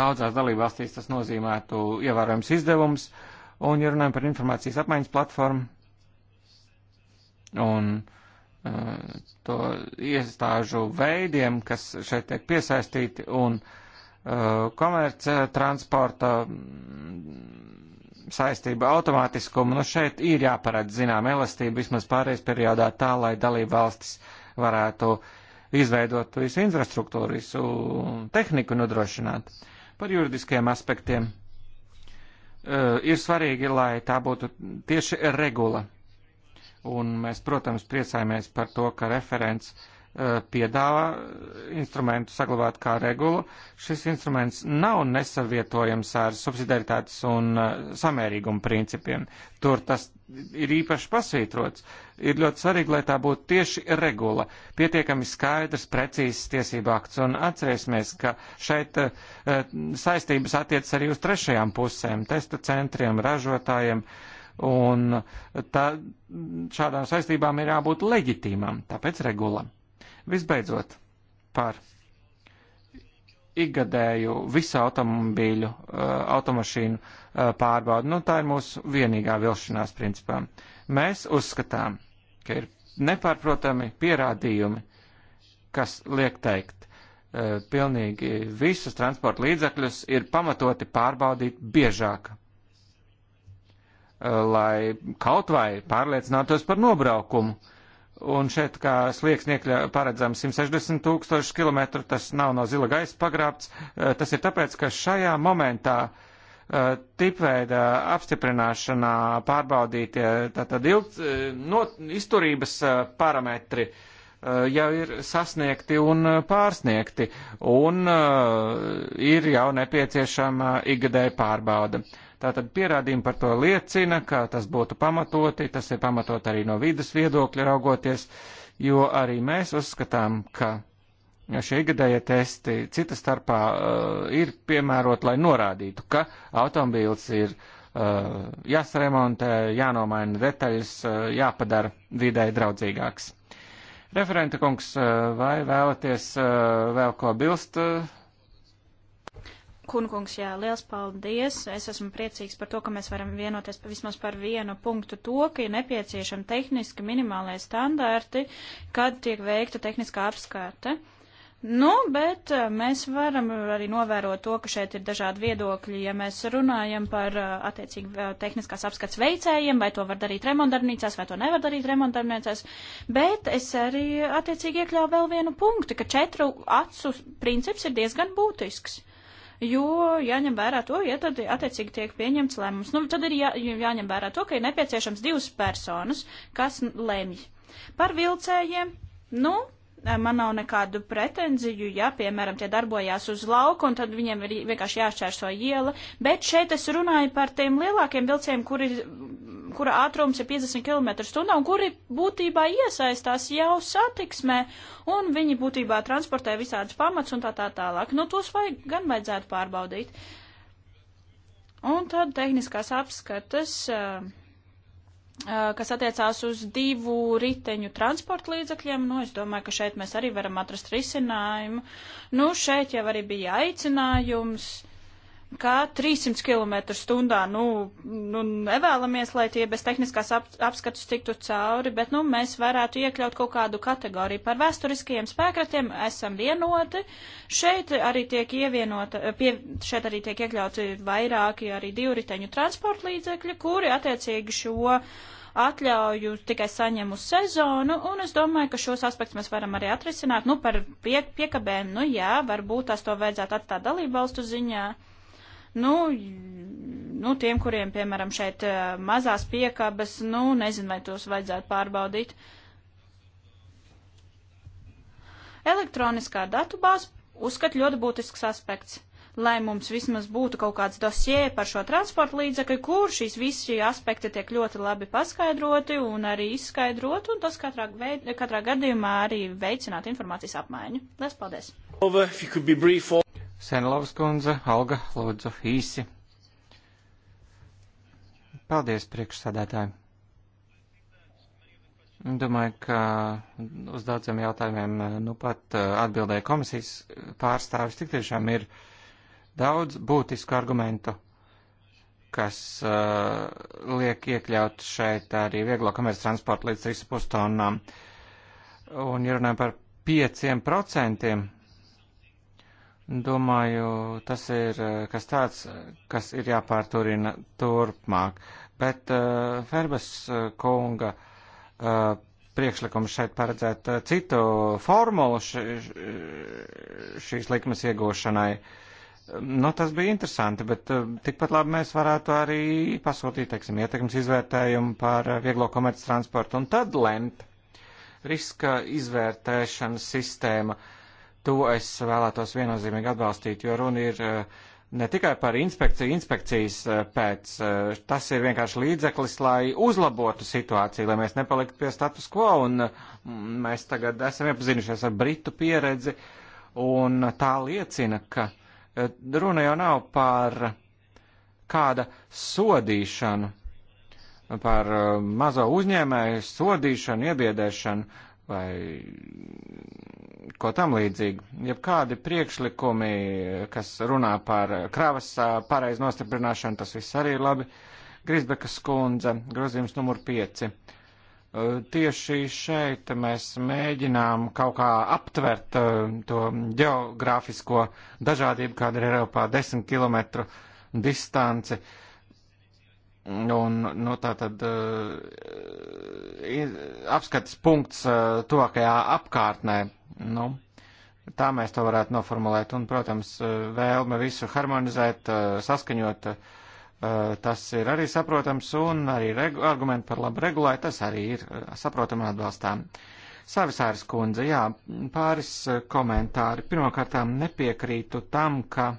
daudzās dalībvalstīs tas nozīmētu ievērojams izdevums. Un, ja runājam par informācijas apmaiņas platformu un uh, to iestāžu veidiem, kas šeit tiek piesaistīti un uh, Uh, komerc uh, transporta mm, saistība automātiskumu. Nu, šeit ir jāparedz zinām elastība vismaz pārējais periodā tā, lai dalība valstis varētu izveidot visu infrastruktūru, visu tehniku nodrošināt. Par juridiskiem aspektiem uh, ir svarīgi, lai tā būtu tieši regula. Un mēs, protams, priecājamies par to, ka referents uh, Eh, piedāvā instrumentu saglabāt kā regulu. Šis instruments nav nesavietojams ar subsidiaritātes un eh, samērīguma principiem. Tur tas ir īpaši pasvītrots. Ir ļoti svarīgi, lai tā būtu tieši regula, pietiekami skaidrs, precīzs tiesību akts. Un atcerēsimies, ka šeit uh, saistības attiec arī uz trešajām pusēm - testa centriem, ražotājiem. Un tā, šādām saistībām ir jābūt leģitīmām, tāpēc regulam. Visbeidzot, par ikgadēju visu automobīļu, eh, automašīnu eh, pārbaudu. Nu, tā ir mūsu vienīgā vilšanās principā. Mēs uzskatām, ka ir nepārprotami pierādījumi, kas liek teikt, eh, pilnīgi visus transporta līdzakļus ir pamatoti pārbaudīt biežāk, lai kaut vai pārliecinātos par nobraukumu Un šeit, kā slieks niekļa paredzams 160 tūkstoši kilometru, tas nav no zila gaisa pagrābts. Eh, tas ir tāpēc, ka šajā momentā eh, tipveida apstiprināšanā pārbaudītie tātad ilgt, eh, no, izturības parametri jau ir sasniegti un pārsniegti, un ir jau nepieciešama ikgadēja pārbauda. Uh, Tātad pierādījumi par to liecina, ka tas būtu pamatoti, tas ir pamatot arī no vidas viedokļa raugoties, jo arī mēs uzskatām, ka šie gadējie testi cita starpā uh, ir piemērot, lai norādītu, ka automobīls ir uh, jāsaremontē, jānomaina detaļas, uh, jāpadara vidē draudzīgāks. Referenta kungs, uh, vai vēlaties uh, vēl ko bilst? Uh, Kunkungs, jā, liels paldies. Es esmu priecīgs par to, ka mēs varam vienoties vismaz par vienu punktu to, ka ir nepieciešami tehniski minimālie standarti, kad tiek veikta tehniskā apskate. Nu, bet eh, mēs varam arī novērot to, ka šeit ir dažādi viedokļi. Ja mēs runājam par eh, attiecīgi eh, tehniskās apskats veicējiem, vai to var darīt remontdarbnīcās, vai to nevar darīt remontdarbnīcās, bet es arī attiecīgi iekļāvu vēl vienu punktu, ka četru acu princips ir diezgan būtisks. Uh, jo jāņem vērā to, ja tad attiecīgi tiek pieņemts lēmums. Nu, tad ir jā, jāņem vērā to, ka ir nepieciešams divas personas, kas lemj. Par vilcējiem, nu, man nav nekādu pretenziju, ja, piemēram, tie darbojās uz lauku, un tad viņiem ir vienkārši jāšķērso iela, bet šeit es runāju par tiem lielākiem vilcējiem, kuri kura ātrums ir 50 km/h un kuri būtībā iesaistās jau satiksmē un viņi būtībā transportē visādus pamats un tā tā tālāk. Nu, tos vajag gan vajadzētu pārbaudīt. Un tad tehniskās apskatas. Uh, eh, eh, kas attiecās uz divu riteņu transporta līdzakļiem. Nu, es domāju, ka šeit mēs arī varam atrast risinājumu. Nu, šeit jau arī bija aicinājums uh, kā 300 km stundā, nu, nu nevēlamies, lai tie bez tehniskās ap, apskatus tiktu cauri, bet, nu, mēs varētu iekļaut kaut kādu kategoriju. Par vēsturiskajiem spēkratiem esam vienoti. Šeit arī tiek ievienota, pie, šeit arī tiek iekļauti vairāki arī divriteņu transporta līdzekļi, kuri attiecīgi šo atļauju tikai saņem uz sezonu, un es domāju, ka šos aspektus mēs varam arī atrisināt. Nu, par pie, piekabēm, nu jā, varbūt tās to vajadzētu atstāt dalību valstu ziņā. Uh, Nu, nu, tiem, kuriem, piemēram, šeit eh, mazās piekabas, nu, nezinu, vai tos vajadzētu pārbaudīt. Elektroniskā datubāze uzskat ļoti būtisks aspekts lai mums vismaz būtu kaut kāds dosie par šo transporta līdzekli, kur šīs visi aspekti tiek ļoti labi paskaidroti un arī izskaidrot, un tas katrā, veid, katrā gadījumā arī veicināt informācijas apmaiņu. Lielas paldies! Over, Senlovas kundze, Alga, lūdzu, īsi. Paldies, priekšsādātāji. Domāju, ka uz daudziem jautājumiem nu pat uh, atbildēja komisijas pārstāvis. Tik tiešām ir daudz būtisku argumentu, kas uh, liek iekļaut šeit arī vieglo komerci transportu līdz 3,5 tonnām. Un, ja runājam par 5%, Domāju, tas ir eh, kas tāds, kas ir jāpārturina turpmāk. Bet uh, Ferbes eh, kunga uh, priekšlikums šeit paredzēt uh, citu formulu ši, šīs likmes iegūšanai. Nu, tas bija interesanti, bet uh, tikpat labi mēs varētu arī pasūtīt, teiksim, ietekmes izvērtējumu par vieglo komerc transportu un tad lemt riska izvērtēšanas sistēma. Uh, to es vēlētos viennozīmīgi atbalstīt, jo runa ir eh, ne tikai par inspekciju, inspekcijas eh, pēc, eh, tas ir vienkārši līdzeklis, lai uzlabotu situāciju, lai mēs nepaliktu pie status quo, un mm, mēs tagad esam iepazinušies ar Britu pieredzi, un tā liecina, ka runa jau nav par kāda sodīšanu, par mazo uzņēmēju sodīšanu, iebiedēšanu vai ko tam līdzīgu. Ja kādi priekšlikumi, kas runā par kravas pareiz nostiprināšanu, tas viss arī ir labi. Grisbekas skundze, grozījums numur 5. Tieši šeit mēs mēģinām kaut kā aptvert to geogrāfisko dažādību, kāda ir Eiropā 10 km distanci. Uh, Nu, un, nu, tā tad uh, apskates punkts uh, tuvākajā apkārtnē. Nu, tā mēs to varētu noformulēt. Un, protams, eh, vēlme visu harmonizēt, uh, saskaņot, uh, tas ir arī saprotams. Un arī regu, argumenti par labu regulēju, tas arī ir uh, saprotami un atbalstām. Savisāris kundze, jā, pāris uh, komentāri. Pirmkārtām nepiekrītu tam, ka uh,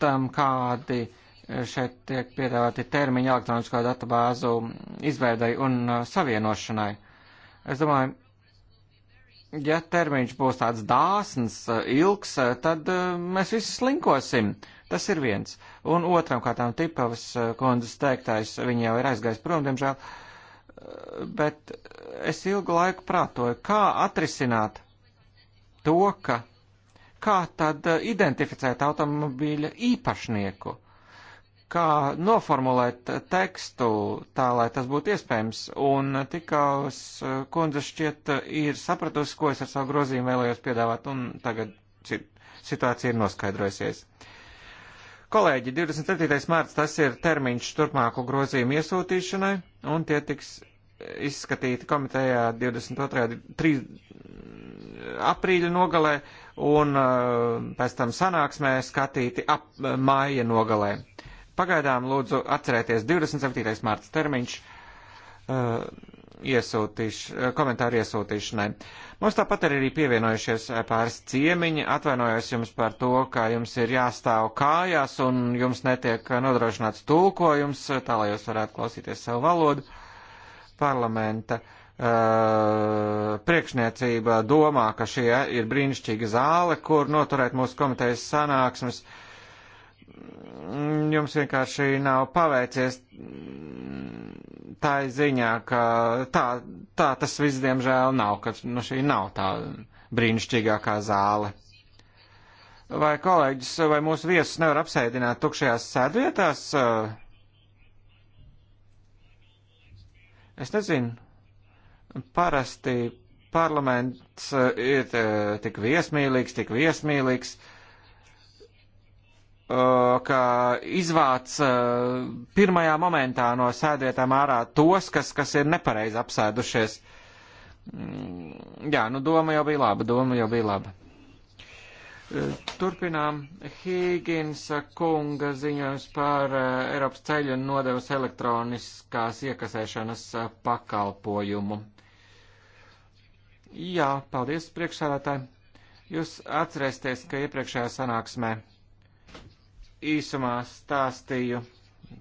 tam kādi. Uh, Šeit tiek piedāvāti termiņi elektronisko databāzu izveidai un uh, savienošanai. Es domāju, ja termiņš būs tāds dāsns, uh, ilgs, uh, tad mēs visi slinkosim. Tas ir viens. Un otram kārtām Tipavas kundzes teiktais, viņa jau ir aizgājis prom, diemžēl, bet es ilgu laiku prātoju, kā atrisināt to, ka kā tad identificēt automobīļa īpašnieku? kā noformulēt tekstu tā, lai tas būtu iespējams, un tikaus eh, kundze šķiet ir sapratusi, ko es ar savu grozījumu vēlējos piedāvāt, un tagad situācija ir noskaidrojusies. Kolēģi, 27. mārts tas ir termiņš turpmāku grozījumu iesūtīšanai, un tie tiks izskatīti komitejā 22. 3. aprīļa nogalē, un eh, pēc tam sanāksmē skatīti ap, eh, māja nogalē. Uh, Pagaidām lūdzu atcerēties 27. mārts termiņš uh, iesūtīš, uh, komentāru iesūtīšanai. Mums tāpat arī ir pievienojušies uh, pāris ciemiņi. Atvainojos jums par to, ka jums ir jāstāv kājās un jums netiek uh, nodrošināts tulkojums, tā lai jūs varētu klausīties savu valodu parlamenta. Uh, priekšniecība domā, ka šī ir brīnišķīga zāle, kur noturēt mūsu komitejas sanāksmes. Uh, jums vienkārši nav paveicies tā ziņā, ka tā, tā tas viss diemžēl nav, ka nu, šī nav tā brīnišķīgākā zāle. Vai kolēģis vai mūsu viesus nevar apsēdināt tukšajās sēdvietās? Es nezinu. Parasti parlaments eh, ir eh, tik viesmīlīgs, tik viesmīlīgs. Uh, Uh, ka izvāc uh, pirmajā momentā no sēdvietām ārā tos, kas, kas ir nepareizi apsēdušies. Mm, jā, nu doma jau bija laba, doma jau bija laba. Uh, turpinām Hīginsa kunga ziņojums par Eiropas ceļu un nodevas elektroniskās iekasēšanas pakalpojumu. Jā, paldies priekšsādātāji. Jūs atcerēsieties, ka iepriekšējā sanāksmē īsumā stāstīju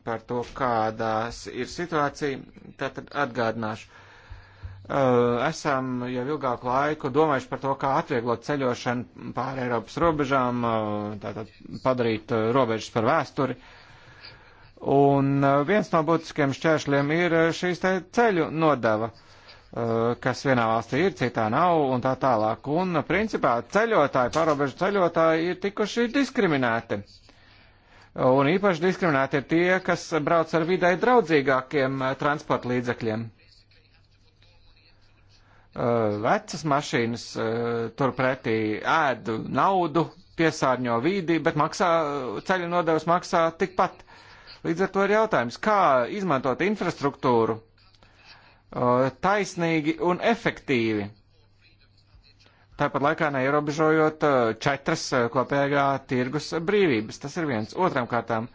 par to, kādās ir situācija, tad atgādināšu. Uh, esam jau ilgāku laiku domājuši par to, kā atvieglot ceļošanu pāri Eiropas robežām, uh, tātad padarīt uh, robežas par vēsturi. Un viens no būtiskiem šķēršļiem ir šīs te ceļu nodeva kas vienā valstī ir, citā nav, un tā tālāk. Un, principā, ceļotāji, parobežu ceļotāji ir tikuši diskriminēti. Uh, Un īpaši diskriminēti ir tie, kas brauc ar vidai draudzīgākiem eh, transporta līdzekļiem. Eh, vecas mašīnas eh, turpretī ēd naudu, piesārņo vīdi, bet maksā, ceļu nodevs maksā tikpat. Līdz ar to ir jautājums, kā izmantot infrastruktūru taisnīgi un efektīvi tāpat laikā neierobežojot eh, četras eh, kopējā tirgus brīvības. Tas ir viens. Otram kārtām,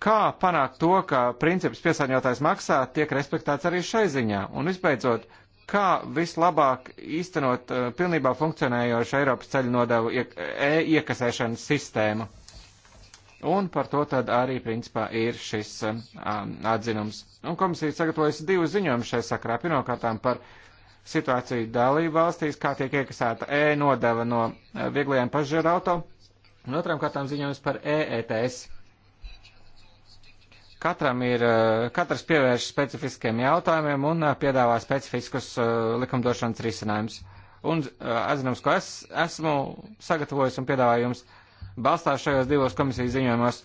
kā panākt to, ka princips piesārņotājs maksā tiek respektēts arī šai ziņā? Un visbeidzot, kā vislabāk īstenot eh, pilnībā funkcionējošu Eiropas ceļu nodevu iek e iekasēšanas sistēmu? Un par to tad arī principā ir šis um, atzinums. Un komisija sagatavojas divu ziņojumu šai sakrā. Pirmkārtām par uh, situāciju dalību valstīs, kā tiek iekasēta e-nodeva no eh, vieglajiem pasažieru auto, un otram kārtām ziņojums par e-ETS. Katram ir, eh, katrs pievērš specifiskiem jautājumiem un eh, piedāvā specifiskus likumdošanas risinājumus. Un atzinums, ko es esmu sagatavojis un piedāvājums, balstās šajos divos komisijas ziņojumos.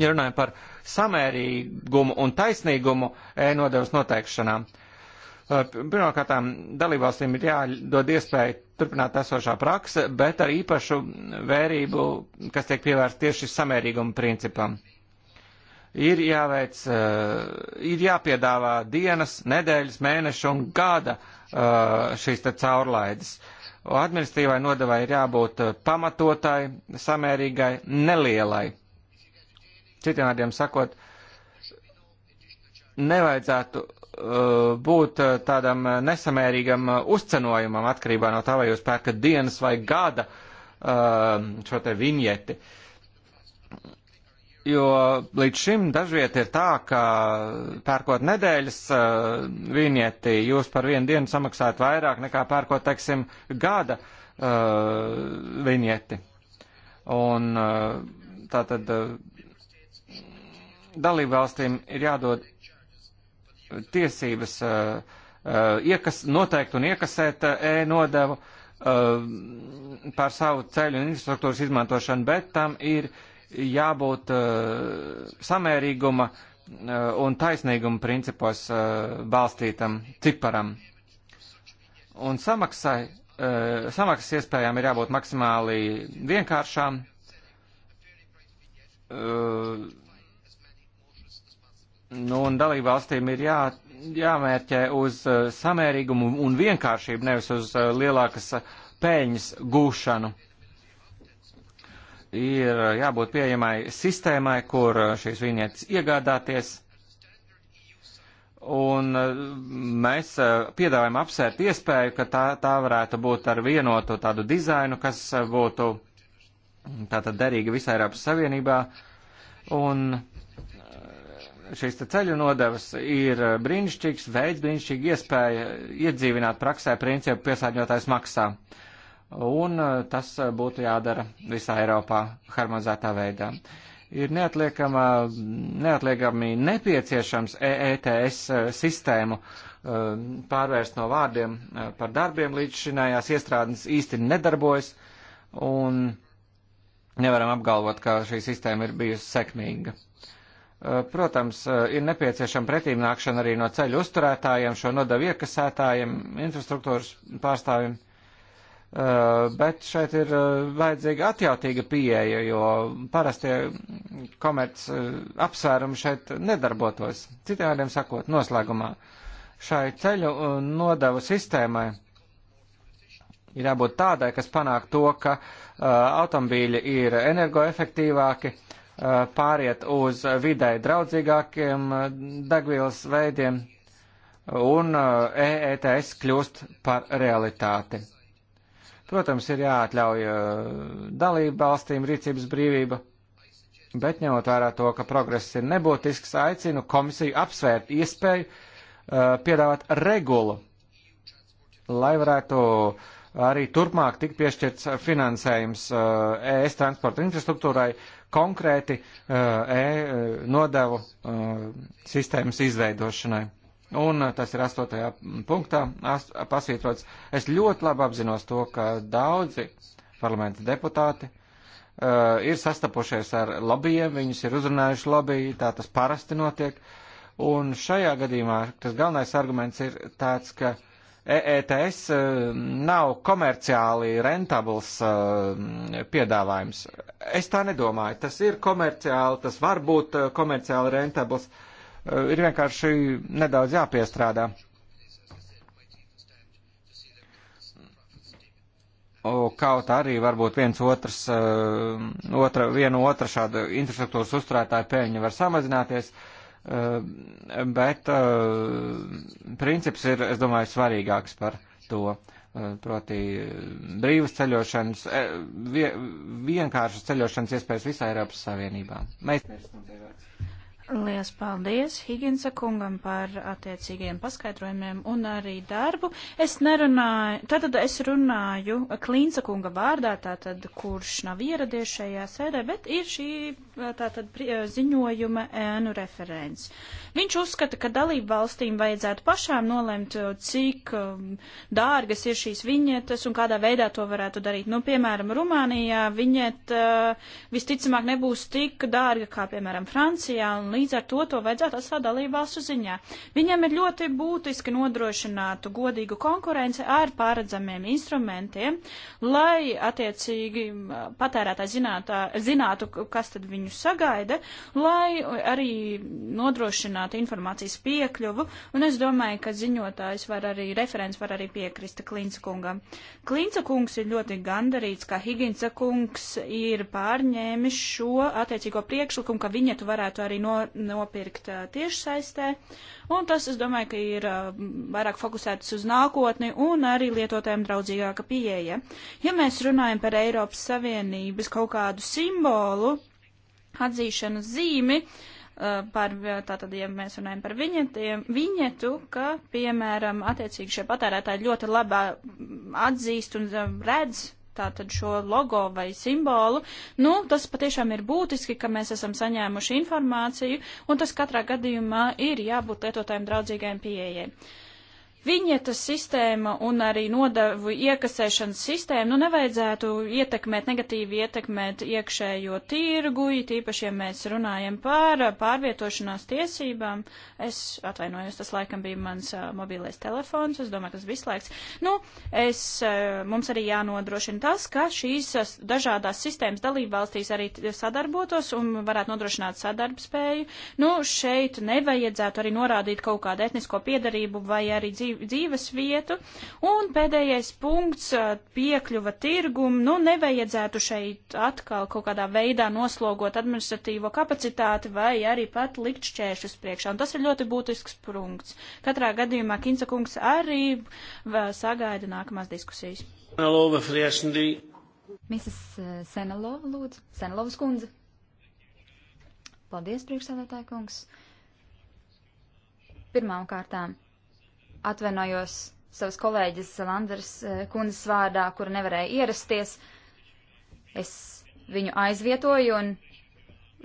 Viņi runāja par samērīgumu un taisnīgumu e-nodevas noteikšanām. Uh, Eh, pirmkārtām dalībvalstīm ir jādod iespēja turpināt esošā prakse, bet ar īpašu vērību, kas tiek pievērsta tieši samērīguma principam. Ir jāveic, eh, ir jāpiedāvā dienas, nedēļas, mēnešu un gada eh, šīs te caurlaides. Administratīvai nodevai ir jābūt pamatotai, samērīgai, nelielai. Citiem vārdiem sakot, nevajadzētu Uh, būt uh, tādam nesamērīgam uh, uzcenojumam atkarībā no tā, vai jūs pērkat dienas vai gada šo te viņieti. Jo līdz šim dažviet ir tā, ka pērkot nedēļas viņieti, jūs par vienu dienu samaksājat vairāk nekā pērkot, teiksim, gada viņieti. Un tātad dalībvalstīm ir jādod tiesības uh, uh, iekas, noteikt un iekasēt uh, e-nodevu par savu ceļu un infrastruktūras izmantošanu, bet tam ir jābūt samērīguma un taisnīguma principos balstītam ciparam. Un samaksai, samaksas iespējām ir jābūt maksimāli vienkāršām Nu, un dalībvalstīm ir jā, jāmērķē uz uh, samērīgumu un vienkāršību, nevis uz uh, lielākas uh, peļņas gūšanu. Ir jābūt pieejamai sistēmai, kur šīs vīnietes iegādāties. Un mēs piedāvājam apsvērt iespēju, ka tā, tā varētu būt ar vienotu tādu dizainu, kas būtu mm, tātad derīga visai Eiropas Savienībā. Un šīs ceļu nodevas ir eh, brīnišķīgs veids, brīnišķīga iespēja iedzīvināt praksē principu piesārņotājs maksā. Un eh, tas eh, būtu jādara visā Eiropā harmonizētā veidā. Ir neatliekami nepieciešams EETS sistēmu pārvērst no vārdiem par darbiem, līdz šinējās iestrādnes īsti nedarbojas, un nevaram apgalvot, ka šī sistēma ir bijusi sekmīga Eh, protams, eh, ir nepieciešama pretīmnākšana arī no ceļu uzturētājiem, šo nodevu iekasētājiem, infrastruktūras pārstāvjiem, eh, bet šeit ir vajadzīga atjautīga pieeja, jo parastie komerc apsvērumi šeit nedarbotos. Citiem vārdiem sakot, noslēgumā šai ceļu nodevu sistēmai ir jābūt tādai, kas panāk to, ka automobīļi ir energoefektīvāki, uh, Eh, pāriet uz vidē draudzīgākiem eh, degvielas veidiem un EETS eh, e kļūst par realitāti. Protams, ir jāatļauj dalību valstīm rīcības brīvība, bet ņemot vērā to, ka progress ir nebūtisks, aicinu komisiju apsvērt iespēju uh, piedāvāt regulu, lai varētu arī turpmāk tik piešķirts finansējums uh, ES e transporta infrastruktūrai, uh, konkrēti uh, e-nodevu uh, uh, sistēmas izveidošanai. Un tas ir astotajā punktā ast, pasvītrots. Es ļoti labi apzinos to, ka daudzi parlamenta deputāti uh, ir sastapušies ar lobbyiem, viņus ir uzrunājuši lobby, tā tas parasti notiek. Un šajā gadījumā tas galvenais arguments ir tāds, ka uh, EETS eh, nav komerciāli rentabls eh, piedāvājums. Es tā nedomāju. Tas ir komerciāli, tas var būt eh, komerciāli rentabls. Ir vienkārši nedaudz jāpiestrādā. kaut arī varbūt viens otrs, otra, viena otra šāda infrastruktūras uzturētāja pēļņa var samazināties. Uh, Eh, bet eh, princips ir, es domāju, svarīgāks par to eh, proti brīvas ceļošanas, vie, vienkāršas ceļošanas iespējas visā Eiropas Savienībā. Mēs... Lielas paldies Higinsa kungam par attiecīgiem paskaidrojumiem un arī darbu. Es nerunāju, tātad es runāju Klīnsa kunga vārdā, tātad kurš nav ieradies šajā sēdē, bet ir šī tātad ziņojuma ēnu referents. Viņš uzskata, ka dalību valstīm vajadzētu pašām nolemt, cik um, dārgas ir šīs viņetes un kādā veidā to varētu darīt. Nu, piemēram, Rumānijā viņet uh, visticamāk nebūs tik dārga kā, piemēram, Francijā un Līdz līdz ar to to vajadzētu atstāt dalībvalstu ziņā. Viņiem ir ļoti būtiski nodrošināt godīgu konkurenci ar paredzamiem instrumentiem, lai attiecīgi patērētāji zinātā, zinātu, kas tad viņu sagaida, lai arī nodrošinātu informācijas piekļuvu, un es domāju, ka ziņotājs var arī, referents var arī piekrist Klinca kungam. Klinca kungs ir ļoti gandarīts, ka Higinsa kungs ir pārņēmis šo attiecīgo priekšlikumu, ka viņetu varētu arī no, nopirkt tiešsaistē. Un tas, es domāju, ka ir vairāk fokusēts uz nākotni un arī lietotēm draudzīgāka pieeja. Ja mēs runājam par Eiropas Savienības kaut kādu simbolu, atzīšanas zīmi, par, tātad, ja mēs runājam par viņetiem, viņetu, ka, piemēram, attiecīgi šie patērētāji ļoti labi atzīst un redz tātad šo logo vai simbolu, nu, tas patiešām ir būtiski, ka mēs esam saņēmuši informāciju, un tas katrā gadījumā ir jābūt lietotājiem draudzīgajiem pieejai. Uh, Viņietas sistēma un arī nodevu iekasēšanas sistēma, nu nevajadzētu ietekmēt, negatīvi ietekmēt iekšējo tirgu, tīpaši, ja mēs runājam par pārvietošanās tiesībām. Es atvainojos, tas laikam bija mans uh, mobilais telefons, es domāju, tas visu laiks. Nu, es, uh, mums arī jānodrošina tas, ka šīs uh, dažādās sistēmas dalībvalstīs arī sadarbotos un varētu nodrošināt sadarbspēju. Nu, šeit nevajadzētu arī norādīt kaut kādu etnisko piedarību vai arī dzīvību dzīv, dzīves vietu. Un pēdējais punkts - piekļuva tirgumu. Nu, nevajadzētu šeit atkal kaut kādā veidā noslogot administratīvo kapacitāti vai arī pat likt šķēršus priekšā. Un tas ir ļoti būtisks punkts. Katrā gadījumā Kinca kungs arī sagaida nākamās diskusijas. Lova, Mrs. Senelova, lūdzu, Senelovas kundze. Paldies, priekšsēdētāja kungs. Pirmām kārtām atvainojos savas kolēģis Landers eh, kundas vārdā, kura nevarēja ierasties. Es viņu aizvietoju un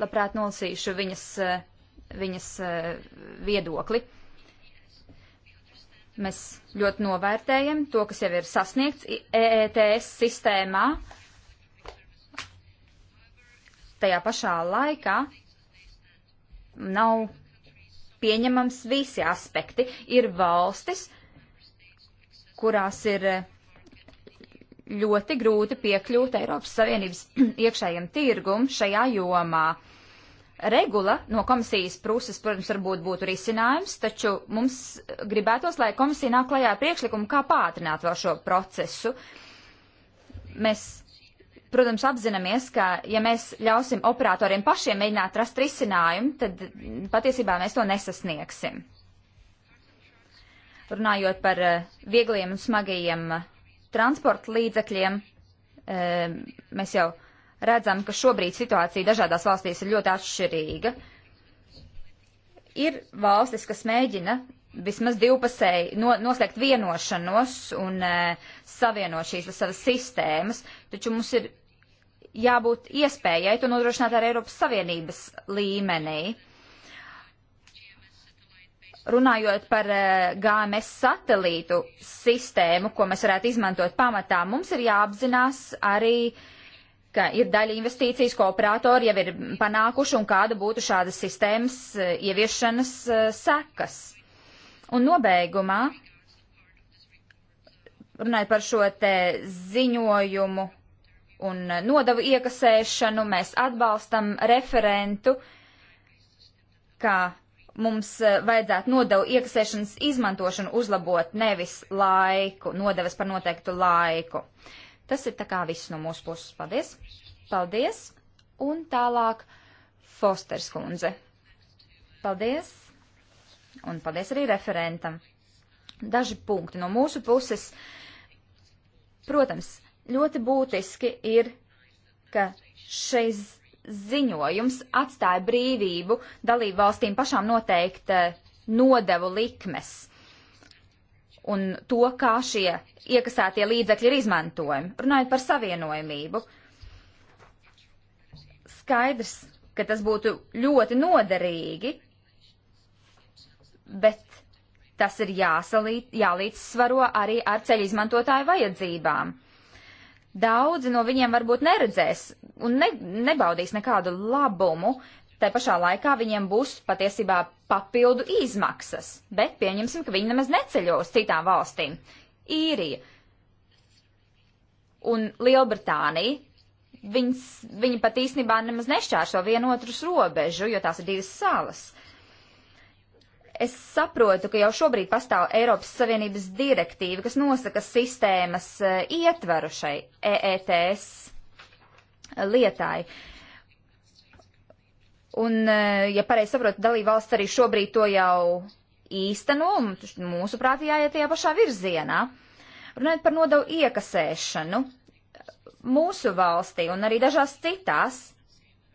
labprāt nolasīšu viņas, eh, viņas eh, viedokli. Mēs ļoti novērtējam to, kas jau ir sasniegts EETS sistēmā. Tajā pašā laikā nav pieņemams visi aspekti. Ir valstis, kurās ir eh, ļoti grūti piekļūt Eiropas Savienības (clears throat) iekšējiem tirgum šajā jomā. Regula no komisijas puses, protams, varbūt būtu risinājums, taču mums gribētos, lai komisija nāk klajā priekšlikumu, kā pātrināt vēl šo procesu. Mēs protams, apzināmies, ka ja mēs ļausim operatoriem pašiem mēģināt rast risinājumu, tad patiesībā mēs to nesasniegsim. Runājot par eh, viegliem un smagajiem eh, transporta līdzekļiem, eh, mēs jau redzam, ka šobrīd situācija dažādās valstīs ir ļoti atšķirīga. Ir valstis, kas mēģina vismaz divpusēji no, noslēgt vienošanos un e, savienot šīs savas sistēmas, taču mums ir jābūt iespējai to nodrošināt ar Eiropas Savienības līmenī. Runājot par eh, GMS satelītu sistēmu, ko mēs varētu izmantot pamatā, mums ir jāapzinās arī, ka ir daļa investīcijas, ko operatori jau ir panākuši un kāda būtu šādas sistēmas eh, ieviešanas eh, sekas. Un nobeigumā, runājot par šo te ziņojumu un nodavu iekasēšanu. Mēs atbalstam referentu, kā mums e, vajadzētu nodevu iekasēšanas izmantošanu uzlabot, nevis laiku, nodevas par noteiktu laiku. Tas ir tā kā viss no mūsu puses. Paldies! Paldies! Un tālāk Fosters kundze. Paldies! Un paldies arī referentam. Daži punkti no mūsu puses. Protams, Ļoti būtiski ir, ka šis ziņojums atstāja brīvību dalību valstīm pašām noteikt eh, nodevu likmes un to, kā šie iekasētie līdzekļi ir izmantojami. Runājot par savienojamību, skaidrs, ka tas būtu ļoti noderīgi, bet tas ir jāsalī, jālīdzsvaro arī ar ceļu izmantotāju vajadzībām daudzi no viņiem varbūt neredzēs un ne, nebaudīs nekādu labumu. Tā pašā laikā viņiem būs patiesībā papildu izmaksas, bet pieņemsim, ka viņi nemaz neceļo uz citām valstīm. Īrija un Lielbritānija, viņas, viņi pat īstenībā nemaz nešķērso vienotras robežu, jo tās ir divas salas. Uh, Es saprotu, ka jau šobrīd pastāv Eiropas Savienības direktīva, kas nosaka sistēmas eh, ietvaru šai EETS eh, lietai. Un, eh, ja pareizi saprotu, dalībvalsts arī šobrīd to jau īsteno, un mūsuprāt jāiet tajā pašā virzienā. Runājot par nodevu iekasēšanu, mūsu valstī un arī dažās citās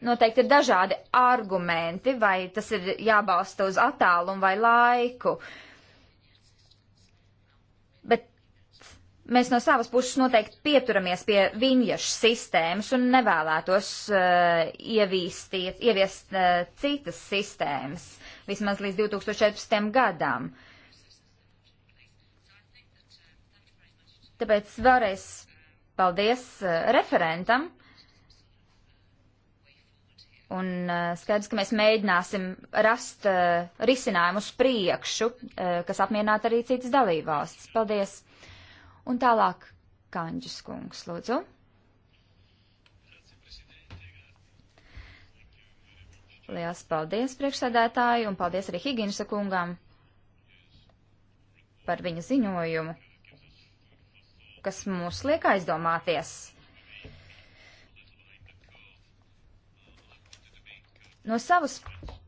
noteikti ir dažādi argumenti, vai tas ir jābalsta uz attālumu vai laiku. Bet mēs no savas puses noteikti pieturamies pie viņašu sistēmas un nevēlētos uh, eh, ievīstiet, ieviest uh, citas sistēmas vismaz līdz 2014. gadam. Tāpēc vēlreiz paldies uh, referentam Un eh, skaidrs, ka mēs mēģināsim rast uh, risinājumu uz priekšu, uh, kas apmierinātu arī citas dalībvalstis. Paldies! Un tālāk Kanģis kungs, lūdzu. Liels paldies priekšsēdētāji un paldies arī Higinsa kungam par viņa ziņojumu, kas mūs liek aizdomāties No savas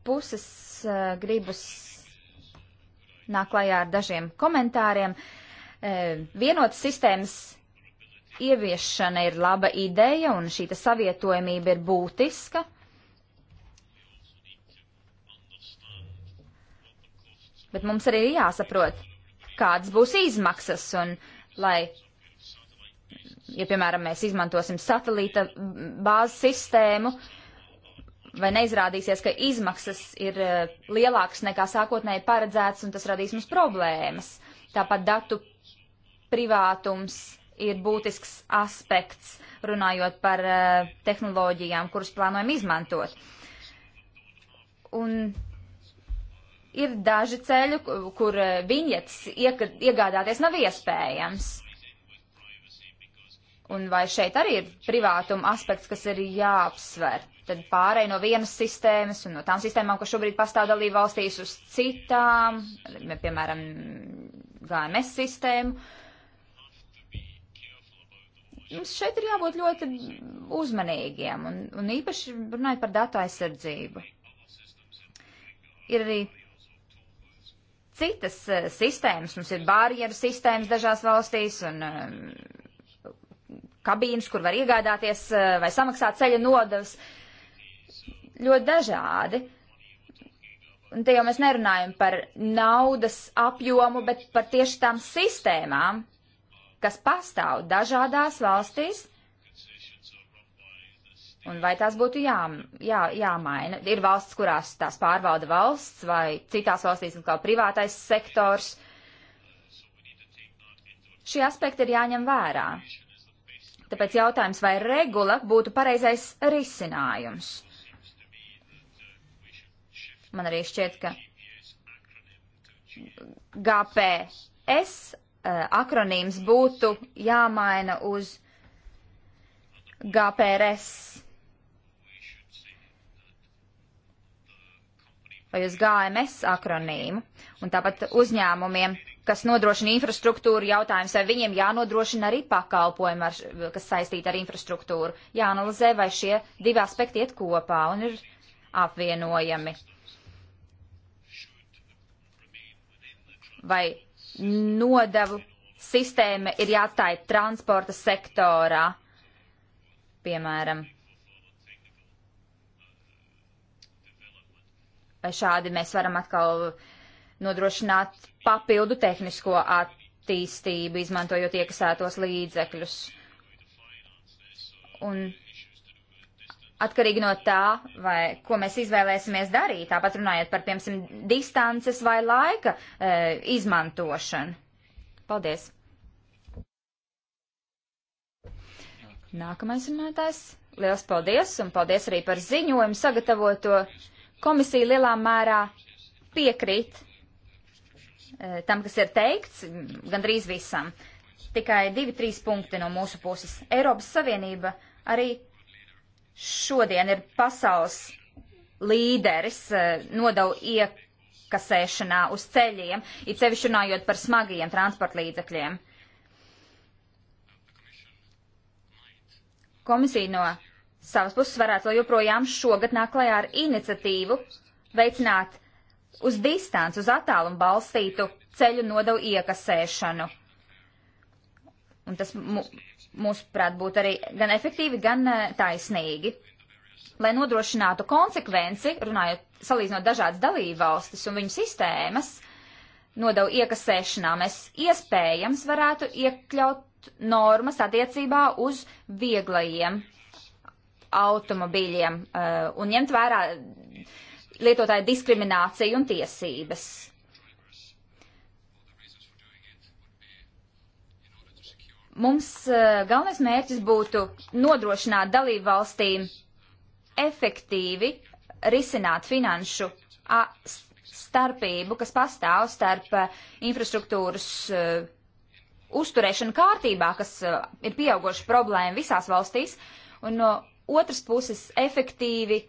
puses uh, gribu nāk klajā ar dažiem komentāriem. Uh, vienotas sistēmas ieviešana ir laba ideja un šī savietojamība ir būtiska. Bet mums arī ir jāsaprot, kādas būs izmaksas un lai, ja piemēram mēs izmantosim satelīta bāzes sistēmu, uh, vai neizrādīsies, ka izmaksas ir e, lielākas nekā sākotnēji paredzēts, un tas radīs mums problēmas. Tāpat datu privātums ir būtisks aspekts, runājot par uh, tehnoloģijām, kuras plānojam izmantot. Un ir daži ceļi, kur, kur e, viņietas iegādāties nav iespējams. Un vai šeit arī ir privātuma aspekts, kas ir jāapsver? tad pārēj no vienas sistēmas un no tām sistēmām, kas šobrīd pastāv dalību valstīs, uz citām, piemēram, GMS sistēmu. Mums šeit ir jābūt ļoti uzmanīgiem un, un īpaši runājot par datu aizsardzību. Ir arī citas uh, sistēmas, mums ir barjeru sistēmas dažās valstīs un um, kabīnes, kur var iegādāties uh, vai samaksāt ceļa nodevas. Uh, ļoti dažādi. Un te jau mēs nerunājam par naudas apjomu, bet par tieši tām sistēmām, kas pastāv dažādās valstīs. Un vai tās būtu jā, jā, jāmaina? Ir valsts, kurās tās pārvalda valsts, vai citās valstīs atkal privātais sektors. Šie aspekti ir jāņem vērā. Tāpēc jautājums, vai regula būtu pareizais risinājums. Man arī šķiet, ka GPS eh, akronīms būtu jāmaina uz GPRS vai uz GMS akronīmu. Un tāpat uzņēmumiem, kas nodrošina infrastruktūru, jautājums, vai viņiem jānodrošina arī pakalpojumi, ar, kas saistīti ar infrastruktūru. Jāanalizē, vai šie divi aspekti iet kopā un ir apvienojami. vai nodevu sistēma ir jātāja transporta sektorā, piemēram. Šādi mēs varam atkal nodrošināt papildu tehnisko attīstību, izmantojot iekasētos līdzekļus. Un atkarīgi no tā, vai, ko mēs izvēlēsimies darīt, tāpat runājot par, piemēram, distances vai laika e, izmantošanu. Paldies! Nākamais runātājs. Liels paldies un paldies arī par ziņojumu sagatavoto. Komisija lielā mērā piekrīt e, tam, kas ir teikts, gandrīz visam. Tikai divi, trīs punkti no mūsu puses. Eiropas Savienība arī šodien ir pasaules līderis eh, nodevu iekasēšanā uz ceļiem, it sevišķi runājot par smagajiem transporta līdzekļiem. Komisija no savas puses varētu vēl joprojām šogad nāk klajā ar iniciatīvu veicināt uz distanci, uz attālumu balstītu ceļu nodevu iekasēšanu. Un tas mūsuprāt, būtu arī gan efektīvi, gan eh, taisnīgi. Lai nodrošinātu konsekvenci, runājot, salīdzinot dažādas dalībvalstis un viņu sistēmas, nodevu iekasēšanā mēs iespējams varētu iekļaut normas attiecībā uz vieglajiem automobiļiem uh, eh, un ņemt vērā lietotāju diskrimināciju un tiesības. Mums eh, galvenais mērķis būtu nodrošināt dalību valstīm efektīvi risināt finanšu starpību, kas pastāv starp eh, infrastruktūras eh, uzturēšanu kārtībā, kas ir pieaugoša problēma visās valstīs, un no otras puses efektīvi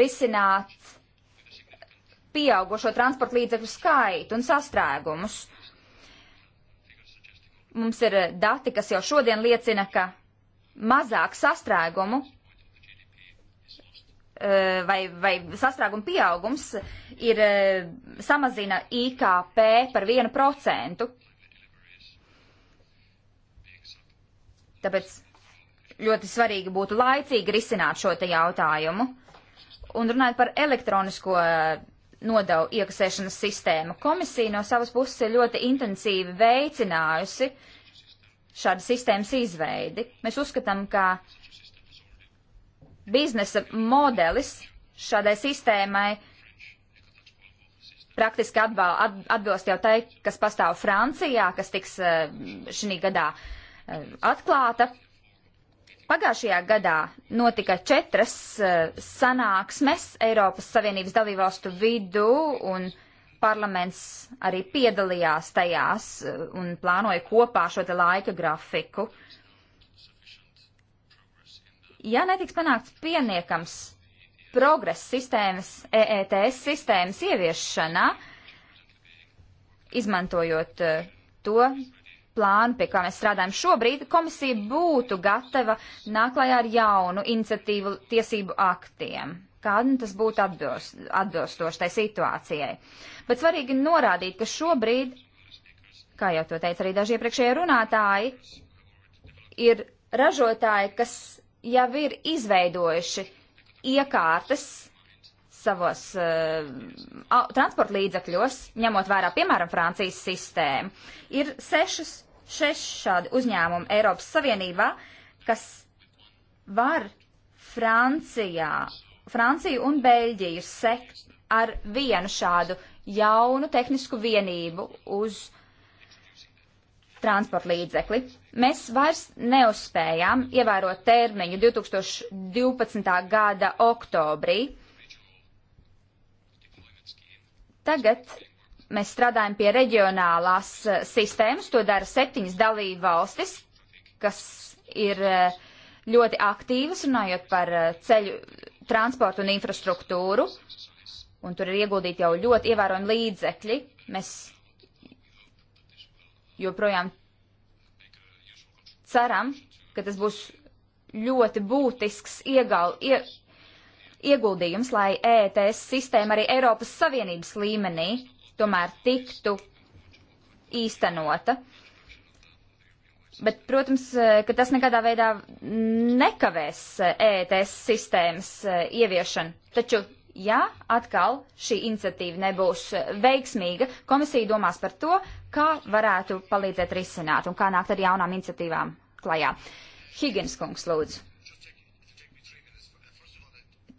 risināt pieaugošo transporta līdzekļu skaitu un sastrēgumus. Mums ir eh, dati, kas jau šodien liecina, ka mazāk sastrēgumu eh, vai, vai sastrēguma pieaugums ir eh, samazina IKP par 1%. Tāpēc ļoti svarīgi būtu laicīgi risināt šo te jautājumu. Un runājot par elektronisko nodevu iekasēšanas sistēmu. Komisija no savas puses ir ļoti intensīvi veicinājusi šādu sistēmas izveidi. Mēs uzskatām, ka biznesa modelis šādai sistēmai praktiski atbilst jau tai, kas pastāv Francijā, kas tiks eh, šī gadā eh, atklāta. Pagājušajā gadā notika četras eh, sanāksmes Eiropas Savienības dalībvalstu vidū, un parlaments arī piedalījās tajās eh, un plānoja kopā šo te laika grafiku. Ja netiks panākts pieniekams progress sistēmas, EETS sistēmas ieviešanā, izmantojot eh, to plānu, pie kā mēs strādājam šobrīd, komisija būtu gatava nāklājā ar jaunu iniciatīvu tiesību aktiem. Kādam tas būtu atbilst, atbilstoši tai situācijai. Bet svarīgi norādīt, ka šobrīd, kā jau to teica arī daži iepriekšējie runātāji, ir ražotāji, kas jau ir izveidojuši iekārtas, savos uh, transporta līdzakļos, ņemot vērā, piemēram, Francijas sistēmu, ir sešas, šeši šādi uzņēmumi Eiropas Savienībā, kas var Francijā, Franciju un Beļģiju sekt ar vienu šādu jaunu tehnisku vienību uz transporta līdzekli. Mēs vairs neuzspējām ievērot termiņu 2012. gada oktobrī, Tagad mēs strādājam pie reģionālās eh, sistēmas, to dara septiņas dalība valstis, kas ir eh, ļoti aktīvas, runājot par eh, ceļu transportu un infrastruktūru, un tur ir ieguldīti jau ļoti ievērojami līdzekļi. Mēs joprojām ceram, ka tas būs ļoti būtisks iegal, ie, ieguldījums, lai ETS sistēma arī Eiropas Savienības līmenī tomēr tiktu īstenota. Bet, protams, e, ka tas nekādā veidā nekavēs ETS e sistēmas e, ieviešanu. Taču, ja atkal šī iniciatīva nebūs veiksmīga, komisija domās par to, kā varētu palīdzēt risināt un kā nākt ar jaunām iniciatīvām klajā. Higgins kungs, lūdzu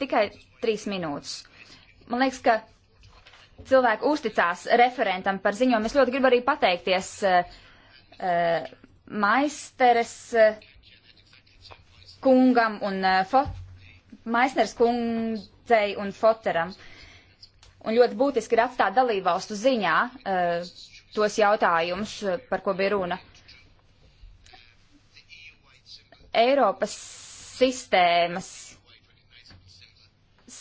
tikai trīs minūtes. Man liekas, ka cilvēki uzticās referentam par ziņojumu. Es ļoti gribu arī pateikties uh, uh, maisteres uh, kungam un uh, maisteres kundzei un foteram. Un ļoti būtiski ir atstāt dalībvalstu ziņā uh, tos jautājumus, par ko bija runa. Eiropas sistēmas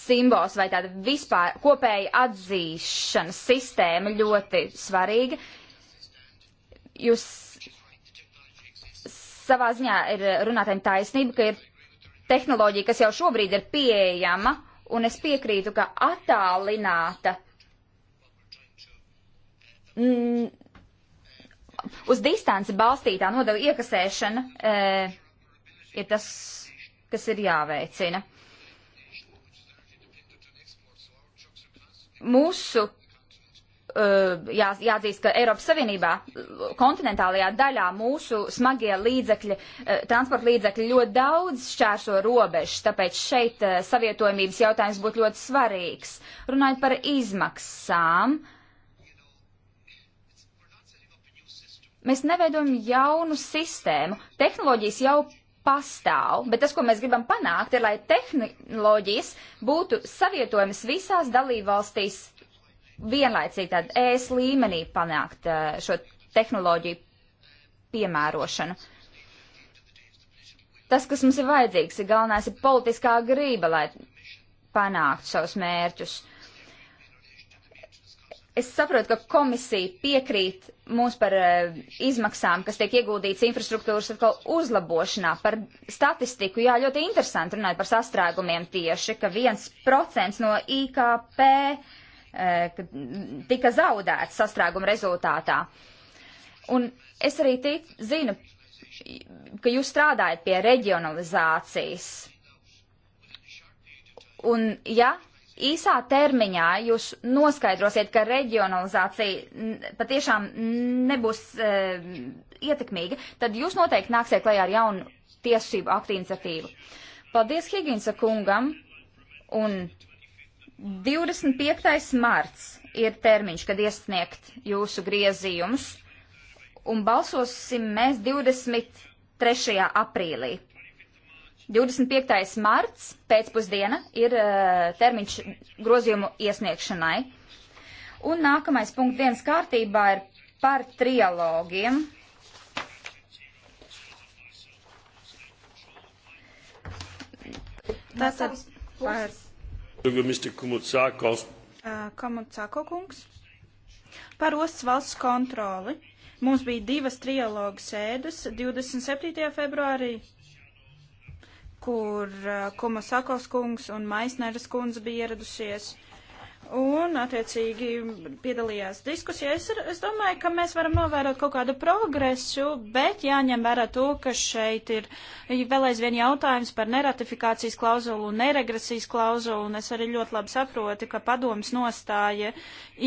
simbols vai tāda vispār kopēja atzīšanas sistēma ļoti svarīga. Jūs savā ziņā ir runātājiem taisnība, ka ir tehnoloģija, kas jau šobrīd ir pieejama, un es piekrītu, ka attālināta. Mm, uz distanci balstītā nodevu iekasēšana e, ir tas, kas ir jāveicina. mūsu uh, jā, jāatzīst, ka Eiropas Savienībā, uh, kontinentālajā daļā mūsu smagie līdzekļi, uh, transporta līdzekļi ļoti daudz šķērso robežas, tāpēc šeit savietojamības jautājums būtu ļoti svarīgs. Runājot par izmaksām. Mēs neveidojam jaunu sistēmu. Tehnoloģijas jau pastāv, bet tas, ko mēs gribam panākt, ir, lai tehnoloģijas būtu savietojamas visās dalībvalstīs vienlaicīgi tādā ES līmenī panākt eh, šo tehnoloģiju piemērošanu. Tas, kas mums ir vajadzīgs, ir galvenais ir politiskā grība, lai panāktu savus mērķus. Es saprotu, ka komisija piekrīt mums par uh, izmaksām, kas tiek ieguldīts infrastruktūras atkal uzlabošanā, par statistiku. Jā, ļoti interesanti runāt par sastrēgumiem tieši, ka viens procents no IKP uh, eh, tika zaudēts sastrēguma rezultātā. Un es arī tic, zinu, ka jūs strādājat pie reģionalizācijas. Un ja īsā termiņā jūs noskaidrosiet, ka reģionalizācija patiešām nebūs e, ietekmīga, tad jūs noteikti nāksiet klajā ar jaunu tiesību aktu iniciatīvu. Paldies Higinsa kungam un 25. marts ir termiņš, kad iesniegt jūsu griezījumus un balsosim mēs 23. aprīlī. 25. marts pēcpusdiena ir uh, termiņš grozījumu iesniegšanai. Un nākamais punkts dienas kārtībā ir par trialogiem. Tātad par. Komutsāko uh, kungs. Par ostas valsts kontroli. Mums bija divas trialogu sēdes 27. februārī kur eh, Komasakovs kungs un Maisneras kundze bija ieradušies. Uh, un, attiecīgi, piedalījās diskusijā. Es, es domāju, ka mēs varam novērot kaut kādu progresu, bet jāņem vērā to, ka šeit ir vēl aizvien jautājums par neratifikācijas klauzulu un neregresijas klauzulu, un es arī ļoti labi saprotu, ka padomas nostāja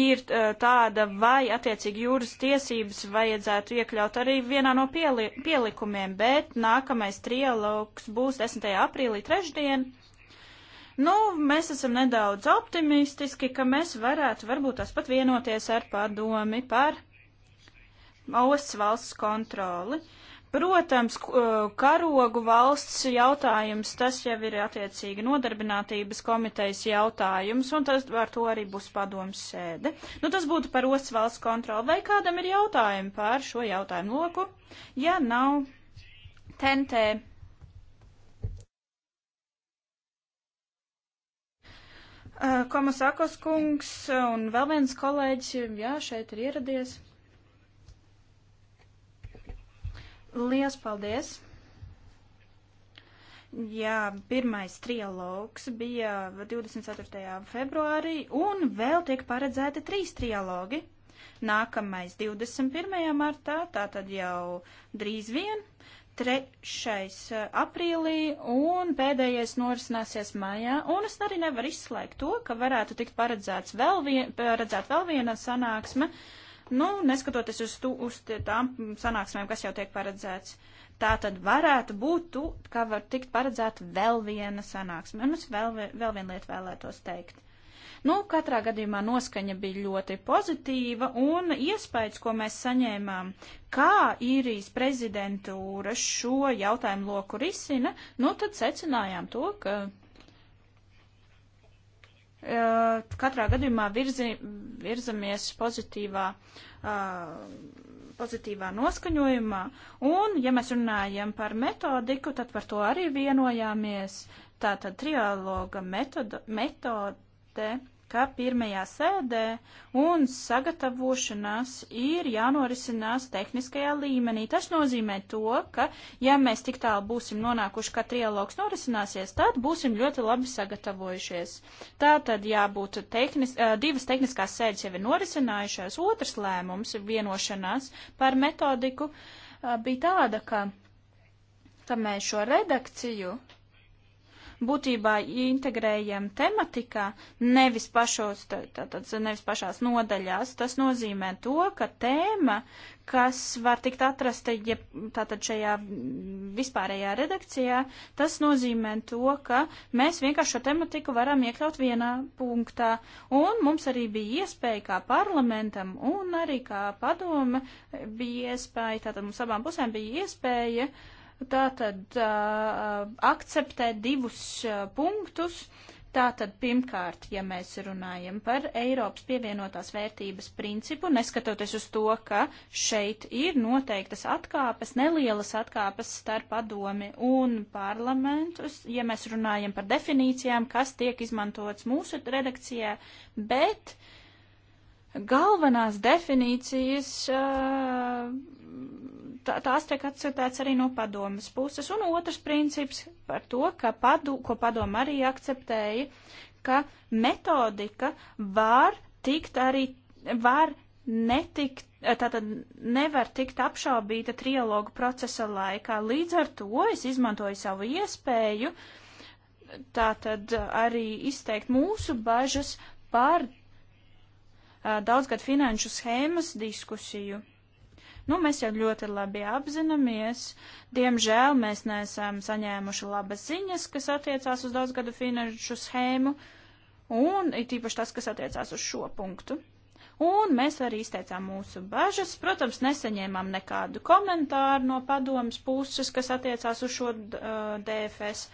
ir e, tāda, vai, attiecīgi, jūras tiesības vajadzētu iekļaut arī vienā no pieli, pielikumiem, bet nākamais trialogs būs 10. aprīlī trešdien Nu, mēs esam nedaudz optimistiski, ka mēs varētu varbūt tās pat vienoties ar padomi par valsts valsts kontroli. Protams, eh, karogu valsts jautājums, tas jau ir attiecīgi nodarbinātības komitejas jautājums, un tas ar to arī būs padoms sēde. Nu, tas būtu par ostas valsts kontroli. Vai kādam ir jautājumi par šo jautājumu loku? Ja nav, tentē Komasakos kungs un vēl viens kolēģis, jā, šeit ir ieradies. Lielas paldies! Jā, pirmais trialogs bija 24. februārī, un vēl tiek paredzēti trīs trialogi. Nākamais 21. martā, tātad jau drīz vien, 3. Eh, aprīlī un pēdējais norisināsies maijā. Un es arī nevaru izslēgt to, ka varētu tikt paredzēts vēl, vien, paredzēt vēl viena sanāksme, nu, neskatoties uz, tu, uz tām sanāksmēm, kas jau tiek paredzēts. Tā tad varētu būt, tu, ka var tikt paredzēta vēl viena sanāksme. Un es vēl, vēl vienu lietu vēlētos teikt. Nu, katrā gadījumā noskaņa bija ļoti pozitīva un iespējas, ko mēs saņēmām, kā īrijas prezidentūra šo jautājumu loku risina, nu, tad secinājām to, ka katrā gadījumā virzi, virzamies pozitīvā, pozitīvā noskaņojumā. Un, ja mēs runājam par metodiku, tad par to arī vienojāmies. Tātad trialoga metoda, metode ka pirmajā sēdē un sagatavošanās ir jānorisinās tehniskajā līmenī. Tas nozīmē to, ka ja mēs tik tālu būsim nonākuši, ka trialogs norisināsies, tad būsim ļoti labi sagatavojušies. Tā tad jābūt tehnis, eh, divas tehniskās sēdes jau ir norisinājušās, otrs lēmums vienošanās par metodiku eh, bija tāda, ka, ka mēs šo redakciju būtībā integrējam tematikā, nevis, pašos, tā, tā, nevis pašās nodaļās. Tas nozīmē to, ka tēma, kas var tikt atrasta ja, tātad šajā vispārējā redakcijā, tas nozīmē to, ka mēs vienkārši šo tematiku varam iekļaut vienā punktā. Un mums arī bija iespēja kā parlamentam un arī kā padome bija iespēja, tātad mums abām pusēm bija iespēja uh, tātad uh, akceptē divus uh, punktus. Tātad, pirmkārt, ja mēs runājam par Eiropas pievienotās vērtības principu, neskatoties uz to, ka šeit ir noteiktas atkāpes, nelielas atkāpes starp padomi un parlamentus, ja mēs runājam par definīcijām, kas tiek izmantots mūsu redakcijā, bet galvenās definīcijas. Uh, tās tiek akceptēts arī no padomas puses. Un otrs princips par to, ka padu, ko padoma arī akceptēja, ka metodika var tikt arī, var netikt, tātad nevar tikt apšaubīta trialogu procesa laikā. Līdz ar to es izmantoju savu iespēju tātad arī izteikt mūsu bažas par daudzgad finanšu schēmas diskusiju. Nu, mēs jau ļoti labi apzināmies. Diemžēl mēs neesam saņēmuši labas ziņas, kas attiecās uz daudzgadu finanšu schēmu, un it īpaši tas, kas attiecās uz šo punktu. Un mēs arī izteicām mūsu bažas. Protams, nesaņēmām nekādu komentāru no padomas puses, kas attiecās uz šo uh, DFS.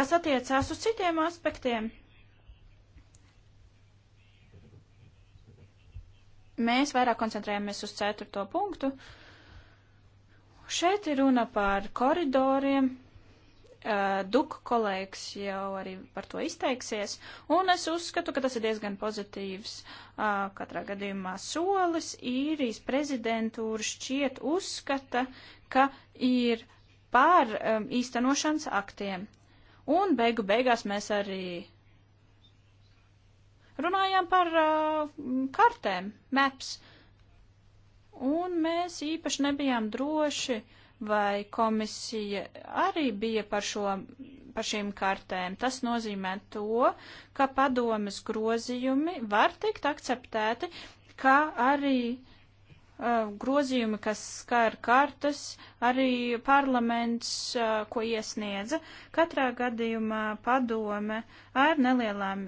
Kas attiecās uz citiem aspektiem, Mēs vairāk koncentrējamies uz ceturto punktu. Šeit ir runa par koridoriem. Duka kolēģis jau arī par to izteiksies, un es uzskatu, ka tas ir diezgan pozitīvs. Katrā gadījumā solis īrijas prezidentūra šķiet uzskata, ka ir pār īstenošanas aktiem. Un beigu beigās mēs arī Runājām par uh, kartēm, maps, un mēs īpaši nebijām droši, vai komisija arī bija par, šo, par šīm kartēm. Tas nozīmē to, ka padomes grozījumi var tikt akceptēti, kā arī uh, grozījumi, kas skar kartas, arī parlaments, ko iesniedza. Katrā gadījumā padome ar nelielām,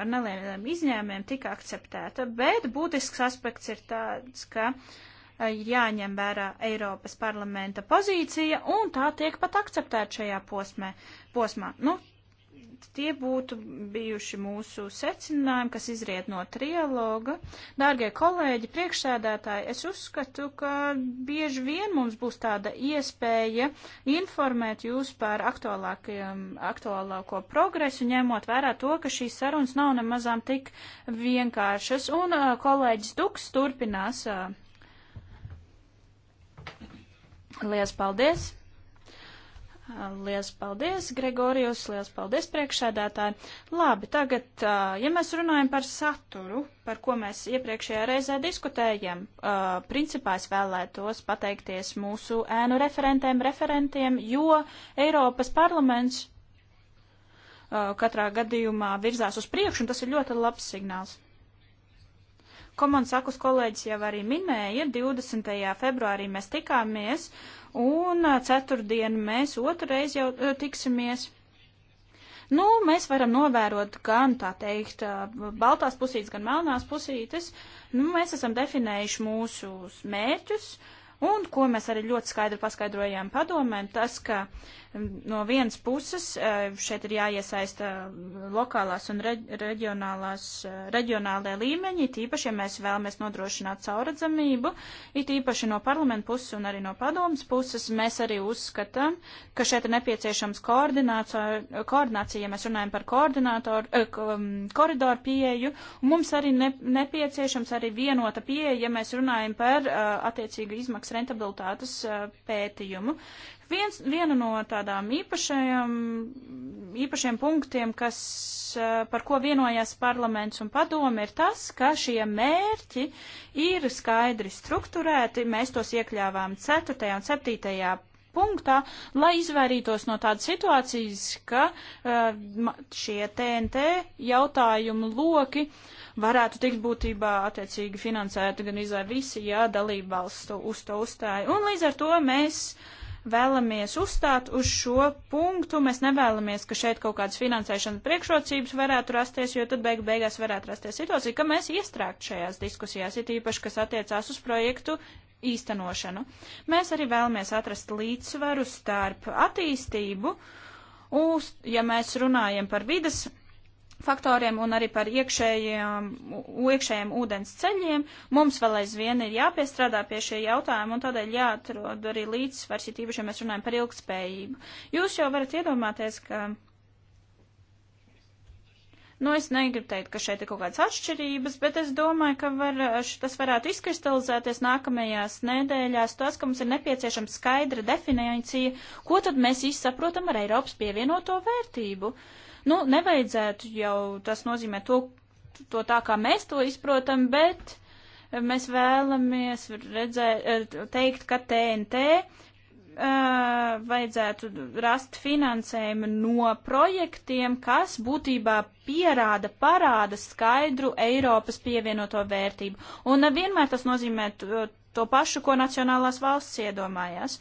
ar nelielām izņēmēm tika akceptēta, bet būtisks aspekts ir tāds, ka ir jāņem vērā Eiropas parlamenta pozīcija, un tā tiek pat akceptēta šajā posmē, posmā. Nu, tie būtu bijuši mūsu secinājumi, kas izriet no trialoga. Dārgie kolēģi, priekšsēdētāji, es uzskatu, ka bieži vien mums būs tāda iespēja informēt jūs par aktuālāko progresu, ņemot vērā to, ka šīs sarunas nav nemazām tik vienkāršas. Un uh, kolēģis Duks turpinās. Uh, Lielas paldies! Liels paldies, Gregorijus, liels paldies priekšēdētāji. Labi, tagad, ja mēs runājam par saturu, par ko mēs iepriekšējā reizē diskutējam, principā es vēlētos pateikties mūsu ēnu referentiem, referentiem, jo Eiropas parlaments katrā gadījumā virzās uz priekšu, un tas ir ļoti labs signāls. Komansakus kolēģis jau arī minēja, 20. februārī mēs tikāmies un ceturtdien mēs otrreiz jau tiksimies. Nu, mēs varam novērot gan, tā teikt, baltās pusītes, gan melnās pusītes. Nu, mēs esam definējuši mūsu mērķus, un ko mēs arī ļoti skaidri paskaidrojām padomēm, tas, ka uh, no vienas puses eh, šeit ir jāiesaista eh, lokālās un reģionālās, eh, reģionālajā līmeņi, tīpaši, ja mēs vēlamies nodrošināt cauradzamību, it īpaši no parlamenta puses un arī no padomas puses, mēs arī uzskatām, ka šeit ir nepieciešams koordinācija, ja mēs runājam par mm, koridoru pieeju, un mums arī ne, nepieciešams arī vienota pieeja, ja mēs runājam par attiecīgu izmaksu rentabilitātes pētījumu. Viens, viena no tādām īpašajām, īpašiem punktiem, kas, par ko vienojās parlaments un padomi, ir tas, ka šie mērķi ir skaidri strukturēti. Mēs tos iekļāvām 4. un 7. punktā, lai izvairītos no tādas situācijas, ka šie TNT jautājumu loki varētu tikt būtībā attiecīgi finansēti gan izvēr visi, ja dalībvalstu uz to uzstāja. Un līdz ar to mēs uh, vēlamies uzstāt uz šo punktu. Mēs nevēlamies, ka šeit kaut kādas finansēšanas priekšrocības varētu rasties, jo tad beigu beigās varētu rasties situācija, ka mēs iestrākt šajās diskusijās, it īpaši, kas attiecās uz projektu īstenošanu. Mēs arī vēlamies atrast līdzsvaru starp attīstību, uz, ja mēs runājam par vidas faktoriem un arī par iekšējiem, iekšējiem ūdens ceļiem. Mums vēl aizvien ir jāpiestrādā pie šie jautājumi un tādēļ jāatrod arī līdzsvars, ja tīpaši, ja mēs runājam par ilgspējību. Jūs jau varat iedomāties, ka. Nu, es negribu teikt, ka šeit ir kaut kādas atšķirības, bet es domāju, ka var, tas varētu izkristalizēties nākamajās nedēļās. Tas, ka mums ir nepieciešama skaidra definīcija, ko tad mēs īsti saprotam ar Eiropas pievienoto vērtību. Uh, Nu, nevajadzētu jau tas nozīmē to, to tā, kā mēs to izprotam, bet mēs vēlamies redzēt, eh, teikt, ka TNT Uh, eh, vajadzētu rast finansējumu no projektiem, kas būtībā pierāda, parāda skaidru Eiropas pievienoto vērtību. Un uh, vienmēr tas nozīmē to pašu, ko nacionālās valsts iedomājās.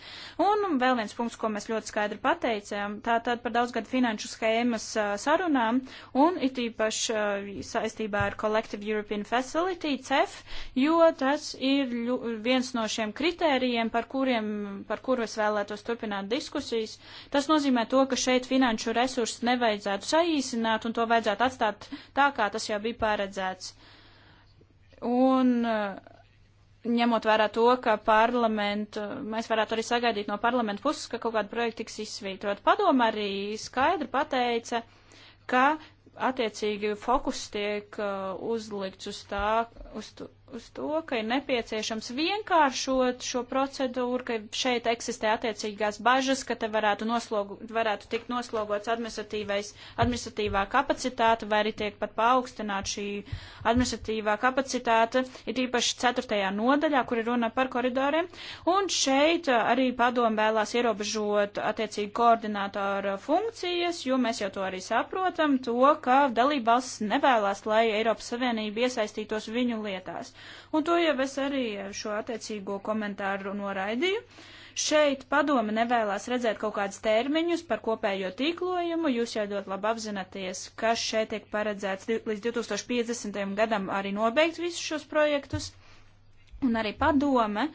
Un vēl viens punkts, ko mēs ļoti skaidri pateicām, tātad par daudzgadu finanšu schēmas uh, sarunām un it īpaši uh, saistībā ar Collective European Facility, CEF, jo tas ir ļu, viens no šiem kritērijiem, par kuriem, par kuru es vēlētos turpināt diskusijas. Tas nozīmē to, ka šeit finanšu resursus nevajadzētu saīsināt un to vajadzētu atstāt tā, kā tas jau bija paredzēts. Un uh, ņemot vērā to, ka parlamentu, mēs varētu arī sagaidīt no parlamentu puses, ka kaut kāda projekta tiks izsvītrot. Padoma arī skaidri pateica, ka attiecīgi fokus tiek uh, uzlikts uz tā, uz, uz to, ka ir nepieciešams vienkāršot šo procedūru, ka šeit eksistē attiecīgās bažas, ka te varētu, noslogu, varētu tikt noslogots administratīvā kapacitāte, vai arī tiek pat paaugstināt šī administratīvā kapacitāte, ir īpaši ceturtajā nodaļā, kur ir runa par koridoriem. Un šeit uh, arī padomu vēlās ierobežot attiecīgi koordinātoru funkcijas, jo mēs jau to arī saprotam, to, ka dalībvalsts nevēlas, lai Eiropas Savienība iesaistītos viņu lietās. Un to jau es arī šo attiecīgo komentāru noraidīju. Šeit padome nevēlas redzēt kaut kādus termiņus par kopējo tīklojumu. Jūs jau ļoti labi apzināties, ka šeit tiek paredzēts līdz 2050. gadam arī nobeigt visus šos projektus. Un arī padome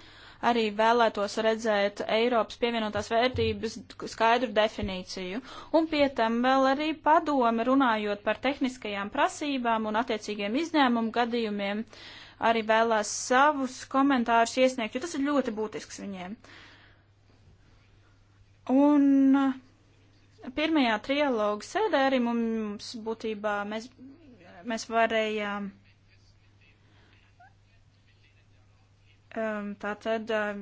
arī vēlētos redzēt Eiropas pievienotās vērtības skaidru definīciju. Un pie tam vēl arī padome runājot par tehniskajām prasībām un attiecīgiem izņēmumu gadījumiem. Uh, arī vēlās savus komentārus iesniegt, jo tas ir ļoti būtisks viņiem. Un uh, pirmajā trialogu sēdē arī mums būtībā mēs, mēs varējām. Um, tātad uh,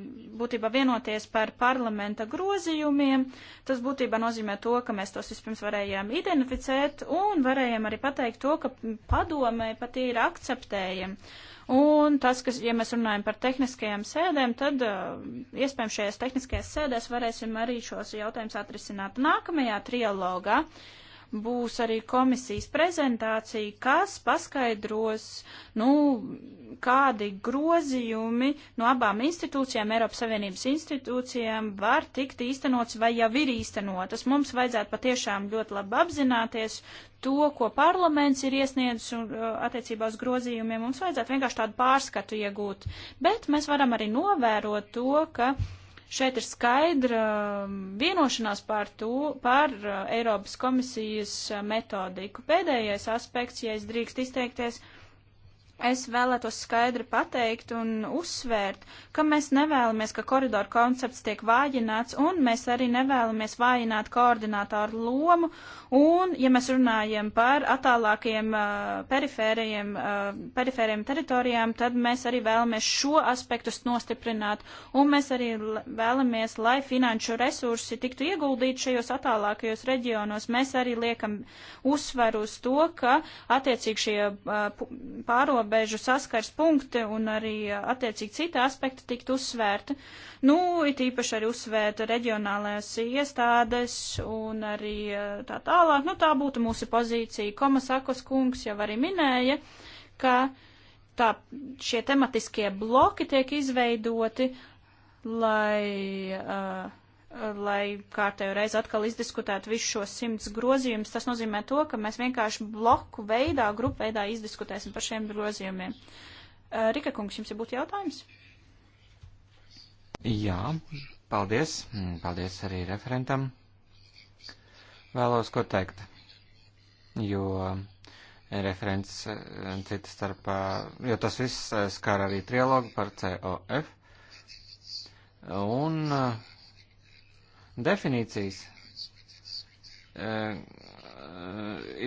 būtībā vienoties par parlamenta grozījumiem, tas būtībā nozīmē to, ka mēs tos vispirms varējām identificēt un varējām arī pateikt to, ka padomē pat ir akceptējami. Uh, Un tas, kas, ja mēs runājam par tehniskajām sēdēm, tad uh, iespējams šajās tehniskajās sēdēs varēsim arī šos jautājumus atrisināt nākamajā trialogā. Uh, būs arī komisijas prezentācija, kas paskaidros, nu, kādi grozījumi no abām institūcijām, Eiropas Savienības institūcijām, var tikt īstenots vai jau ir īstenotas. Mums vajadzētu patiešām ļoti labi apzināties to, ko parlaments ir iesniedzis un, uh, attiecībā uz grozījumiem. Mums vajadzētu vienkārši tādu pārskatu iegūt. Bet mēs varam arī novērot to, ka Šeit ir skaidra vienošanās pār, to, pār uh, Eiropas komisijas uh, metodiku. Pēdējais aspekts, ja es drīkst izteikties, ir Es vēlētos skaidri pateikt un uzsvērt, ka mēs nevēlamies, ka koridoru koncepts tiek vājināts, un mēs arī nevēlamies vājināt koordinātāru lomu. Un, ja mēs runājam par attālākiem uh, perifēriem, uh, perifēriem teritorijām, tad mēs arī vēlamies šo aspektu nostiprināt, un mēs arī vēlamies, lai finanšu resursi tiktu ieguldīti šajos attālākajos reģionos. Mēs arī liekam uzsveru uz to, ka attiecīgi šie uh, pārobežu pārobežu saskars punkti un arī attiecīgi citi aspekti tiktu uzsvērti. Nu, it īpaši arī uzsvērta reģionālās iestādes un arī tā tālāk. Nu, tā būtu mūsu pozīcija. Komasakos kungs jau arī minēja, ka tā, šie tematiskie bloki tiek izveidoti, lai. Uh, lai kārtējo reizi atkal izdiskutētu visus šos simts grozījumus. Tas nozīmē to, ka mēs vienkārši bloku veidā, grupu veidā izdiskutēsim par šiem grozījumiem. Eh, Rika kungs, jums ir būtu jautājums? Jā, paldies. Mm, paldies arī referentam. Vēlos ko teikt, jo referents eh, citas starpā, jo tas viss eh, skar arī trialogu par COF. Un uh, definīcijas e, e,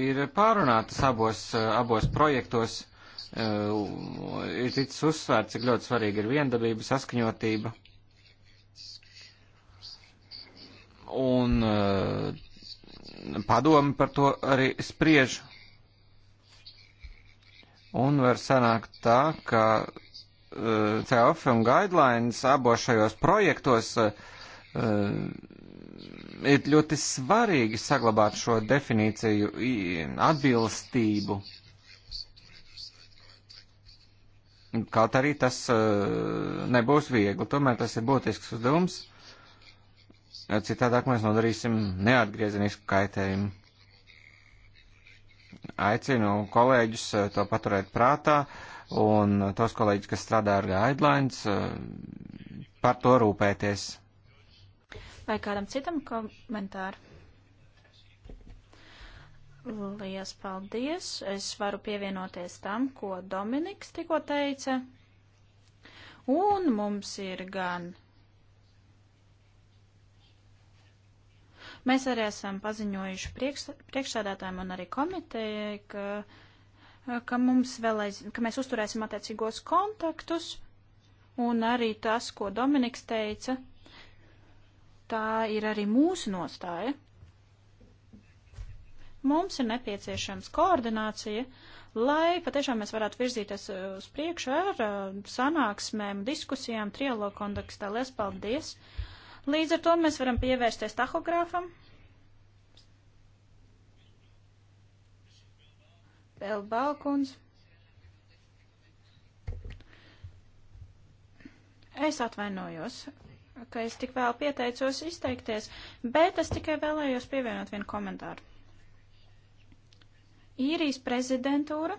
ir pārunātas abos, e, abos projektos, ir ticis uzsvērts, cik ļoti svarīgi ir viendabība, saskaņotība. Un padomi par to arī spriež. Un var sanākt tā, ka COF un guidelines abos šajos projektos uh, ir ļoti svarīgi saglabāt šo definīciju atbilstību. Kaut arī tas e, nebūs viegli, tomēr tas ir būtisks uzdevums. Citādāk mēs nodarīsim neatgriezenisku kaitējumu. Aicinu kolēģus e, to paturēt prātā un tos kolēģus, kas strādā ar guidelines, e, par to rūpēties. Vai kādam citam komentāru? Lielas paldies! Es varu pievienoties tam, ko Dominiks tikko teica. Un mums ir gan. Mēs arī esam paziņojuši priekš, priekšsādātājiem un arī komitejai, ka, ka, mums vēl, aiz, ka mēs uzturēsim attiecīgos kontaktus. Un arī tas, ko Dominiks teica, tā ir arī mūsu nostāja. Mums ir nepieciešams koordinācija, lai patiešām mēs varētu virzīties uh, uz priekšu ar uh, sanāksmēm, diskusijām, trialogu kontekstā. Lies paldies! Līdz ar to mēs varam pievērsties tahogrāfam. Vēl balkons. Es atvainojos ka es tik vēl pieteicos izteikties, bet es tikai vēlējos pievienot vienu komentāru. Īrijas prezidentūra.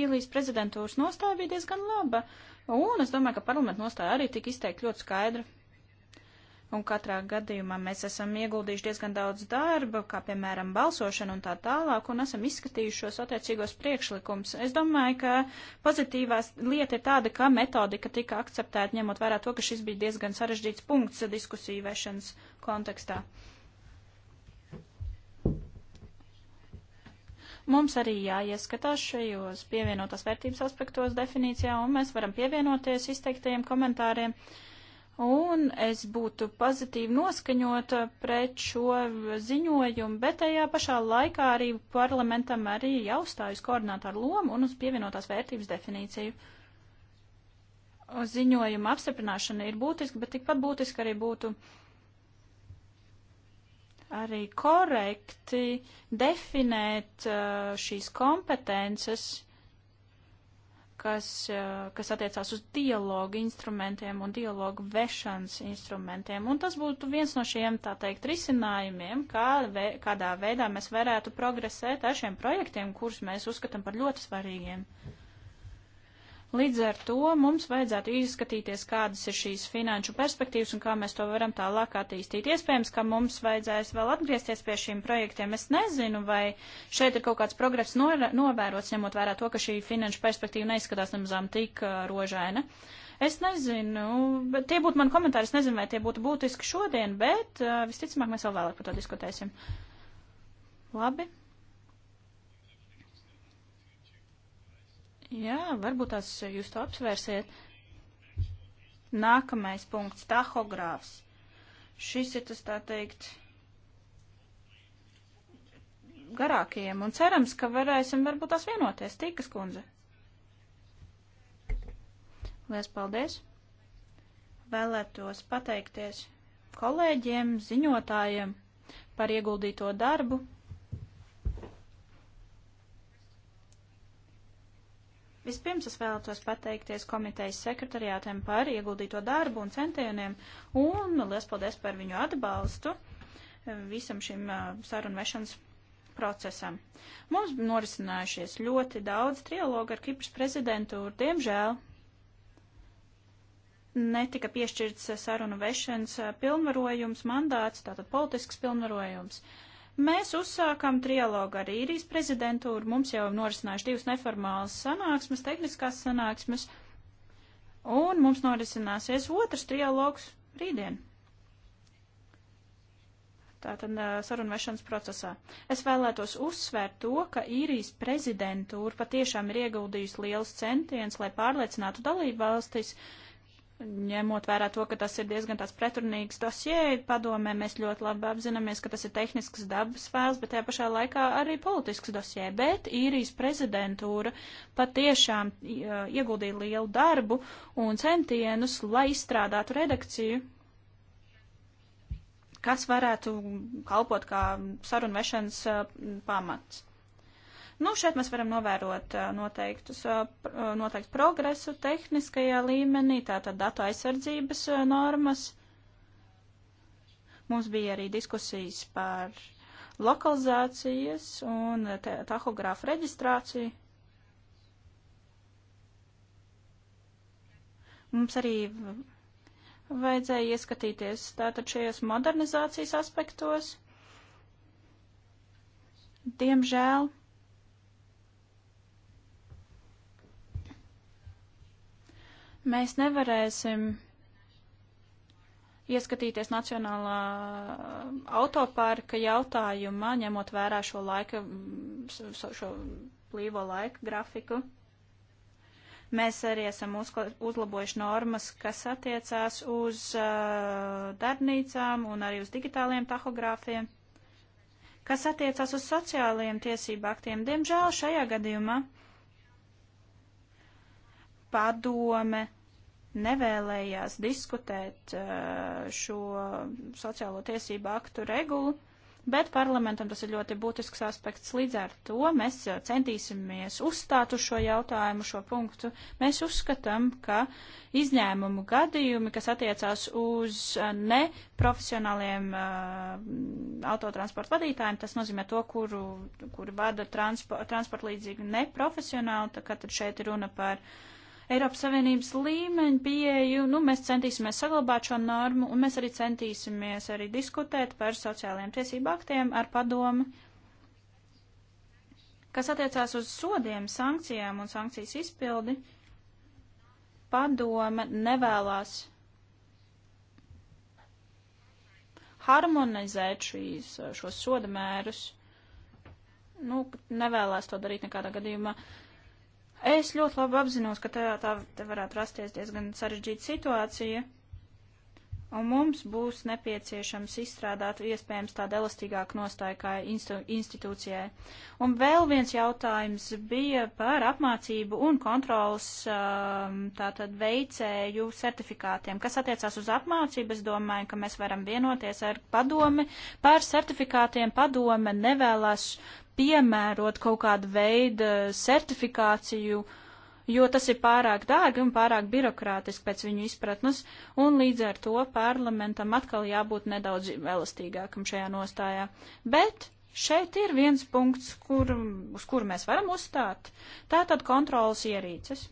Īrijas prezidentūras nostāja bija diezgan laba, un es domāju, ka parlamenta nostāja arī tika izteikti ļoti skaidra un katrā gadījumā mēs esam ieguldījuši diezgan daudz darba, kā piemēram balsošana un tā tālāk, un esam izskatījušos attiecīgos priekšlikums. Es domāju, ka pozitīvās lieta ir tāda, ka metodika tika akceptēta, ņemot vērā to, ka šis bija diezgan sarežģīts punkts diskusiju vešanas kontekstā. Mums arī jāieskatās šajos pievienotās vērtības aspektos definīcijā, un mēs varam pievienoties izteiktajiem komentāriem. Uh, un es būtu pozitīvi noskaņota pret šo ziņojumu, bet tajā pašā laikā arī parlamentam arī jāuzstājas koordinātāru lomu un uz pievienotās vērtības definīciju. Ziņojuma apstiprināšana ir būtiska, bet tikpat būtiska arī būtu arī korekti definēt uh, šīs kompetences, uh, kas, eh, kas attiecās uz dialogu instrumentiem un dialogu vešanas instrumentiem. Un tas būtu viens no šiem, tā teikt, risinājumiem, kā, vē, kādā veidā mēs varētu progresēt ar šiem projektiem, kurus mēs uzskatām par ļoti svarīgiem. Uh, Līdz ar to mums vajadzētu izskatīties, kādas ir šīs finanšu perspektīvas un kā mēs to varam tālāk attīstīt. Iespējams, ka mums vajadzēs vēl atgriezties pie šiem projektiem. Es nezinu, vai šeit ir kaut kāds progress novērots, ņemot vērā to, ka šī finanšu perspektīva neizskatās nemazām tik uh, rožaina. Es nezinu, bet tie būtu mani komentāri, es nezinu, vai tie būtu būtiski šodien, bet uh, visticamāk mēs vēl vēlāk par to diskutēsim. Labi. Jā, varbūt tās jūs to apsvērsiet. Nākamais punkts - tahogrāfs. Šis ir tas tā teikt garākajiem, un cerams, ka varēsim varbūt tās vienoties. Tīkas kundze. Lielas paldies! Vēlētos pateikties kolēģiem, ziņotājiem par ieguldīto darbu Vispirms es vēlētos pateikties komitejas sekretariātiem par ieguldīto darbu un centieniem, un liels paldies par viņu atbalstu visam šim sarunvešanas procesam. Mums norisinājušies ļoti daudz trialogu ar Kipras prezidentūru, diemžēl netika piešķirts sarunu vešanas pilnvarojums, mandāts, tātad politisks pilnvarojums. Uh, Mēs uzsākam trialogu ar īrijas prezidentūru, mums jau norisinājuši divas neformālas sanāksmes, tehniskās sanāksmes, un mums norisināsies otrs trialogs rītdien. Tātad sarunvešanas procesā. Es vēlētos uzsvērt to, ka īrijas prezidentūra patiešām ir ieguldījusi liels centiens, lai pārliecinātu dalību valstis, uh, ņemot vērā to, ka tas ir diezgan tāds pretrunīgs dosie padomē, mēs ļoti labi apzināmies, ka tas ir tehnisks dabas fēls, bet tajā pašā laikā arī politisks dosie. Bet īrijas prezidentūra patiešām ieguldīja lielu darbu un centienus, lai izstrādātu redakciju kas varētu kalpot kā sarunvešanas pamats. Nu, šeit mēs varam novērot noteiktus, noteiktu progresu tehniskajā līmenī, tātad datu aizsardzības normas. Mums bija arī diskusijas par lokalizācijas un tahogrāfu reģistrāciju. Mums arī vajadzēja ieskatīties tātad šajos modernizācijas aspektos. Diemžēl Mēs nevarēsim ieskatīties Nacionālā autoparka jautājumā, ņemot vērā šo laika, šo, šo plīvo laika grafiku. Mēs arī esam uzkla, uzlabojuši normas, kas attiecās uz uh, darbnīcām un arī uz digitāliem tahogrāfiem, kas attiecās uz sociālajiem tiesību aktiem. Diemžēl šajā gadījumā uh, padome nevēlējās diskutēt eh, šo sociālo tiesību aktu regulu, bet parlamentam tas ir ļoti būtisks aspekts. Līdz ar to mēs eh, centīsimies uzstāt uz šo jautājumu, šo punktu. Mēs uzskatām, ka izņēmumu gadījumi, kas attiecās uz eh, neprofesionāliem uh, autotransporta vadītājiem, tas nozīmē to, kuru, kuru vada transpor, transporta līdzīgi neprofesionāli, tā kā tad šeit ir runa par uh, Eiropas Savienības līmeņa pieeju, nu, mēs centīsimies saglabāt šo normu, un mēs arī centīsimies arī diskutēt par sociālajiem tiesību aktiem ar padomu, kas attiecās uz sodiem, sankcijām un sankcijas izpildi. Padome nevēlās harmonizēt šīs, šos soda mērus, nu, nevēlās to darīt nekādā gadījumā. Uh, Es ļoti labi apzinos, ka tajā tā, tā varētu rasties diezgan sarežģīta situācija. Uh, un mums būs nepieciešams izstrādāt iespējams tādu elastīgāku nostāju kā institūcijai. Un vēl viens jautājums bija par apmācību un kontrolas um, tātad veicēju certifikātiem. Kas attiecās uz apmācību, es domāju, ka mēs varam vienoties ar padomi par certifikātiem. Padome nevēlas piemērot kaut kādu veidu certifikāciju uh, jo tas ir pārāk dārgi un pārāk birokrātiski pēc viņu izpratnes, un līdz ar to parlamentam atkal jābūt nedaudz elastīgākam šajā nostājā. Bet šeit ir viens punkts, kur, uz kuru mēs varam uzstāt. Tātad kontrolas ierīces.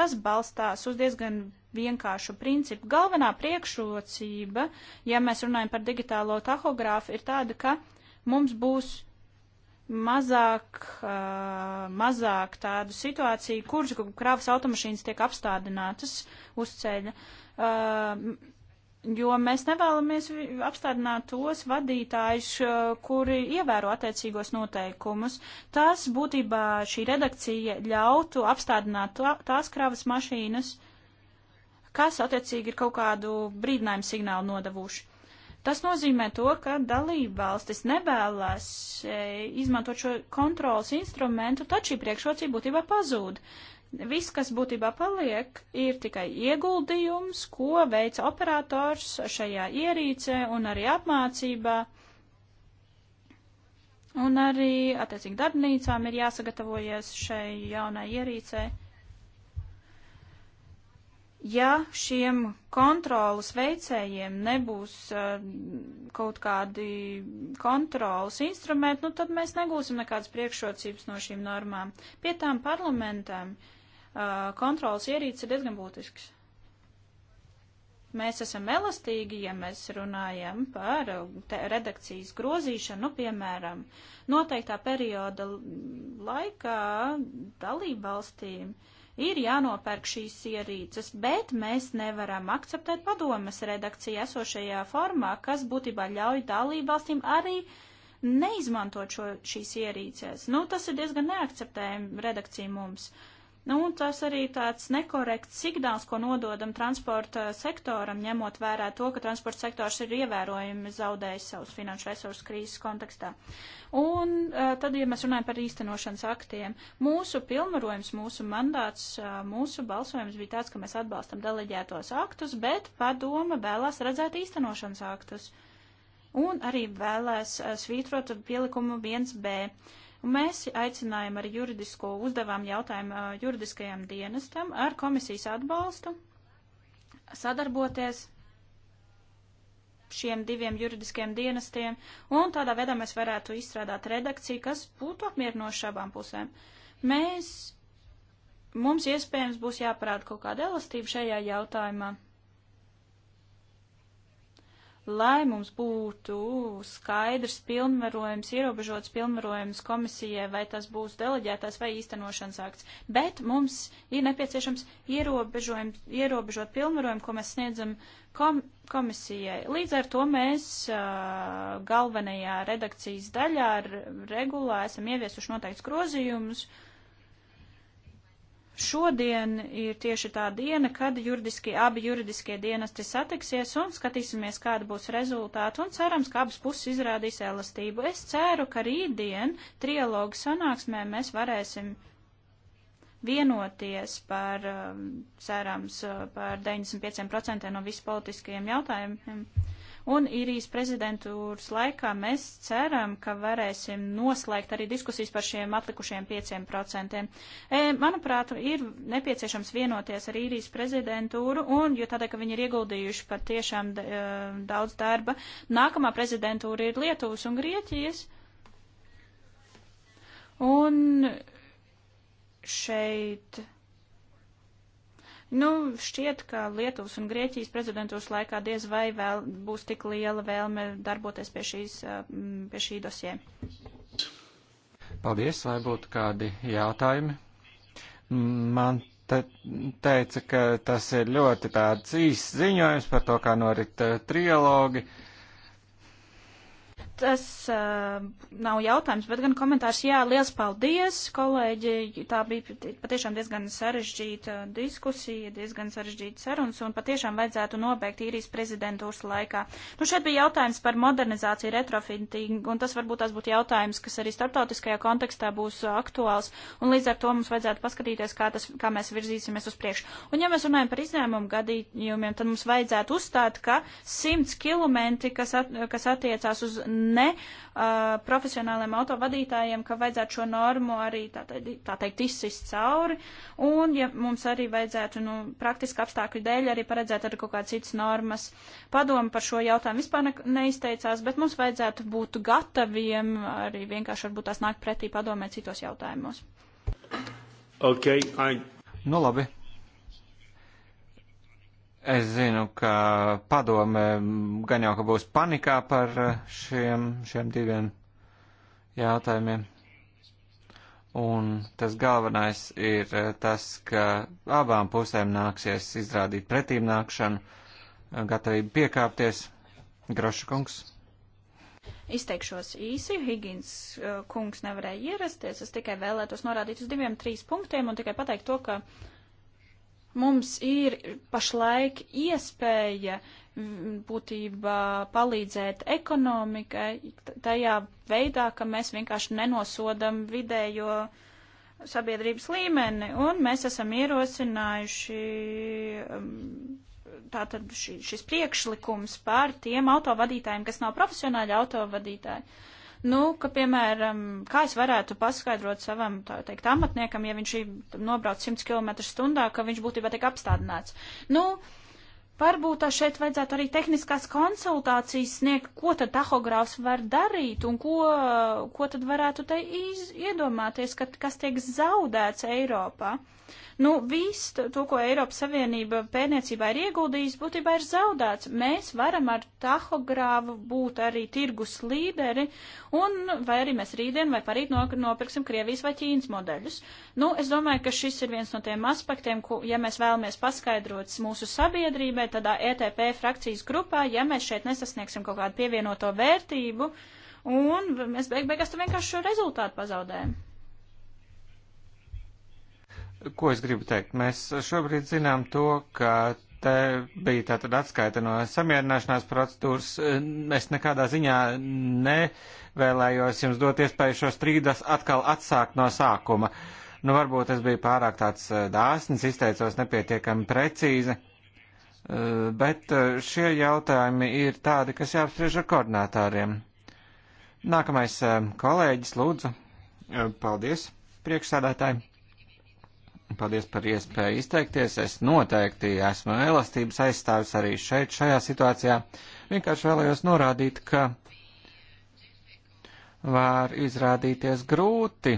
Tas balstās uz diezgan vienkāršu principu. Galvenā priekšrocība, ja mēs runājam par digitālo tahogrāfu, ir tāda, ka mums būs mazāk, uh, mazāk tādu situāciju, kurš krāvas automašīnas tiek apstādinātas uz ceļa. Uh, jo mēs nevēlamies apstādināt tos vadītājus, uh, kuri ievēro attiecīgos noteikumus. Tas būtībā šī redakcija ļautu apstādināt tā, tās krāvas mašīnas, kas attiecīgi ir kaut kādu brīdinājumu signālu nodavuši. Tas nozīmē to, ka dalība valstis nevēlas e, izmantot šo kontrolas instrumentu, tad šī priekšrocība būtībā pazūd. Viss, kas būtībā paliek, ir tikai ieguldījums, ko veic operators šajā ierīcē un arī apmācībā. Un arī, attiecīgi, darbnīcām ir jāsagatavojies šai jaunai ierīcē ja šiem kontrolas veicējiem nebūs uh, kaut kādi kontrolas instrumenti, nu tad mēs negūsim nekādas priekšrocības no šīm normām. Pie tām parlamentām uh, kontrolas ierīces ir diezgan būtisks. Mēs esam elastīgi, ja mēs runājam par eh, te, redakcijas grozīšanu, nu, piemēram, noteiktā perioda laikā dalību valstīm. Uh, ir jānopērk šīs ierīces, bet mēs nevaram akceptēt padomas redakciju esošajā formā, kas būtībā ļauj dalībvalstīm arī neizmantot šo, šīs ierīces. Nu, tas ir diezgan neakceptējami redakcija mums. Uh, Nu, tas arī tāds nekorekts signāls, ko nododam transporta sektoram, ņemot vērā to, ka transporta sektors ir ievērojami zaudējis savus finanšu resursus krīzes kontekstā. Un tad, ja mēs runājam par īstenošanas aktiem, mūsu pilnvarojums, mūsu mandāts, mūsu balsojums bija tāds, ka mēs atbalstam deleģētos aktus, bet padoma vēlās redzēt īstenošanas aktus. Un arī vēlēs svītrot pielikumu 1b. Un mēs aicinājām ar juridisko uzdevām jautājumu juridiskajam dienestam ar komisijas atbalstu sadarboties šiem diviem juridiskiem dienestiem, un tādā veidā mēs varētu izstrādāt redakciju, kas būtu apmierinoša abām pusēm. Mēs, mums iespējams būs jāparāda kaut kāda elastība šajā jautājumā lai mums būtu skaidrs pilnvarojums, ierobežots pilnvarojums komisijai, vai tas būs deleģētās vai īstenošanas akts. Bet mums ir nepieciešams ierobežot pilnvarojumu, ko mēs sniedzam kom komisijai. Līdz ar to mēs uh, galvenajā redakcijas daļā regulā esam ieviesuši noteikts grozījumus. Uh, Šodien ir tieši tā diena, kad juridiski, abi juridiskie dienesti satiksies un skatīsimies, kāda būs rezultāta un cerams, ka abas puses izrādīs elastību. Es ceru, ka rītdien trialogu sanāksmē mēs varēsim vienoties par, um, cerams, uh, par 95% no visu politiskajiem jautājumiem Un īrijas prezidentūras laikā mēs ceram, ka varēsim noslēgt arī diskusijas par šiem atlikušiem 5%. E, manuprāt, ir nepieciešams vienoties ar īrijas prezidentūru, un, jo tādēļ, ka viņi ir ieguldījuši par tiešām e, daudz darba, nākamā prezidentūra ir Lietuvas un Grieķijas. Un šeit Nu, šķiet, ka Lietuvas un Grieķijas prezidentūras laikā diez vai vēl būs tik liela vēlme darboties pie, šīs, eh, pie šī dosie. Paldies, vai būtu kādi jautājumi? Man te, teica, ka tas ir ļoti tāds īsts ziņojums par to, kā norit uh, eh, trilogi. Uh, tas uh, nav jautājums, bet gan komentārs. Jā, liels paldies, kolēģi. Tā bija patiešām diezgan sarežģīta diskusija, diezgan sarežģīta sarunas un patiešām vajadzētu nobeigt īrijas prezidentūras laikā. Nu, šeit bija jautājums par modernizāciju, retrofittingu, un tas varbūt tas būtu jautājums, kas arī starptautiskajā kontekstā būs aktuāls, un līdz ar to mums vajadzētu paskatīties, kā, tas, kā mēs virzīsimies uz priekšu. Un ja mēs runājam par izņēmumu gadījumiem, tad mums vajadzētu uzstāt, ka 100 km, kas, at, kas attiecās uz ne uh, profesionāliem autovadītājiem, ka vajadzētu šo normu arī, tā, tā teikt, izsist cauri, un ja mums arī vajadzētu, nu, praktiski apstākļu dēļ arī paredzēt arī kaut kādas citas normas. Padomu par šo jautājumu vispār ne, neizteicās, bet mums vajadzētu būt gataviem arī vienkārši varbūt tās nākt pretī padomē citos jautājumos. Okay, I... Nu, labi, Es zinu, ka padome gan jau, ka būs panikā par eh, šiem, šiem diviem jautājumiem. Un tas galvenais ir eh, tas, ka abām pusēm nāksies izrādīt pretīmnākšanu, eh, gatavību piekāpties. Groša kungs. Izteikšos īsi, Higgins kungs nevarēja ierasties, es tikai vēlētos norādīt uz diviem, trīs punktiem un tikai pateikt to, ka uh, Mums ir pašlaik iespēja mm, būtībā palīdzēt ekonomikai tajā veidā, ka mēs vienkārši nenosodam vidējo sabiedrības līmeni, un mēs esam ierosinājuši mm, tātad šis priekšlikums par tiem autovadītājiem, kas nav profesionāļi autovadītāji nu, ka, piemēram, kā es varētu paskaidrot savam, tā teikt, amatniekam, ja viņš nobrauc 100 km stundā, ka viņš būtībā tiek apstādināts. Nu, Varbūt šeit vajadzētu arī tehniskās konsultācijas sniegt, ko tad tahogrāfs var darīt un ko, ko tad varētu te iz, iedomāties, ka, kas tiek zaudēts Eiropā. Nu, viss to, ko Eiropas Savienība pērniecībā ir ieguldījis, būtībā ir zaudēts. Mēs varam ar tahogrāvu būt arī tirgus līderi, un vai arī mēs rītdien vai parīt nopirksim Krievijas vai Ķīnas modeļus. Nu, es domāju, ka šis ir viens no tiem aspektiem, ko, ja mēs vēlamies paskaidrot mūsu sabiedrībai, tādā ETP frakcijas grupā, ja mēs šeit nesasniegsim kaut kādu pievienoto vērtību, un mēs beig beigās tu vienkārši šo rezultātu pazaudējam. Ko es gribu teikt? Mēs šobrīd zinām to, ka te bija tātad atskaita no samierināšanās procedūras. Es nekādā ziņā nevēlējos jums dot iespēju šo strīdas atkal atsākt no sākuma. Nu, varbūt es biju pārāk tāds eh, dāsnis, izteicos nepietiekami precīzi, eh, bet eh, šie jautājumi ir tādi, kas jāapspriež ar koordinātāriem. Nākamais kolēģis, lūdzu. Paldies, priekšsādātāji. Paldies par iespēju izteikties. Es noteikti esmu elastības aizstāvis arī šeit, šajā situācijā. Vienkārši vēlējos norādīt, ka var izrādīties grūti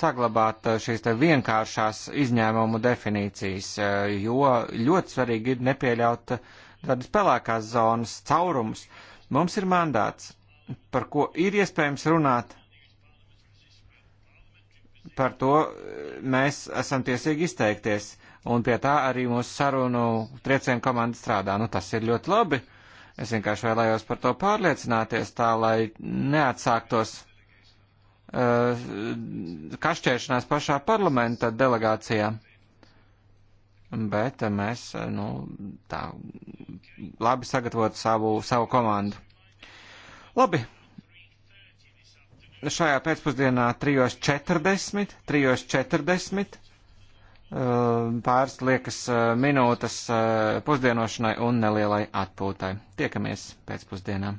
saglabāt uh, šīs te vienkāršās izņēmumu definīcijas, uh, jo ļoti svarīgi ir nepieļaut uh, tādas pelēkās zonas caurumus. Mums ir mandāts, par ko ir iespējams runāt, par to mēs esam tiesīgi izteikties. Un pie tā arī mūsu sarunu triecienu komanda strādā. Nu, tas ir ļoti labi. Es vienkārši vēlējos par to pārliecināties tā, lai neatsāktos uh, kašķēšanās pašā parlamenta delegācijā. Bet mēs, nu, tā labi sagatavot savu, savu komandu. Labi, šajā pēcpusdienā 3.40, 3.40 eh, pāris liekas eh, minūtes eh, pusdienošanai un nelielai atpūtai. Tiekamies pēcpusdienā!